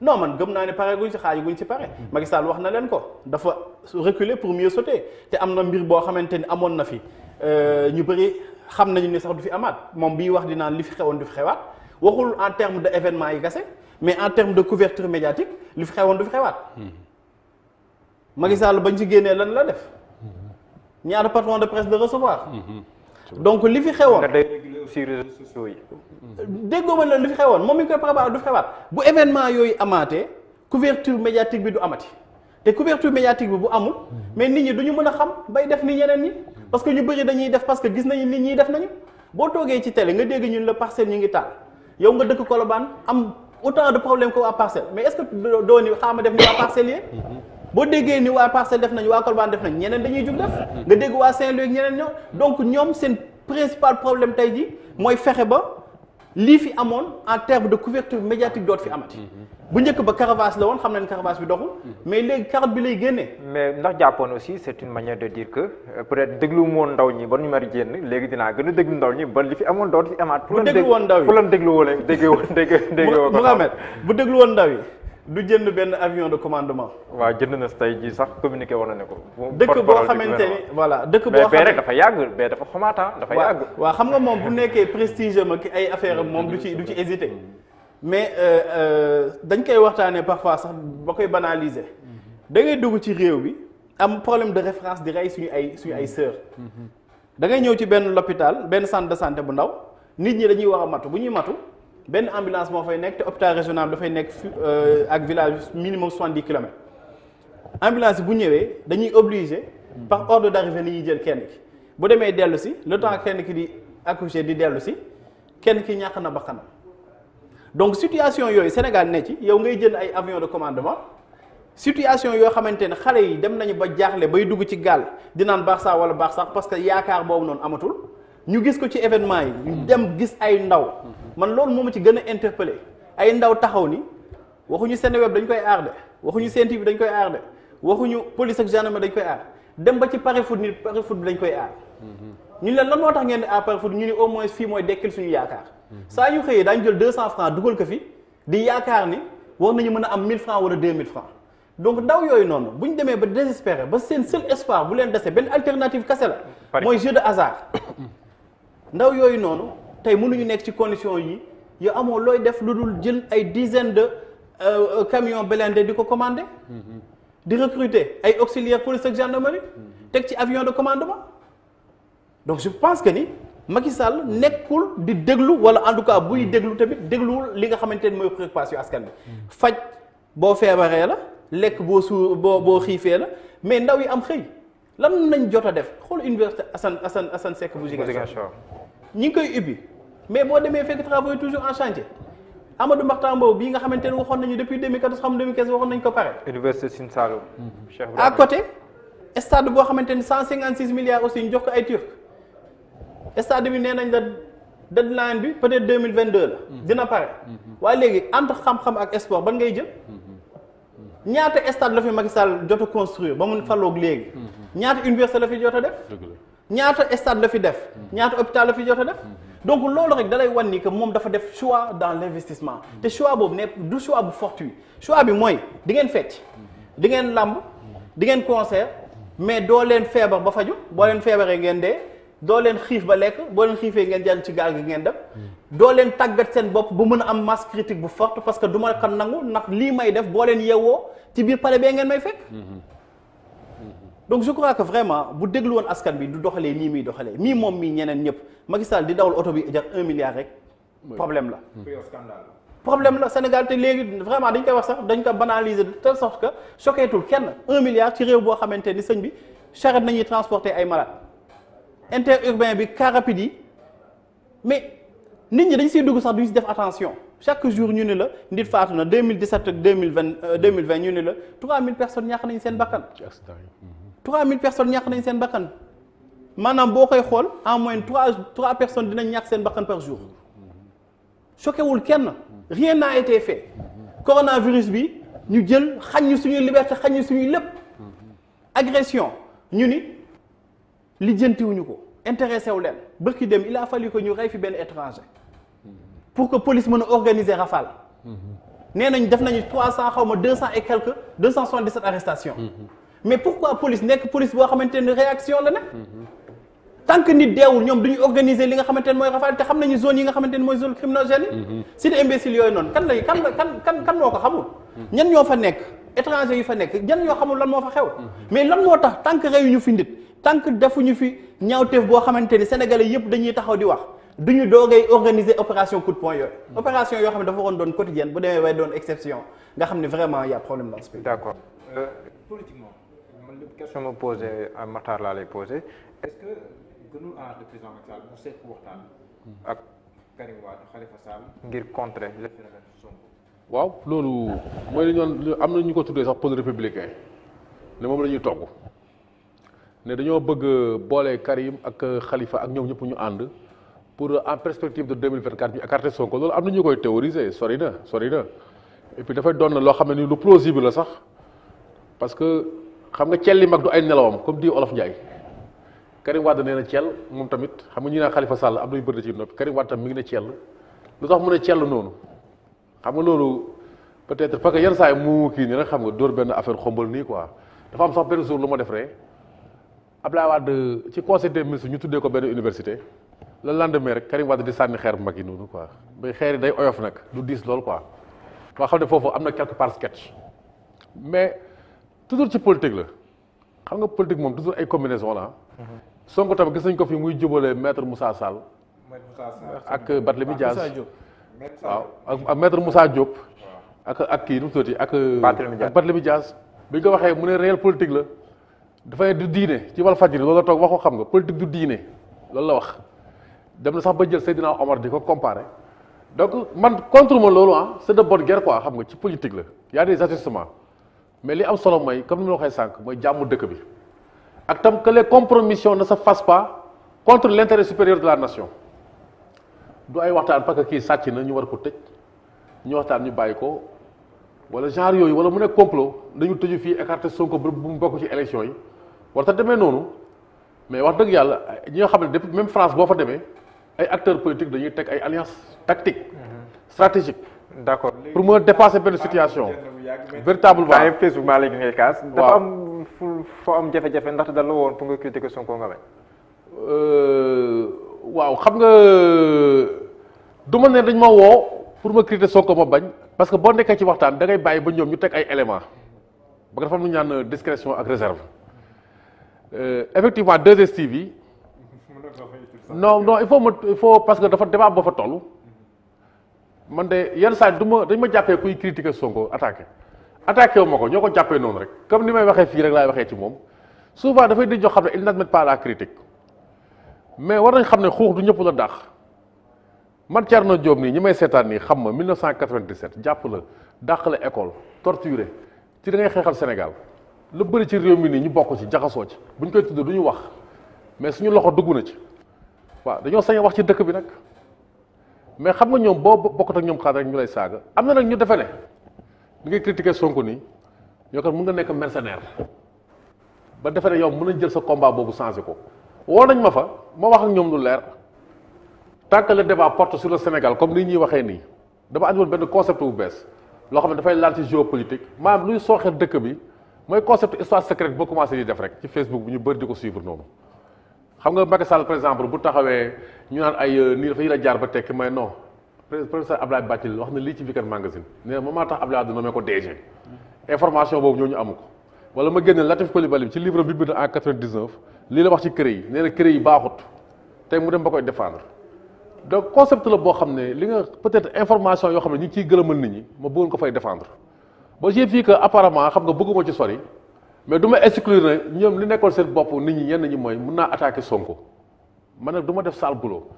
non man gëm naa ne pare guñ si xaaju guñ si pare Macky Sall wax na leen ko dafa reculer pour mieux sauter te am na mbir boo xamante ni amoon na fi euh, ñu bëri xam nañu ni sax du fi amaat moom bii wax di naan li fi xewoon du fi xewaat waxul en terme de événement yi gase mais en terme de couverture médiatique li fi xewoon du fi xewaat hmm. Macky Sall bañ ci génnee lan la def hmm. ñaata patron de presse de recevoir hmm. donc li fi xewoon nga day réguler aussi yi déggoo ma la li fi xewoon moom mi ngi koy préparé du fi xewaat bu événement yooyu amaatee couverture médiatique bi du amati te couverture médiatique bi bu amul mais nit ñi du ñu mën a xam bay def ni ñeneen ñi parce que ñu bëri dañuy def parce que gis nañu nit ñi def nañu boo toogee ci télé nga dégg ñun la parcelle ñu ngi taal yow nga dëkk Colobane am autant de problème que waa parcelle mais est-ce que doo ni xaama def ni waa parcelle yee boo déggee ni waa parcelle def nañu waa Colobane def nañu ñeneen dañuy jug def nga dégg waa Saint-Louis ak ñeneen ñoom seen principal problème tey ji mooy fexe ba lii fi amoon en terme de couverture médiatique doot fi amati. Mhm. bu njëkk ba caravage la woon xam nañ caravage bi doxul. Mhm. mais léegi carotte bi lay génnee. mais ndax jàppoon aussi c' est une manière de dire que euh, peut-être déglu woon ndaw ñi ba ñu mari génn léegi dinaa gën a déglu ndaw ñi ba li fi amoon doot fi amaat. bu déglu woon ndaw yi ku leen déglu woon dégg bu déglu woon ndaw yi. du jënd benn avion de commandement. waa jënd na tey jii sax communiqué woon na ne ko. dëkk boo xamante ni voilà dëkk boo. rek dafa yàgg bee dafa xomaataa dafa yàgg. waaw xam nga moom bu nekkee prestige ma ki ay affaire moom du ci du ci hésité mais euh, euh, dañ koy waxtaanee parfois sax ba koy banaliser. da ngay dugg ci réew bi am problème de référence di rey suñu ay suñu ay sœur. da ngay ñëw ci benn l'hôpital benn sante de santé bu ndaw nit ñi dañuy war a matu bu ñuy matu. benn ambulance moo fay nekk te hôpital régional dafay nekk euh, ak village minimum soixante-dix kilomètres ambulance bu ñëwee dañuy obligé par ordre d'arrivée la ñuy jël kenn ki bu demee dellu si le temps kenn ki di accoucher di dellu si kenn ki ñàkk na bakkanam donc situation yooyu Sénégal ne ci yow ngay jël ay avion de commandement situation yoo xamante ne xale yi dem nañu ba jaaxle bay dugg ci gaal di naan Barça wala Barça parce que yaakaar boobu noonu amatul ñu gis ko ci événement yi. dem gis ay ndaw. man loolu moo ma ci gën a interpellé ay ndaw taxaw ni waxuñu seen web dañ koy aar de waxuñu seen TV dañ koy aar de waxuñu police ak gendarme dañ koy aar dem ba ci pare foot ni pari foot bi dañ koy aar mhm. ñu leen lan moo tax ngeen di aar pari foot ñu ni au moins fii mooy dekkil suñu yaakaar mhm. saa ñu xëyee daañu jël deux cent francs dugal ko fi di yaakaar ni war nañu mën a am mille francs wala deux mille francs donc ndaw yooyu noonu bu ñu demee ba désespéré ba seen seul espoir bu leen dese benn alternative kase la mooy jeu de hasard ndaw yooyu noonu tey mënuñu nekk ci condition yi yu amoo looy def lu dul jël ay dizaine de camion euh, camions de di ko commandé. Mm-hmm. di recruter ay auxiliaires sa ak gendarmerie. Mm-hmm. teg ci avion de commandement. donc je pense que ni Macky Sall nekkul di déglu wala en tout cas buy mm-hmm. déglu tamit dégluwul li nga xamante ni mooy préoccupation askan bi faj boo feebaree la lekk boo suur boo boo xiifee la mais ndaw yi am xëy lan nañ jot def xool université Assane Assane Assane Seck bu Ziguinchor ñi ngi koy ibbi mais boo demee fekk travaux yi toujours en chantier Amadou Makhtar Mbow bii nga xamante ne waxoon nañu depuis 2014 xam 2015 waxoon nañu ko pare. université Sine Saloum. Mhm. Cheikh à côté stade boo xamante ni 156 milliards aussi ñu jox ko ay turc stade bi nee nañ la deadline bi peut-être 2022 la. Mhm. dina pare. Mhm. waaye léegi entre xam-xam ak espoir ban ngay jël. ñaata stade la fi Macky Sall jot a ba mun falloog léegi. ñaata université la fi jot a def. ñaata stade la fi def ñaata hôpital la fi jot a def donc loolu rek dalay wan ni que moom dafa def choix dans l'investissement te choix boobu ne du choix bu fortuit choix bi mooy di ngeen fecc di ngeen làmb di ngeen concert mais doo leen feebar ba faju boo leen feebaree ngeen dee doo leen xiif ba lekk boo leen xiifee ngeen jàll ci gaal gi ngeen dem doo leen tàggat seen bokk bu mën a am masse critique bu fort parce que du ma nangu ndax lii may def boo leen yewwoo ci biir pale bee ngeen may fekk donc je crois que vraiment bu déglu woon askan bi du doxalee nii muy doxalee mii moom mii ñeneen ñëpp Macky Sall di dawal oto bi jar un milliard rek problème la hmm. problème la Sénégal te léegi vraiment dañ koy wax sax dañ ko banaliser de telle que choqué kenn un milliard ci réew boo xamante ni sëñ bi charrette nañuy transporter ay malades interurbain bi car rapide yi mais nit ñi dañ siy dugg sax duñ si def attention chaque jour ñu ne la nit faatu na 2017 ak 2020 2020 euh, ñu ne la 3000 mille personnes ñàkk nañ seen bakkan maanaam boo koy xool en moyenne 3 3 personnes dinañ ñàkk seen bakkan par jour choqué wul kenn rien n'a été fait coronavirus bi ñu jël xañ ñu suñuy liberté xañ ñu suñuy lépp agression ñu ni lijjantiwuñu ko intéressé wu leen bërki dem il a fallu que ñu rey fi benn étranger pour que police mën a organiser rafale mm-hmm. nee nañ def nañu 300 xaw ma 200 et quelques 277 arrestation mm-hmm. mais pourquoi police nekk police boo xamante ne réaction la nag. tant que nit deewul ñoom du ñu organiser li nga xamante ne mooy rafet te xam nañu zone yi nga xamante ne mooy zone criminogène yi. Mhm. si des imbéciles yooyu noonu kan lay kan kan kan kan moo ko xamul. Mhm. ñan ñoo fa nekk étranger yi fa nekk ñan ñoo xamul lan moo fa xew. Mhm. mais lan moo tax tant que ñu fi nit tant defu ñu fi ñaawteef boo xamante ni sénégalais yëpp dañuy taxaw di wax. du ñu doogay organiser opération coup de yoo xam ne dafa waroon doon quotidienne bu demee way doon exception nga xam ne a problème dans ce pays. d' accord. Euh, question ma posé euh, Matar laa lay posé est-ce que gënul arrange le président Macky Sall mu seet waxtaan ngir contrer le waaw loolu mooy li ñoon am na ñu ko tuddee sax pôle républicain ne moom la ñuy togg ne dañoo bëgg boole Karim ak xalifa ak ñoom ñëpp ñu ànd pour en perspective de 2024 ñu écarter Sonko loolu am na ñu koy théoriser sori na sori na et puis dafay doon loo xam ne ni lu plausible la sax parce xam nga cell li mag du ay nelawam comme di olof Ndiaye Karim Wade nee cell moom tamit xam nga ñu naan xalifa Sall am na yu bëri ci noppi Karim Wade tam mi ngi ne cell lu tax mu ne cell noonu xam nga loolu peut-être parce que yenn saa mu kii nii rek xam nga dóor benn affaire xombal nii quoi dafa am sax benn jour lu ma def rek Abdoulaye Wade ci conseil des ministres ñu tuddee ko benn université le lendemain rek Karim Wade di sànni xeer bu mag yi noonu quoi mais xeer yi day du diis loolu quoi. nga xam ne foofu am na quelque part sketch toujours ci politique la xam nga politique moom toujours ay combinaison la Sonko tamit gis nañ ko fi muy jubale maître Moussa Sall ak Barthélémy Dias waaw ak maître Moussa Diop ak ak kii nu mu tuddati ak Barthélémy Dias bi ñu ko waxee mu ne réel politique la dafay du diine ci wàllu fajiri loolu la toog wax ko xam nga politique du diine loolu la wax dem na sax ba jël Seydina Omar di ko comparé donc man contre ma loolu ah c'est de bonne guerre quoi xam nga ci politique la y a des mais li am solo mooy comme ni ma waxee sànq mooy jàmm dëkk bi ak tam que les compromissions ne se fassent pas contre l' intérêt supérieur de la nation du ay waxtaan parce que kii sàcc na ñu war ko tëj ñu waxtaan ñu bàyyi ko wala genre yooyu wala mu nekk complot dañu tëju fii écarté Sonko bu mu bokk ci élection yi war ta demee noonu mais wax dëgg yàlla ñi nga xam ne depuis même France boo fa demee ay acteurs politiques dañuy teg ay alliance tactique mhm. stratégique d' accord pour mën a dépasser benn situation yàgg. véritablement temps yëpp Facebook maa lay ngay kaas. dafa am foo am jafe-jafe ndax dal la woon pour nga critiquer Sonko nga bañ. Euh, waaw xam nga du ma ne dañ ma woo pour ma critiquer Sonko ma bañ parce que boo nekkee ci waxtaan da ngay bàyyi ba ñoom ñu teg ay éléments ba dafa am lu ñaan euh, discrétion ak réserve euh, effectivement 2STV yi. non il faut ma il faut parce que dafa débat ba fa toll. man de yenn saa du ma dañ ma jàppee kuy critiquer Sonko attaqué attaqué wu ma ko ñoo ko jàppee noonu rek comme ni may waxee fii rek laay waxee ci moom souvent dafay di jox xam ne il n'admet pas la mais war nañ xam ne xuux ñëpp la dàq man Thierno Diop nii ñi may seetaan nii xam ma 1997 jàpp la dàq la école torturé ci da ngay xeexal Sénégal lu bëri ci réew mi nii ñu bokk ci jaxasoo ci bu ñu koy tudd du ñu wax mais suñu loxo dugg na ci waaw dañoo sañ wax ci dëkk bi nag. mais xam nga ñoom boo bokkut ak ñoom xaar rek ñu lay saaga am na nag ñu defe ne li ngay critiquer Sonko nii ñoo kat mun nga nekk mercenaire ba defe ne yow mun nañ jël sa combat boobu changé ko woo nañ ma fa ma wax ñoom lu leer tant le débat porte sur le Sénégal comme ni ñuy waxee nii dama andi woon benn concept bu bees loo xam ne dafay laal ci géopolitique maanaam luy sooxee dëkk bi mooy concept histoire secrète boo commencé di def rek ci Facebook bi ñu bëri di ko suivre noonu xam nga Macky Sall par exemple bu taxawee ñu naan ay euh, nii dafa yi la jaar ba tekki may non professeur Abdoulaye Bathily wax na lii ci Vicar Magazine nee na moom maa tax Abdoulaye Wade nommé ko DG information boobu ñooñu amu ko wala ma génne Latif Coulibaly ci livre bi bind en 99 lii la wax ci CREI nee na CREI baaxut tey mu dem ba koy défendre donc concept la boo xam ne li nga peut-être information yoo xam ne ñu ngi ciy gërëmal nit ñi ma bëggoon ko fay défendre ba j'ai vu que apparemment xam nga bëgguma ci sori mais du ma exclure na ñoom li nekkoon seen bopp nit ñi ñenn ñi mooy mun naa attaquer Sonko man nag du def sale boulot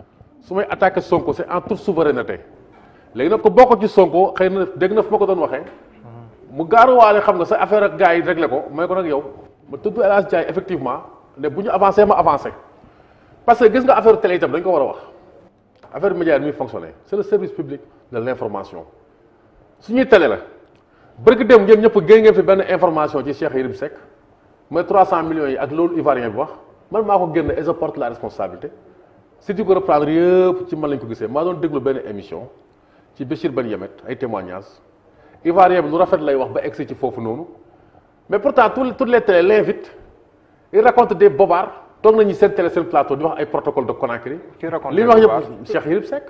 su may attaquer Sonko c'est en toute souveraineté léegi nag ko bokk ci Sonko xëy na dégg na fu ma ko doon waxee. mu gaaruwaale xam nga sa affaire ak gars yi réglé ko may ko nag yow ma tudd El Hadj effectivement ne bu ñu avancé ma avancé parce que gis nga affaire télé itam dañ ko war a wax affaire média yi muy fonctionné c'est le service public de l'information suñuy télé la. bërëg dem ngeen ñëpp géy fi benn information ci Cheikh Yérim Seck mooy 300 millions yi ak loolu ivoirien bi wax man maa ko génn et je porte la responsabilité si di ko yëpp ci man lañ ko gisee maa doon déglu benn émission ci Béchir Ben Yemet ay témoignages ivoirien bi lu rafet lay wax ba egsi ci foofu noonu mais pourtant tout toutes les télé l'invite il raconte des bobards toog nañu seen télé seen plateau di wax ay protocole de Conakry li wax yëpp Cheikh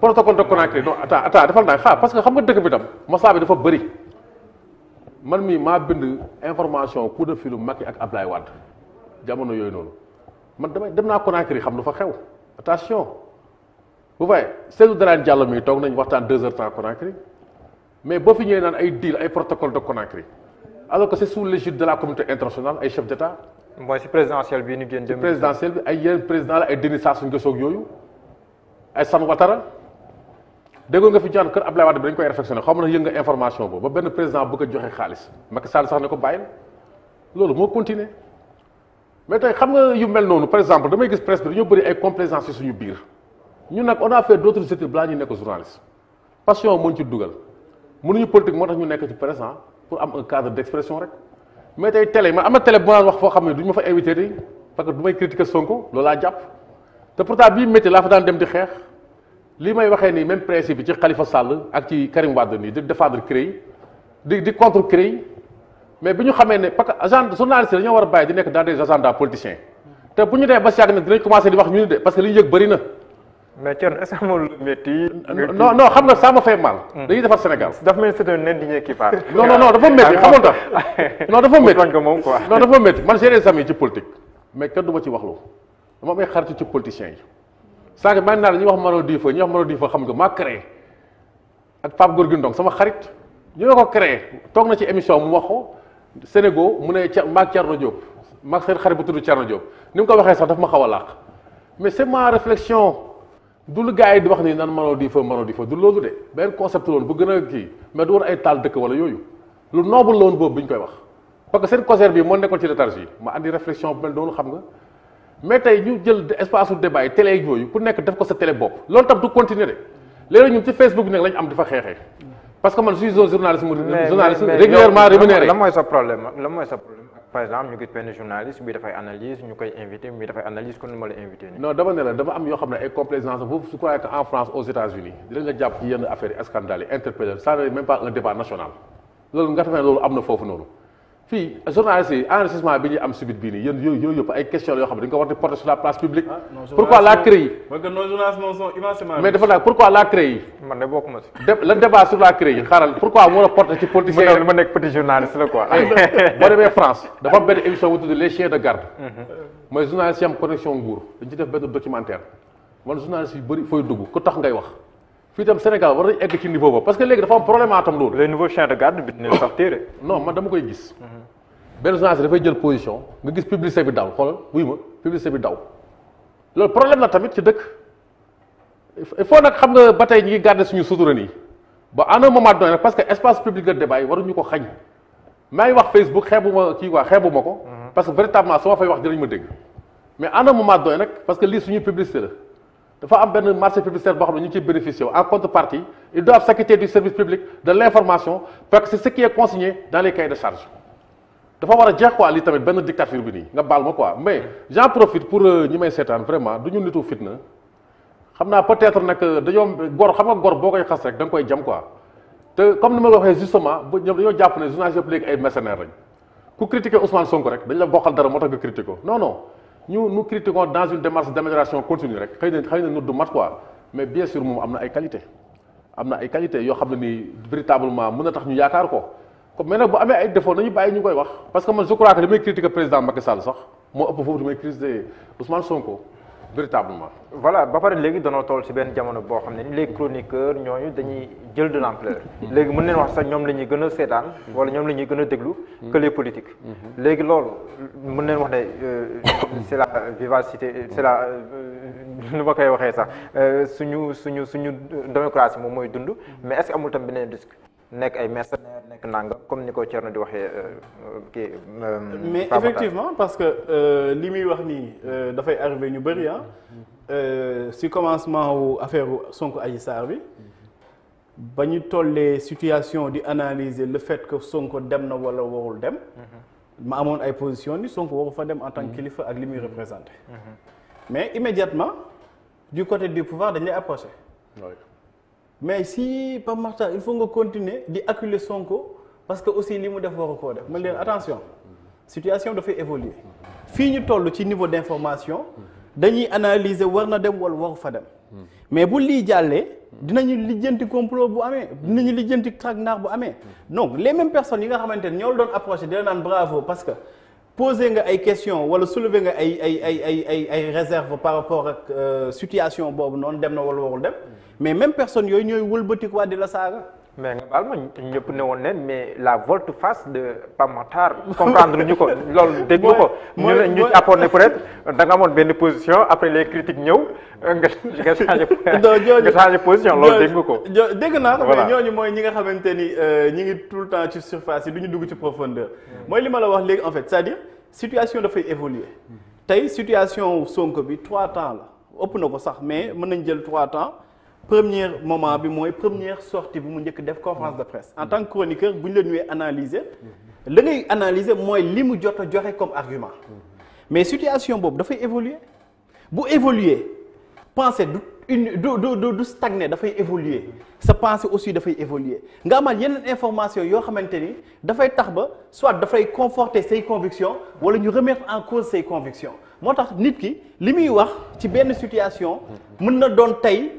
protocole de Conakry non attends attends defal naa xaar parce que xam nga dëkk bi tam masaa bi dafa bëri man mii maa bind information coup de fil Macky ak Ablaye Wade jamono yooyu noonu man damay dem naa Conakry xam lu fa xew attention bu fay Seydou Dalein Diallo mii toog nañ waxtaan deux heures temps Conakry mais boo fi ñëwee naan ay deal ay protocole de Conakry alors que c' est sous l'égide de la communauté internationale ay chef d' état. mooy si présidentiel bi ay yeneen président la ay Assane Ouattara déggoo nga fi ñu naan kër Abdoulaye Wade bi dañ koy réfectionné xaw ma na yëngu nga information boobu ba benn président bëgg a joxe xaalis Macky Sall sax ne ko bàyyil loolu moo continuer mais tey xam nga yu mel noonu par exemple damay gis presse bi dañoo bëri ay complaisance ci suñu biir ñu nag on a fait d' autres études balaa ñu nekk journaliste passion moo ñu ci dugal mënuñu politique moo tax ñu nekk ci présent ah, pour am un cadre d' rek mais tey télé man am na télé bu ma wax foo xam ne du ñu parce que du may critiquer Sonko loolu laa jàpp te pourtant bii daan dem di xeex li may waxee ni même principe bi ci Khalifa Sall ak ci Karim Wade nii di défendre CREI di di contre CREI mais bi ñu xamee ne parce que agent journaliste yi dañoo war bàyyi di nekk dans des agendas politiciens te bu ñu dee ba si yàgg na dinañ commencé di wax ñu ni de parce que li ñu yëg bëri na. mais Thierno est-ce que amul métti. non non xam nga ça ma fait mal. Hmm. dañuy defar Sénégal. daf mel ni c'est un indigné qui parle. dafa métti xamoon man j'ai des amis ci politique mais kenn du ci waxloo dama yi. sànq bàyyi naa la wax Marodi fa ñuy wax Marodi fa xam nga maa créé ak Pape Gorgui Ndong sama xarit ñoo ko créé toog na ci émission mu wax ko Sénégal mu ne ca maag Thierno Diop maag seen xarit bu tudd Thierno Diop ni mu ko waxee sax daf ma xaw a làq mais c'est ma réflexion du lu gars yi di wax ni nan Marodi fa Marodi fa du loolu de benn concept loon bu gën a kii mais du woon ay taal dëkk wala yooyu lu noobul loon boobu bi ñu koy wax parce que seen concert bi moo nekkoon ci léthargie ma andi réflexion mais tey ñu jël espace su débat yi télé yooyu ku nekk def ko sa télé bopp loolu tam du continuer de léegi ñun ci Facebook bi nag la am di fa xeexee parce que man je suis un journaliste journaliste dafay analyse ñu koy invité bi dafay analyse kon nu ma la invité nii. non dama ne la dama am yoo xam ne ay complaisance vous vous croyez que en France aux États-Unis dinañ la jàpp ci yenn affaires yi scandale yi interpellé ça n'est même pas un débat national loolu nga xam ne loolu am fii journaliste yi enrichissement bi ñuy am subit bii nii yooyu yooyu yëpp ay question la yoo xam ne dañu ko war sur la place publique. Ah, pourquoi la CREI. mais dafa nag pourquoi la CREI. man de bokkuma si. sur la CREI xaaral pourquoi moo la porter ci yi. ma nekk petit journaliste la quoi. boo demee France dafa am benn émission bu tudd les de garde. Mhm. mooy journaliste yi am nguur dañu ci def benn documentaire man journaliste yu bëri fii tam Sénégal war nañ egg ci niveau boobu parce que léegi dafa am problème atam loolu. les nouveaux chiens de garde bi dinañ sax téere. non man dama koy gis. benn journaliste dafay jël position nga gis publicité bi daw xool wuy ma publicité bi daw loolu problème la tamit ci dëkk il faut nag xam nga ba tey ñu ngi garder suñu sutura nii ba à un moment donné parce que espace public de débat yi waruñu ko xañ maa ngi wax Facebook xeebu ma kii quoi xeebu ma mhm. parce que véritablement su ma fay wax dinañ ma mais à un moment parce que lii suñu publicité la. dafa am benn marché publicitaire boo xam ne ñu ngi ciy bénéficié en contrepartie ils doivent s'acquitter du service public de l'information parce que c'est ce qui est consigné dans de charge dafa war a jeex quoi lii tamit benn dictature bi nii nga baal ma quoi mais j'en profite pour euh, ñi may seetaan vraiment du ñu nitu fitna xam naa peut-être nag euh, dañoo gor xam nga gor boo koy xas rek da nga koy jam quoi te comme ni ma la waxee justement ba ñoom dañoo jàpp ne journaliste yëpp léegi ay dañ la bokkal dara moo tax nga ko non ñu nous critiquons dans une démarche d'amélioration continue rek xëy na xëy na du mat quoi mais bien sûr moom am na ay qualité am na ay qualité yoo xam ne nii véritablement mën na tax ñu yaakaar ko comme mais nag bu amee ay défaut nañu bàyyi ñu koy wax parce que man li may critiquer président Macky Sall sax moo ëpp foofu li may critiquer Ousmane Sonko. véritablement. voilà ba pare léegi danoo toll ci benn jamono boo xam ne ni léegi chroniqueur ñooñu dañuy jël de l'ampleur léegi mun leen wax sax ñoom la ñuy gën a seetaan wala ñoom la ñuy gën a déglu que les politiques léegi loolu mën leen wax ne euh, c'est la vivacité c'est la euh, nu ma koy waxee sax euh, suñu suñu suñu démocratie moom mooy dund mais est que amul tam beneen risque nekk ay mercenaires nekk nangam comme ni ko Thierno di waxee euh, kii. Euh, euh, mais effectivement parce que li muy wax nii dafay arrivé ñu bëri ah. si commencement wu affaire Sonko Adji Sarr bi. ba ñu tollee situation di analyser le fet que Sonko dem na wala warul dem. Mhm. ma amoon ay position ni Sonko waru fa dem en tant que mhm. kilifa ak li muy représenté. Mhm. mais immédiatement du côté du pouvoir dañ lay approché. mais si Pape Makhtar il faut nga continuer di acculer Sonko parce que aussi li mu def waru koo def man leen attention situation dafay évoluer fii ñu toll ci niveau d'information dañuy analyser war na dem wala waru fa dem mais bu lii jàllee dinañu lijjanti complot bu amee dinañu lijjanti traquenard bu amee donc les mêmes personnes yi nga xamante ne ñoo doon approché dina naan bravo parce que poser nga ay question wala soulever nga ay ay ay ay ay ay réserve par rapport ak euh, situation boobu noonu dem na wala warul dem mm. mais même personne yooyu ñooy waa di la saaga mais nga baal ma ñëpp ne woon leen mais la volte-face de Pape Makhtar comprendre ñu ko loolu dégg ko ñu ne ñu apporté peut da nga amoon benn position après les critiques ñëw nga nga changé nga changé position loolu dégg ko dégg nga xamante ni euh, ñi ngi tout le temps ci surface yi du ñu dugg ci profondeur hmm. mooy li ma la wax léegi en fait sa à dire situation dafay évoluer hmm. tey situation sonk bi trois temps la ëpp na ko sax mais mën nañ jël trois temps première moment bi mooy première sortie bi mu njëkk def conférence de presse en tant que chroniqueur bu ñu la ñëwee analyser la ngay analyser mooy li mu jot joxe comme argument mais situation boobu dafay évoluer bu évoluer pensée du une du du dafay évoluer sa pensée aussi dafay évoluer nga amaat yeneen information yoo xamante ni dafay tax ba soit dafay conforter say convictions wala ñu remettre en cause say convictions moo tax nit ki li muy wax ci benn situation mën na doon tey.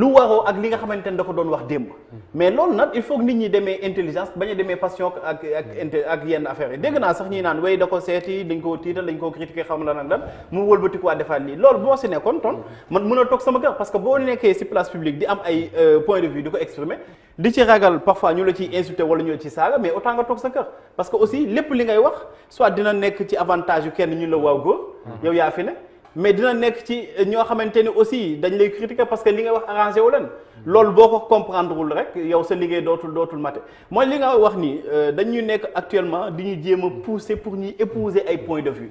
lu waroo ak li nga xamante ne da ko doon wax démb mais lool nag il faut que nit ñi demee intelligence bañ a demee passion ak ak ak yenn affaires yi dégg naa sax ñi naan wey da ko seeti dañ koo tiital dañ koo critiqué xam la nag lan mu wëlbatikuwaa defaat lii loolu boo si nekkoon ton man mën a toog sama kër parce que boo nekkee si place publique di am ay euh, point de vue di ko exprimer di ci ragal parfois ñu la ci insulté wala ñu la ci saaga mais autant nga toog sa kër parce que aussi lépp li ngay wax soit dina nekk avantage kenn ñu la waaw góor yow fi ne mais dina nekk ci ñoo xamante ni aussi dañ lay critiquer parce que li nga wax arrangé wu leen loolu boo ko comprendre wul rek yow sa liggéey dootul dootul mate mooy li nga wax ni euh, dañuy nekk actuellement di ñu jéem a pousser pour ñuy épouser ay point de vue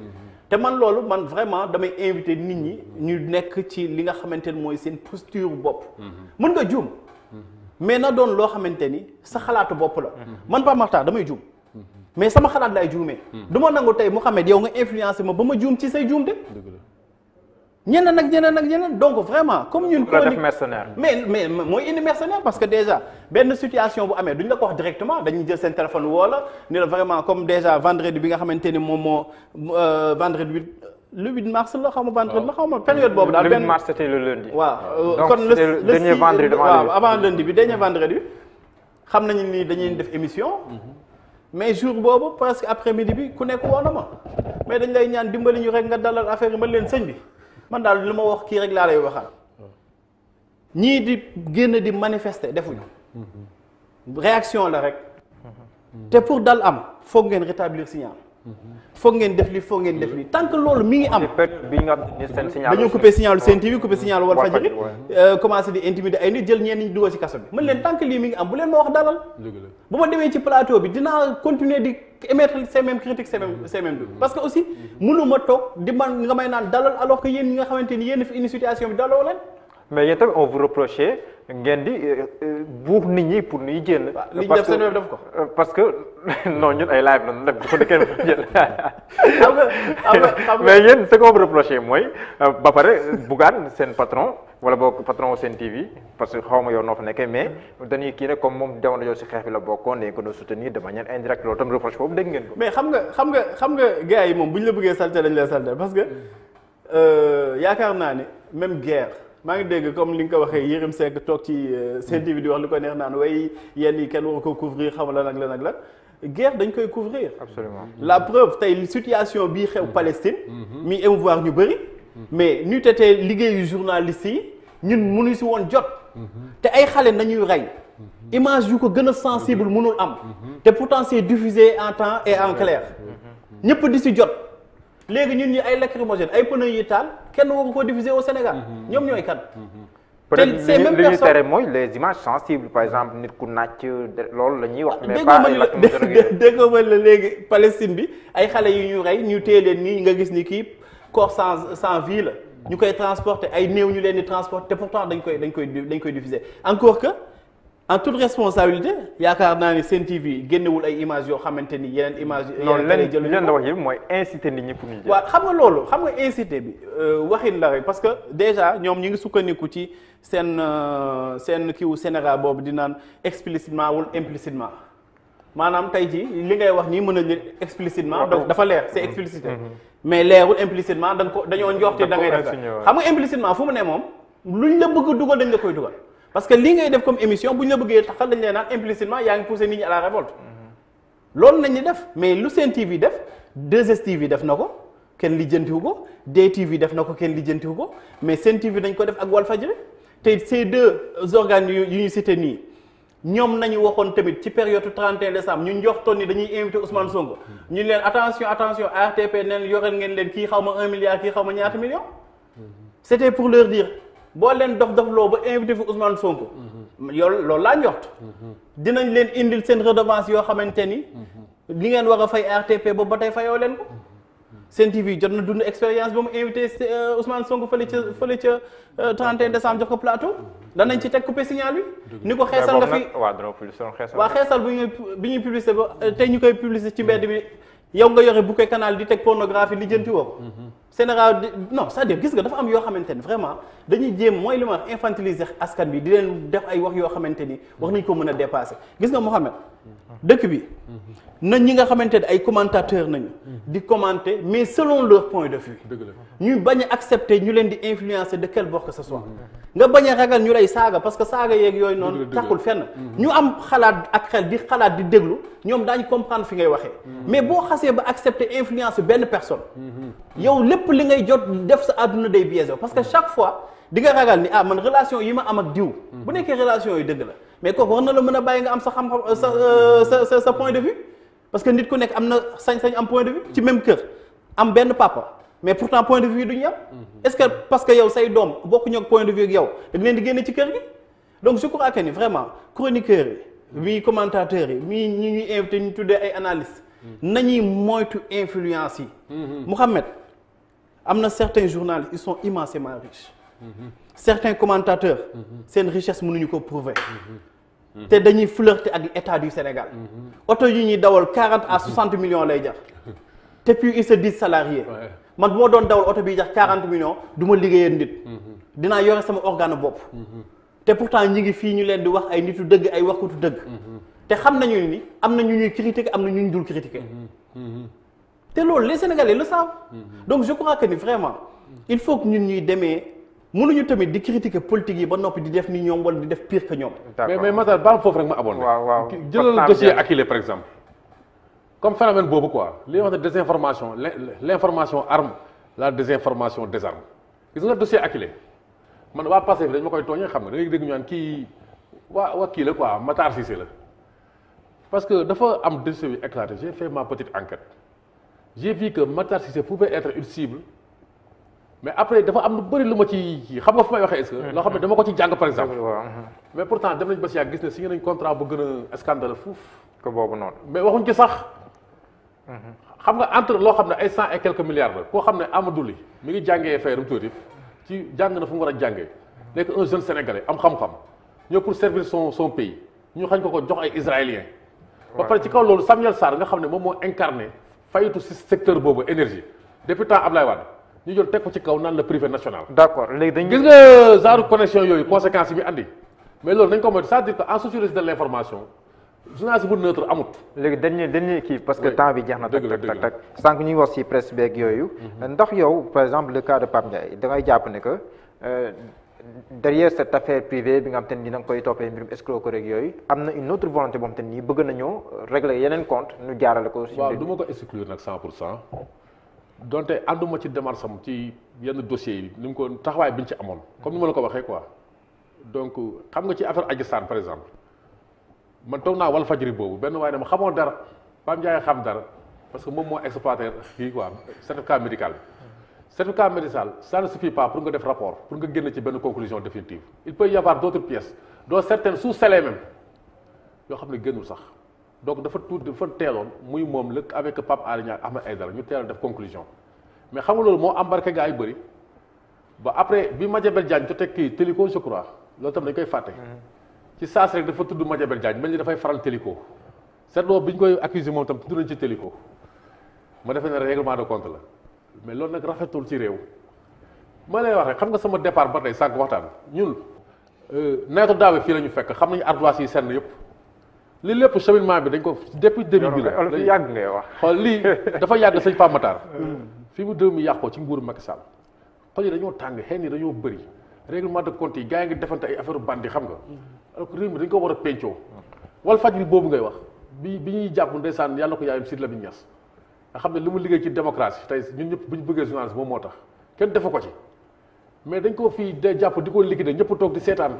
te man loolu man vraiment damay invité nit ñi ñu nekk ci li nga xamante ni mooy seen posture bopp mën nga juum mais na doon loo xamante ni sa xalaatu bopp la man Pape Makhtar damay juum mais sama xalaat laay juumee du ma nangu tey Mouhamed yow nga influencé ma ba ma juum ci say juum de ñeneen ak ñeneen ak ñeneen donc vraiment comme ñun chronique mercenaire mais mais mooy indi mercenaire parce que déjà benn situation bu amee duñ la ko wax directement dañuy jël seen téléphone woo la ni la vraiment comme déjà vendredi bi nga xamante ni moom moo euh, vendredi bi le 8 mars la xaw ma vendredi la xaw ma période boobu daal benn le 8 mars c'était le lundi waaw euh, le dernier avant lundi bi dernier vendredi bi xam nañu nii dañuy def émission mhm. mais jour boobu presque après midi bi ku nekk woon na ma mais dañ lay ñaan dimbali ñu rek nga dalal affaire yi leen sëñ bi man daal lu ma wax kii rek laa lay waxal ñii di génn di manifester defuñu mhm. réaction la rek te pour dal am foog ngeen rétablir signal foog ngeen def li foog ngeen def li tant que loolu mi ngi am. bi nga seen signal dañoo coupé signalu Sen TV coupé signalu Walfadjri euh, commencé di intimider ay nit jël ñeen ñi ci kaso bi. mën leen tant lii mi ngi am bu leen ma wax dalal. bu ma demee ci plateau bi dinaa continuer di émettre ces mêmes critiques ces mêmes parce que aussi mënu ma toog di man nga may naan dalal alors que yéen nga xamante ni yéen fi une situation bi daloo leen. mais yéen tamit on vous ngeen di eh, eh, buux nit ñi pour ñuy génn. parce que li ñu def seen web def ko. Euh, parce que non ñun ay live la ñu def ko kenn ku jël. xam nga mais yéen ce qu'on reproché mooy euh, ba pare Bougane seen patron wala boog patron seen TV parce que xaw ma yow noo fa nekkee mais hmm. dañuy kii rek comme moom jamono jooju si xeex bi la bokkoon dañ ko doon soutenir de manière indirecte loolu tam reproché boobu dégg ngeen ko. mais xam nga xam nga xam nga gars yi moom bu ñu la bëggee salté dañ lay salté euh, yaakaar naa ne même guerre. maa ngi dégg comme li nga ko waxee Yérim Seck toog ci euh, seen mm. TV di wax li ko neex naan way yenn yi kenn waru ko couvrir xam la nag la nag la guerre dañ koy couvrir. absolument mm. la preuve tey situation bii xew mm. Palestine. Mm-hmm. mi émouvoir ñu bëri. mais ñu tete liggéeyu journaliste yi ñun mënu si woon jot. Mm-hmm. te ay xale nañuy rey. Mm-hmm. image yu ko gën a sensible mënul am. te pourtant c'est diffusé en temps et en clair. ñëpp di si jot. léegi ñun ñi ay lacrymogène ay pneu yi taal kenn waru koo diffuser au Sénégal. Mhm. ñoom ñooy kan. Mhm. peut-être li mooy les images sensibles par exemple nit ku nàcc loolu la ñuy wax. mais pas ay lacrymogène déggoo ma la léegi Palestine bi ay xale yu ñu rey ñu téye leen nii nga gis ni kii corps sans sans vie la. ñu koy transporter ay néew ñu leen di transporter te pourtant dañ koy dañ koy dañ koy diffuser encore que. en toute responsabilité yaakaar naa ni Sen TV génnewul ay image yoo xamante ni yeneen image yeneen leen la wax yëpp mooy incité nit ñi pour ñu jël waaw xam nga loolu xam nga incité bi euh, waxin la rek parce que déjà ñoom ñu ngi sukkandiku ci seen euh, seen kiiwu Sénégal boobu di naan explicitement wul implicitement maanaam tey jii li ngay wax nii mën a leen explicitement donc dafa leer c'est explicité mm-hmm. mais leerul implicitement dañ ko dañoo njoxte da ngay def xam nga implicitement fu mu ne moom lu luñ la bëgg dugal dañ la koy dugal parce que li ngay def comme émission bu ñu la bëggee taxal dañ leen naan implicitement yaa ngi poussé nit ñi à la révolte loolu nañu def mais lu seen TV def 2STV def na ko kenn lijjantiwu ko DTV def na ko kenn lijjantiwu ko mais seen TV dañ ko def ak Walfadjri te ces deux organes yu ñu cité nii ñoom nañu waxoon tamit ci période 31 décembre ñu njoxtoon ni dañuy invité Ousmane Sonko ñu leen attention attention ARTP neen yoreel leen kii xaw ma 1 milliard kii xaw ma ñaata million mm-hmm. c'était pour leur dire boo leen dof dof loo ba invité fi Ousmane Sonko. Mhm. yow loolu laa njort. Mhm. dinañ leen indil seen redevance yoo xamante ni. Mhm. li ngeen war a fay RTP boobu ba tey fayoo leen ko. Sen TV jot na dund expérience ba mu invité euh, Ousmane Sonko fële ca fële ca 31 euh, décembre jox ko plateau. danañ ci teg coupé signal bi. ni ko xeesal nga fi waaw xeesal bi ñuy bi ñuy publicité ba euh, tey ñu koy publicité ci mbedd bi. yow nga yore bouquet canal di teg pornographie li jënti woo ko mhm. Sénégal non c'est-à-dire gis nga dafa am yoo xamante ni vraiment dañuy jéem mooy li ma infantiliser askan bi di leen def ay wax yoo xamante ni wax nañ ko mën a dépasser gis nga Mohamed mhm. dëkk bi mhm. na ñi nga xamante ni ay commentateurs nañu di commenter mais selon leur point de vue ñuy bañ a accepter ñu leen di influencer de quel bord que ce soit nga bañ ragal ñu lay saaga parce que saaga yee yooyu noonu taxul fenn mm-hmm. ñu am xalaat ak xel di xalaat di déglu ñoom daañ comprendre fi ngay waxee mm-hmm. mais boo xasee ba accepter influence benn personne mm-hmm. yow lépp li ngay jot def sa àdduna day biaisé parce que chaque fois di nga ragal ni ah man relation yi ma am ak diw bu nekkee relation yi dëgg la mais kooku war na la mën a bàyyi nga am sa xam-xam euh, euh, sa sa sa point de vue parce que nit ku nekk am na sañ-sañ am point de vue ci même kër am benn papa mais pourtant point de vue duñu yem mhm. est-ce que parce que yow say doom bokkuñu ak point de vue ak yow dañ leen di génne ci kër gi donc je crois ni vraiment chroniqueurs yi mii commentateurs yi mii ñi ñuy invité ñu tuddee ay analystes mhm. nañuy moytu influence yi mhm. Mouhamed am na certains journalistes ils sont immensément riches certains commentateurs seen richesse mënuñu ko prouver te dañuy flirter ak état du Sénégal oto yi ñuy dawal quarante à 60 millions lay jar te puis ils se man bu ma doon dawal oto bi jax 40 millions duma ma liggéeyee nit. dinaa yore sama organe bopp. te pourtant ñi ngi fii ñu leen di wax ay nitu dëgg ay waxkutu dëgg. te xam nañu ni am na ñu ñuy critiquer am na ñu ñu dul critiquer. te loolu les sénégalais le savent. donc je crois que ni vraiment il faut que ñun ñuy demee. mënuñu tamit di critiquer politique yi ba noppi di def ni ñoom wala di def pire que ñoom. mais mais Matar baal foofu rek ma abonné. waaw par exemple. comme phénomène boobu quoi li ñuy wax ne désinformation l' information arme la désinformation désarme gis nga dossier Akilee man waa passé bi dañ ma koy tooñee xam nga da ngay dégg ñu naan kii waa waa kii la quoi la parce que dafa am dossier bi éclaté j'ai fait ma petite enquête j'ai que Matar Cissé pouvait être une cible mais après dafa am lu bëri lu ma ci xam nga fu may waxee est mm-hmm. loo xam ne dama ko ci jàng par exemple mm-hmm. mais pourtant dem nañ ba si gis ne signé nañ a scandale fuuf ko boobu noonu mais waxuñ ci xam nga entre loo xam ne ay cent et quelques milliards la koo xam ne Amadou Ly mi ngi jàngee Fayda tuuti ci jàng na fu mu war a jàngee nekk un jeune sénégalais am xam-xam ñëw pour servir son son pays ñu xañ ko ko jox ay israéliens. ba pare ci kaw loolu Samuel Sarr nga xam ne moom moo incarné fayitu si secteur boobu énergie depuis temps Ablaye Wade ñu jël teg ko ci kaw naan la privé national. d'accord léegi dañuy gis nga genre connexion yooyu conséquences yi muy andi mais loolu nañ ko moytu cest à journaliste bu neutre amut. léegi dañu dañu kii parce que temps bi jeex na. dëgg la dëgg la tak sànq ñu ngi wax ci presse beeg yooyu. Mhm. ndax yow par exemple le cas de Pape Ndiaye da ngay jàpp ne que euh, derrière cette affaire privée bi nga xam te ni da nga koy toppee mbirum escroquerie rek yooyu am na une autre volonté boo xam te ni bëgg nañoo régler yeneen compte ñu jaarale ko. suñu waaw ma ko exclure nag 100 pour cent donte ànduma ci démarche sam ci yenn dossiers yi ni mu ko taxawaay bi ñu ci amoon. comme ma la ko waxee quoi donc xam nga ci affaire Adji Sarr par exemple. man toog naa wal fajri boobu benn waaye ma xamoo dara Pape Ndiaye xam dara parce que moom moo exploité kii quoi certificat médical certificat médical ça ne suffit pas pour nga def rapport pour nga génn ci benn conclusion définitive il peut y avoir d' autres pièces dont certaines sous yoo xam ne génnul sax donc dafa tuuti dafa teeloon muy moom la avec Pape Alé am Ahmed Aïdara ñu teeloon def conclusion mais xam nga loolu moo embarqué gars yu bëri ba après bi Madiambal Diagne jotee kii Téléco je crois loolu tam dañ koy fàtte. Mm-hmm. ci saas rek dafa tudd Madiambal Diagne mel ni dafay faral Téliko seetloo bi ñu koy accusé moom tam tudd nañ ci Téliko ma defee ne règlement de compte la mais loolu nag rafetul ci réew ma lay wax rek xam nga sama départ ba tey sànq waxtaan ñun nawetu euh, daaw fii la ñu fekk xam nañu ardoise yi senn yëpp li lépp cheminement bi dañ ko depuis début bi la loolu yàgg ngay wax xool lii dafa yàgg sëñ Pape Matar hmm. fii mu déw mi yàqoo ci nguuru Macky Sall xol yi dañoo tàng xeen yi dañoo bëri règlement de compte yi gars yi ngi defante ay xam nga hmm. alors que réew mi dañ ko war a pencoo wal fajri boobu ngay wax bi bi ñuy jàpp ndeysaan yàlla ko yaayam Sidy Lamine Niass a xam ne li mu liggéey ci démocratie tey ñu ñëpp bu ñu bëggee journaliste moom moo tax kenn defu ko ci mais dañ ko fii day jàpp di ko liquider ñëpp toog di seetaan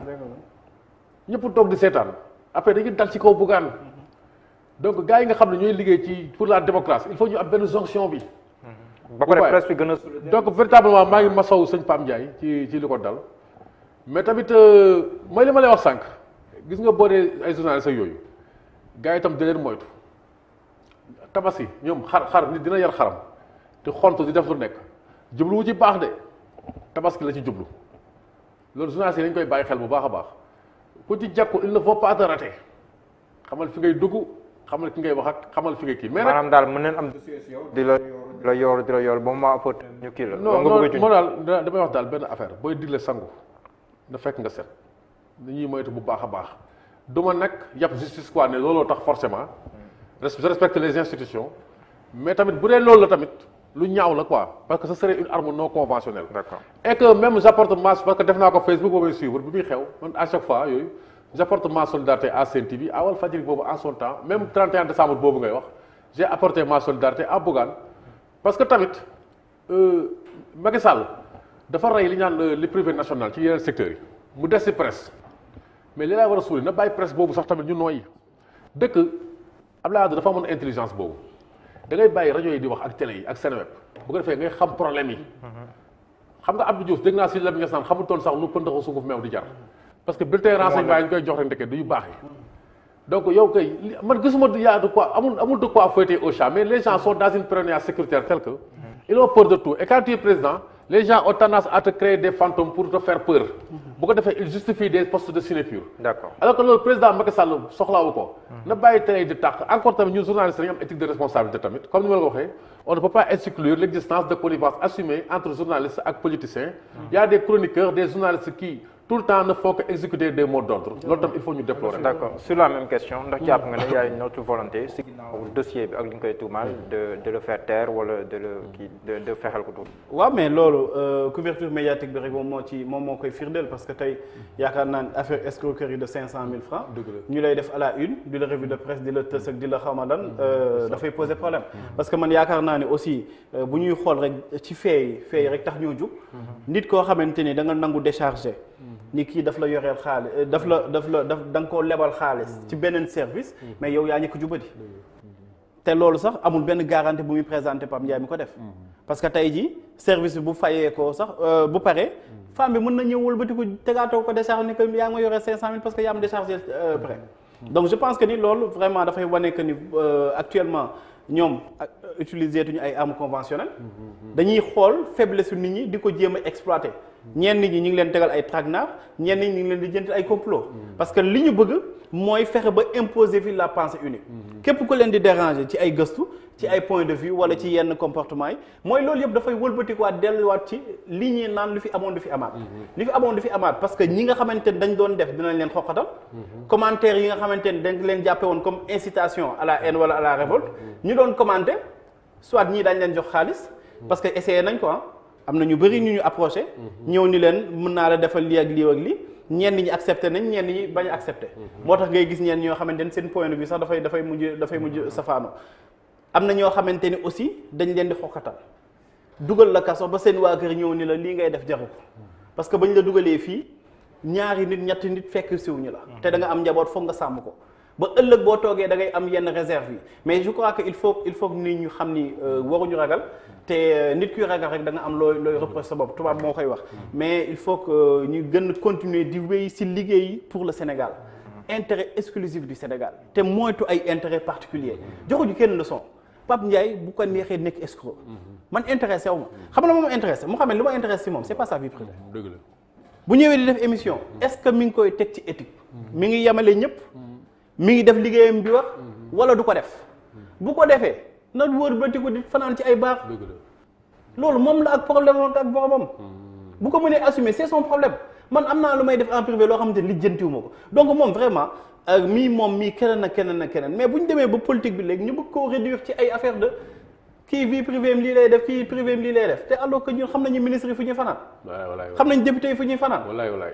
ñëpp toog di seetaan après dañuy dal ci kaw Bougane donc gars yi nga xam ne ñooy liggéey ci pour la démocratie il faut ñu am benn jonction bi ba pare presse bi gën a donc véritablement maa ngi masaw sëñ Pam Ndiaye ci li ko dal mais tamit euh, mooy li ma wax sànq gis nga boo dee ay journaliste ak yooyu gars yi itam di leen moytu tabaski ñoom xar xar nit dina yar xaram te xont di def lu nekk jubluwu ci baax de tabaski la ci jublu loolu journaliste yi dañ koy bàyyi xel bu baax a baax ku ci jàkku il ne faut pas te rater xamal fi ngay dugg xamal ki ngay wax ak xamal fi ngay kii. mais nag daal mën nañ am di la di la yor di la yor ba mu ma apporté ñu kii la. non non moo daal damay wax daal benn affaire booy digle sangu na fekk nga set. ni ñuy moytu bu baax a baax du ma nag yàpp justice quoi ne looloo tax forcément je respecte les institutions mais tamit bu dee loolu la tamit lu ñaaw la quoi parce que ce serait une arme non conventionnelle. d'accord et que même j'apporte ma parce que def naa ko Facebook boo may suivre bi muy xew man à chaque fois yooyu j'apporte ma solidarité à Sen TV boobu en son temps même 31 décembre boobu ngay wax j'ai apporté ma solidarité à Bougane parce que tamit euh, Macky Sall dafa rey li ñaan le privé national ci yeneen mais li laa war a suuli na bàyyi presse boobu sax tamit ñu nooyi dëkk Abdoulaye Wade dafa amoon intelligence boobu da ngay bàyyi rajo yi di wax ak télé yi ak Seneweb bu ko defee ngay xam problème yi xam nga Abdou Diouf dégg naa si lem nges naan xamutoon sax lu pëndaxu sunguf meew di jar parce que bulletin renseignement yi ñu koy jox rek ndeke duyu baax yi donc yow kay man gisuma yaa de quoi amul amul de quoi fouetter au chat mais les gens sont dans une paranoïa les gens ont tendance créer des fantômes pour te faire peur. bu defee il justifie des postes de sinécure. d'accord loolu président Macky Sall soxlaawu ko. na bàyyi télé di tàq encore tamit ñun journalistes dañu am éthique de responsabilité tamit comme ni ma la on ne peut exclure l'existence de connivence assumée entre journalistes ak politiciens. il des chroniqueurs des journalistes qui. tout le temps ne font que exécuter des mots d'ordre loolu tam il faut ñu déplorer. d'accord sur la même question ndax jàpp nga ne y a une volonté si ginnaaw dossier bi ak li ñu koy tuumaal de de le ko tuut. waaw mais loolu euh, couverture médiatique bi rek moom moo ci moom moo koy firndeel parce que tey yaakaar naa ne affaire escroquerie de francs ñu lay def à une di la revue de presse di la tës di la xamalan mm-hmm. euh, dafay poser problème. parce que man ni kii daf la yoreel xaalis euh, daf la daf la daf da nga koo lebal xaalis mm. ci beneen service mm. mais yow yaa ñëkk jubadi mm. te loolu sax amul benn garantie bu muy présenté Pape Ndiaye mi ko def parce que tey jii service bu fayee ko sax euh, bu paree femme bi mën na ñëw wëlbati ko tegaatoo ko décharge ni que yaa ngi ma yoree cinq cent mille parce que yaa ma déchargé euh, prêt donc je pense que ni loolu vraiment dafay wane que ni actuellement ñoom utiliser tuñu ay armes conventionnelles dañuy xool faiblesse su nit ñi di ko jéem a exploiter ñenn ñi ñu ngi leen tegal ay traquenard ñenn ñi ñu ngi leen di jënd ay complot parce que li ñu bëgg mooy fexe ba imposé fi la pensée unique képp ku leen di dérangé ci ay gëstu ci ay point de vue wala ci yenn comportement yi mooy loolu yëpp dafay wëlbatikuwaat delluwaat ci li ñuy naan lu fi amoon du fi amaat lu fi amoon du fi amaat parce que ñi nga xamante ne dañ doon def dinañ leen xoqatal commentaire yi nga xamante ne dañ leen jàppe woon comme incitation la haine wala à la révolte soit ñii daañu leen jox xaalis parce que essayé nañ ko ah. am na ñu bëri ñu ñu approché. ñëw ni leen mën naa la defal lii ak lii ak lii ñenn ñi accepté nañ ñeen ñi bañ accepté. moo tax ngay gis ñenn ñoo xamante ne seen point bi vue sax dafay dafay mujj dafay mujj safaano am na ñoo xamante ni aussi dañ leen di xokkatal dugal la kaso ba seen waa kër ñëw ni la lii ngay def jaru ko parce que bañ la dugalee fii ñaari nit ñetti nit fekk siw ñu la. te da nga am njaboot foog nga sàmm ko. ba ëllëg boo toogee da ngay am yenn réserve yi mais je crois que il faut il faut nit ñu xam ni euh, waruñu ragal te euh, nit kuy ragal rek da nga am looy looy reproche sa bopp tubaab moo koy wax mais il faut que euh, ñu gën continuer di wéy si liggéey pour le Sénégal intérêt exclusif du Sénégal te moytu ay intérêt particulier joxuñu kenn leçon Pape Ndiaye bu ko neexee nekk escroc man intéressé wu ma xam na moom intéressé mu xam ne li ma intéressé si moom c'est pas sa vie privée bu ñëwee di émission est-ce que mi ngi koy teg ci éthique mi ngi yemale ñëpp mi ngi def liggéeyam bi wax wala du ko def bu ko defee na wóor ba tiku di fanaan ci ay baax loolu moom la ak problème ak ak boromam bu ko mënee assumer c'est son problème man am naa lu may def en privé loo xamante ni lijjantiwuma ko donc moom vraiment euh, mii moom mii keneen na keneen ak keneen mais bu ñu demee ba politique bi léegi ñu bëgg koo réduire ci ay affaire de kii vie privée lii lay def kii privée lii lay def te alors que ñun xam nañu ministre yi fu ñuy fanaan. xam nañ député yi fu ñuy fanaan.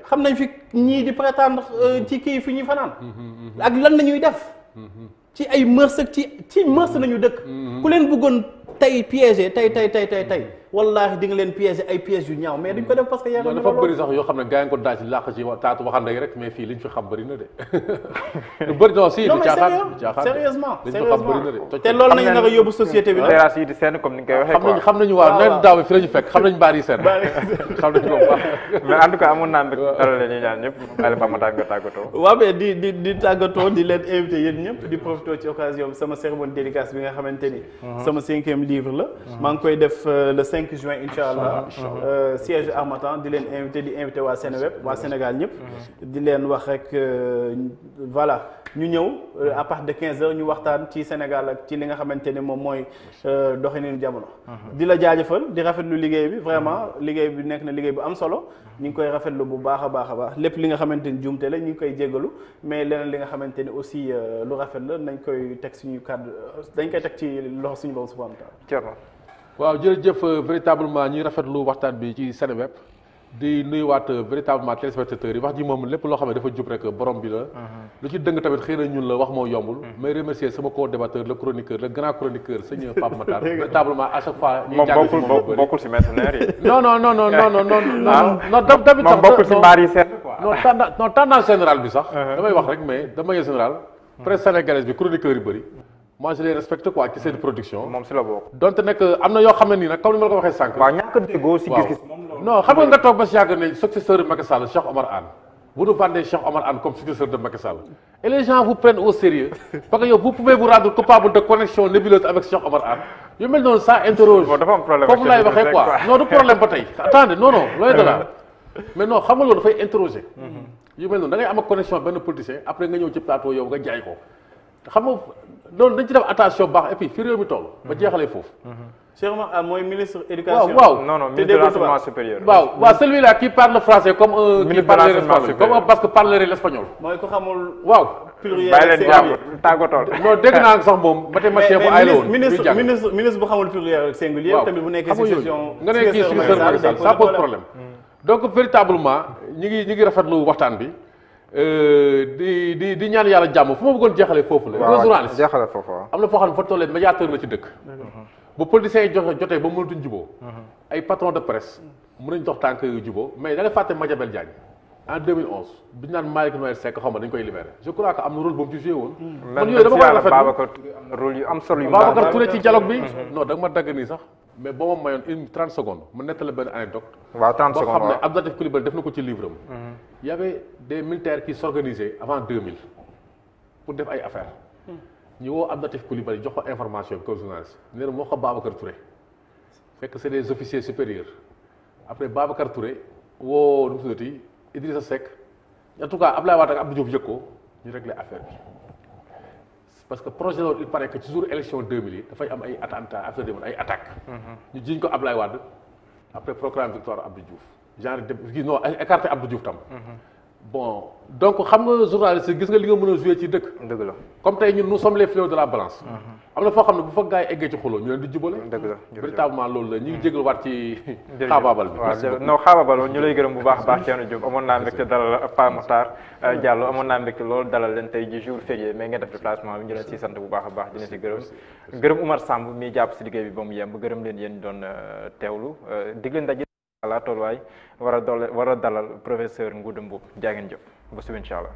xam nañ fi ñii di prétendre euh, mm-hmm. ci kii fu ñuy fanaan. Mm-hmm, mm-hmm. ak lan la ñuy def. ci ay mërs ci ci mërs nañu dëkk. ku leen bëggoon tey piégé tey tey tey tey tey. wallaahi di leen piéger ay pièges yu ñaaw mais duñ ko def parce que yàlla dafa bëri sax yoo xam ne gaa ngi ko daaj làq ci taatu waxande rek mais fii liñ fi xam bëri na de te loolu nañ naka yóbbu société bi terrasse yi di seen waaw nawet daaw fi lañu fekk xam nañu baar yi seen xam nañu ko baax mais en tout cas amoon naa mbir dalal leen ñu ñaan ñëpp Aliou Bamba daan nga tàggatoo waaw mais di di di tàggatoo di leen invité yéen ñëpp di profité ci occasion sama cérémonie dédicace bi nga xamante ni mhm. sama 5 juin incha allah euh, siège Harmattan di leen invité di invité waa Seneweb waa Sénégal ñëpp mm-hmm. di leen wax rek euh, voilà ñu ñëw euh, à de 15 heures ñu waxtaan ci Sénégal ak ci li nga xamante ni moom mooy doxalinu jamono. Mm-hmm. di la jaajëfal di rafetlu liggéey bi vraiment liggéey bi nekk na liggéey bu am solo mm-hmm. ñu ngi koy rafetlu bu baax a baax a baax lépp li nga xamante ni juumte la ñu ngi koy jégalu mais leneen li nga xamante ni aussi lu rafet la nañ koy teg suñu kàddu dañ koy teg ci loxo suñu bopp subhanahu waaw jërëjëf euh, véritablement ñuy rafet lu waxtaan bi ci Seneweb di nuyuwaat euh, véritablement téléspectateurs yi wax ji moom lépp loo xam ne dafa jub rek euh, borom bi la. Uh-huh. lu ci dëng tamit xëy na ñun la wax moo yombul. Uh-huh. may remercier sama co-débatteur le chroniqueur le grand chroniqueur sëñ Pape Matar. véritablement à chaque fois. ñuy jàng si moom bokkul bokkul si mercenaires yi. non non non non tamit ah. moom bokkul si mbaar yi seet. non tendance non tendance générale bi sax. Uh-huh. damay wax rek mais damay général. presse sénégalaise bi chroniqueur yu bëri. moom si la bokk. donte nag euh, am na yoo xam ne nii nag comme ni ma la ko waxee sànq. waaw a xam nga toog ba si yàgg ne successeur Macky Sall Cheikh Omar Anne. vous nous vendez Cheikh Omar Anne comme successeur de Macky Sall et les gens au sérieux parce que yow vous pouvez vous rendre coupable de connexion nébuleuse avec Cheikh Omar Anne yu mel noonu ça interroge. bon dafa waxee quoi non problème ba tey. attendez non non de là mais non xam dafay interroger. Mhm. ko xam nga loolu dañ ci def attention baax et puis mi toll. ba jeexalee foofu. Ah, waaw waaw non qui parle français comme euh, parle l'espagnol comme mooy ko xamul. waaw pluriel bàyyi leen jàmm tàggatool. dégg naa sax moom mathématicien bu ay la woon. ministre ministre ministre bu xamul pluriel ak singulier. waaw tamit bu nekkee si session. nga nekkee si session ça pose problème. Mm. donc véritablement ñi ngi ñi ngi rafetlu waxtaan bi. Euh, di di di ñaan yàlla jàmm fu ma bëggoon jeexale foofu la. am na foo xam ne fa tollee médiateur la ci dëkk. bu politiciens joxe jotee ba mënatuñ juboo uh-huh. ay patron de presse mën nañ dox tànk yu juboo mais da nga fàtte Madiambal Diagne en 2011 bi naan Malick Noël Seck xaw ma dañ koy libéré je crois que am na rôle bu mu ci woon. Hmm. man yooyu dama ci dialogue bi hmm. non da ma dagg nii sax. mais boo ma mayoon une trente secondes mu nettali benn anecdote. waaw trente secondes waaw boo xam ne Abdoulatif Coulibaly def na ko ci livre am. Mhm. y avait des militaires qui s'organisaient avant 2000 pour def ay affaires. Mhm. ñu woo Abdoulatif Coulibaly jox ko information bi comme journaliste nee moo ko Babacar Touré fekk c'est des officiers supérieurs après Babacar Touré woo nu mu tuddati Idrissa Seck en tout cas Abdoulaye Wade ak Abdou Diouf yëg ko ñu réglé affaire bi. parce que projet loolu il paraît que ci jour élection 2000 yi dafay am ay attentat affaire de ay attaque ñu jiñ ko Ablaye Wade après programme victoire Abdou Diouf genre de non écarté Abdou Diouf tam bon donc xam nga journaliste gis nga li nga mën a joué ci dëkk. dëgg la comme tey ñun nous sommes de la balance. Mhm. am na foo xam ne bu fa gars yi eggee ci xuloo ñu leen di jubale. dëgg la véritablement loolu la ñu ngi mhm. jégalu waat ci. xaabaabal bi merci beaucoup waaw ñu lay gërëm bu baax a baax Thierno Diop amoon naa mbégte dalal Pa Matar euh, Diallo amoon naa mbégte loolu dalal leen tey ji jour férié mais ngeen def déplacement bi ñu leen siy sant bu baax a baax dina si gërëm gërëm Oumar Samb mi jàpp si liggéey bi ba mu yem gërëm leen yéen doon euh, teewlu euh, dig leen àla tolluwaay war a dol war a dalal professeur Ngouda Mboup jaa ngeen jëf ba suba allah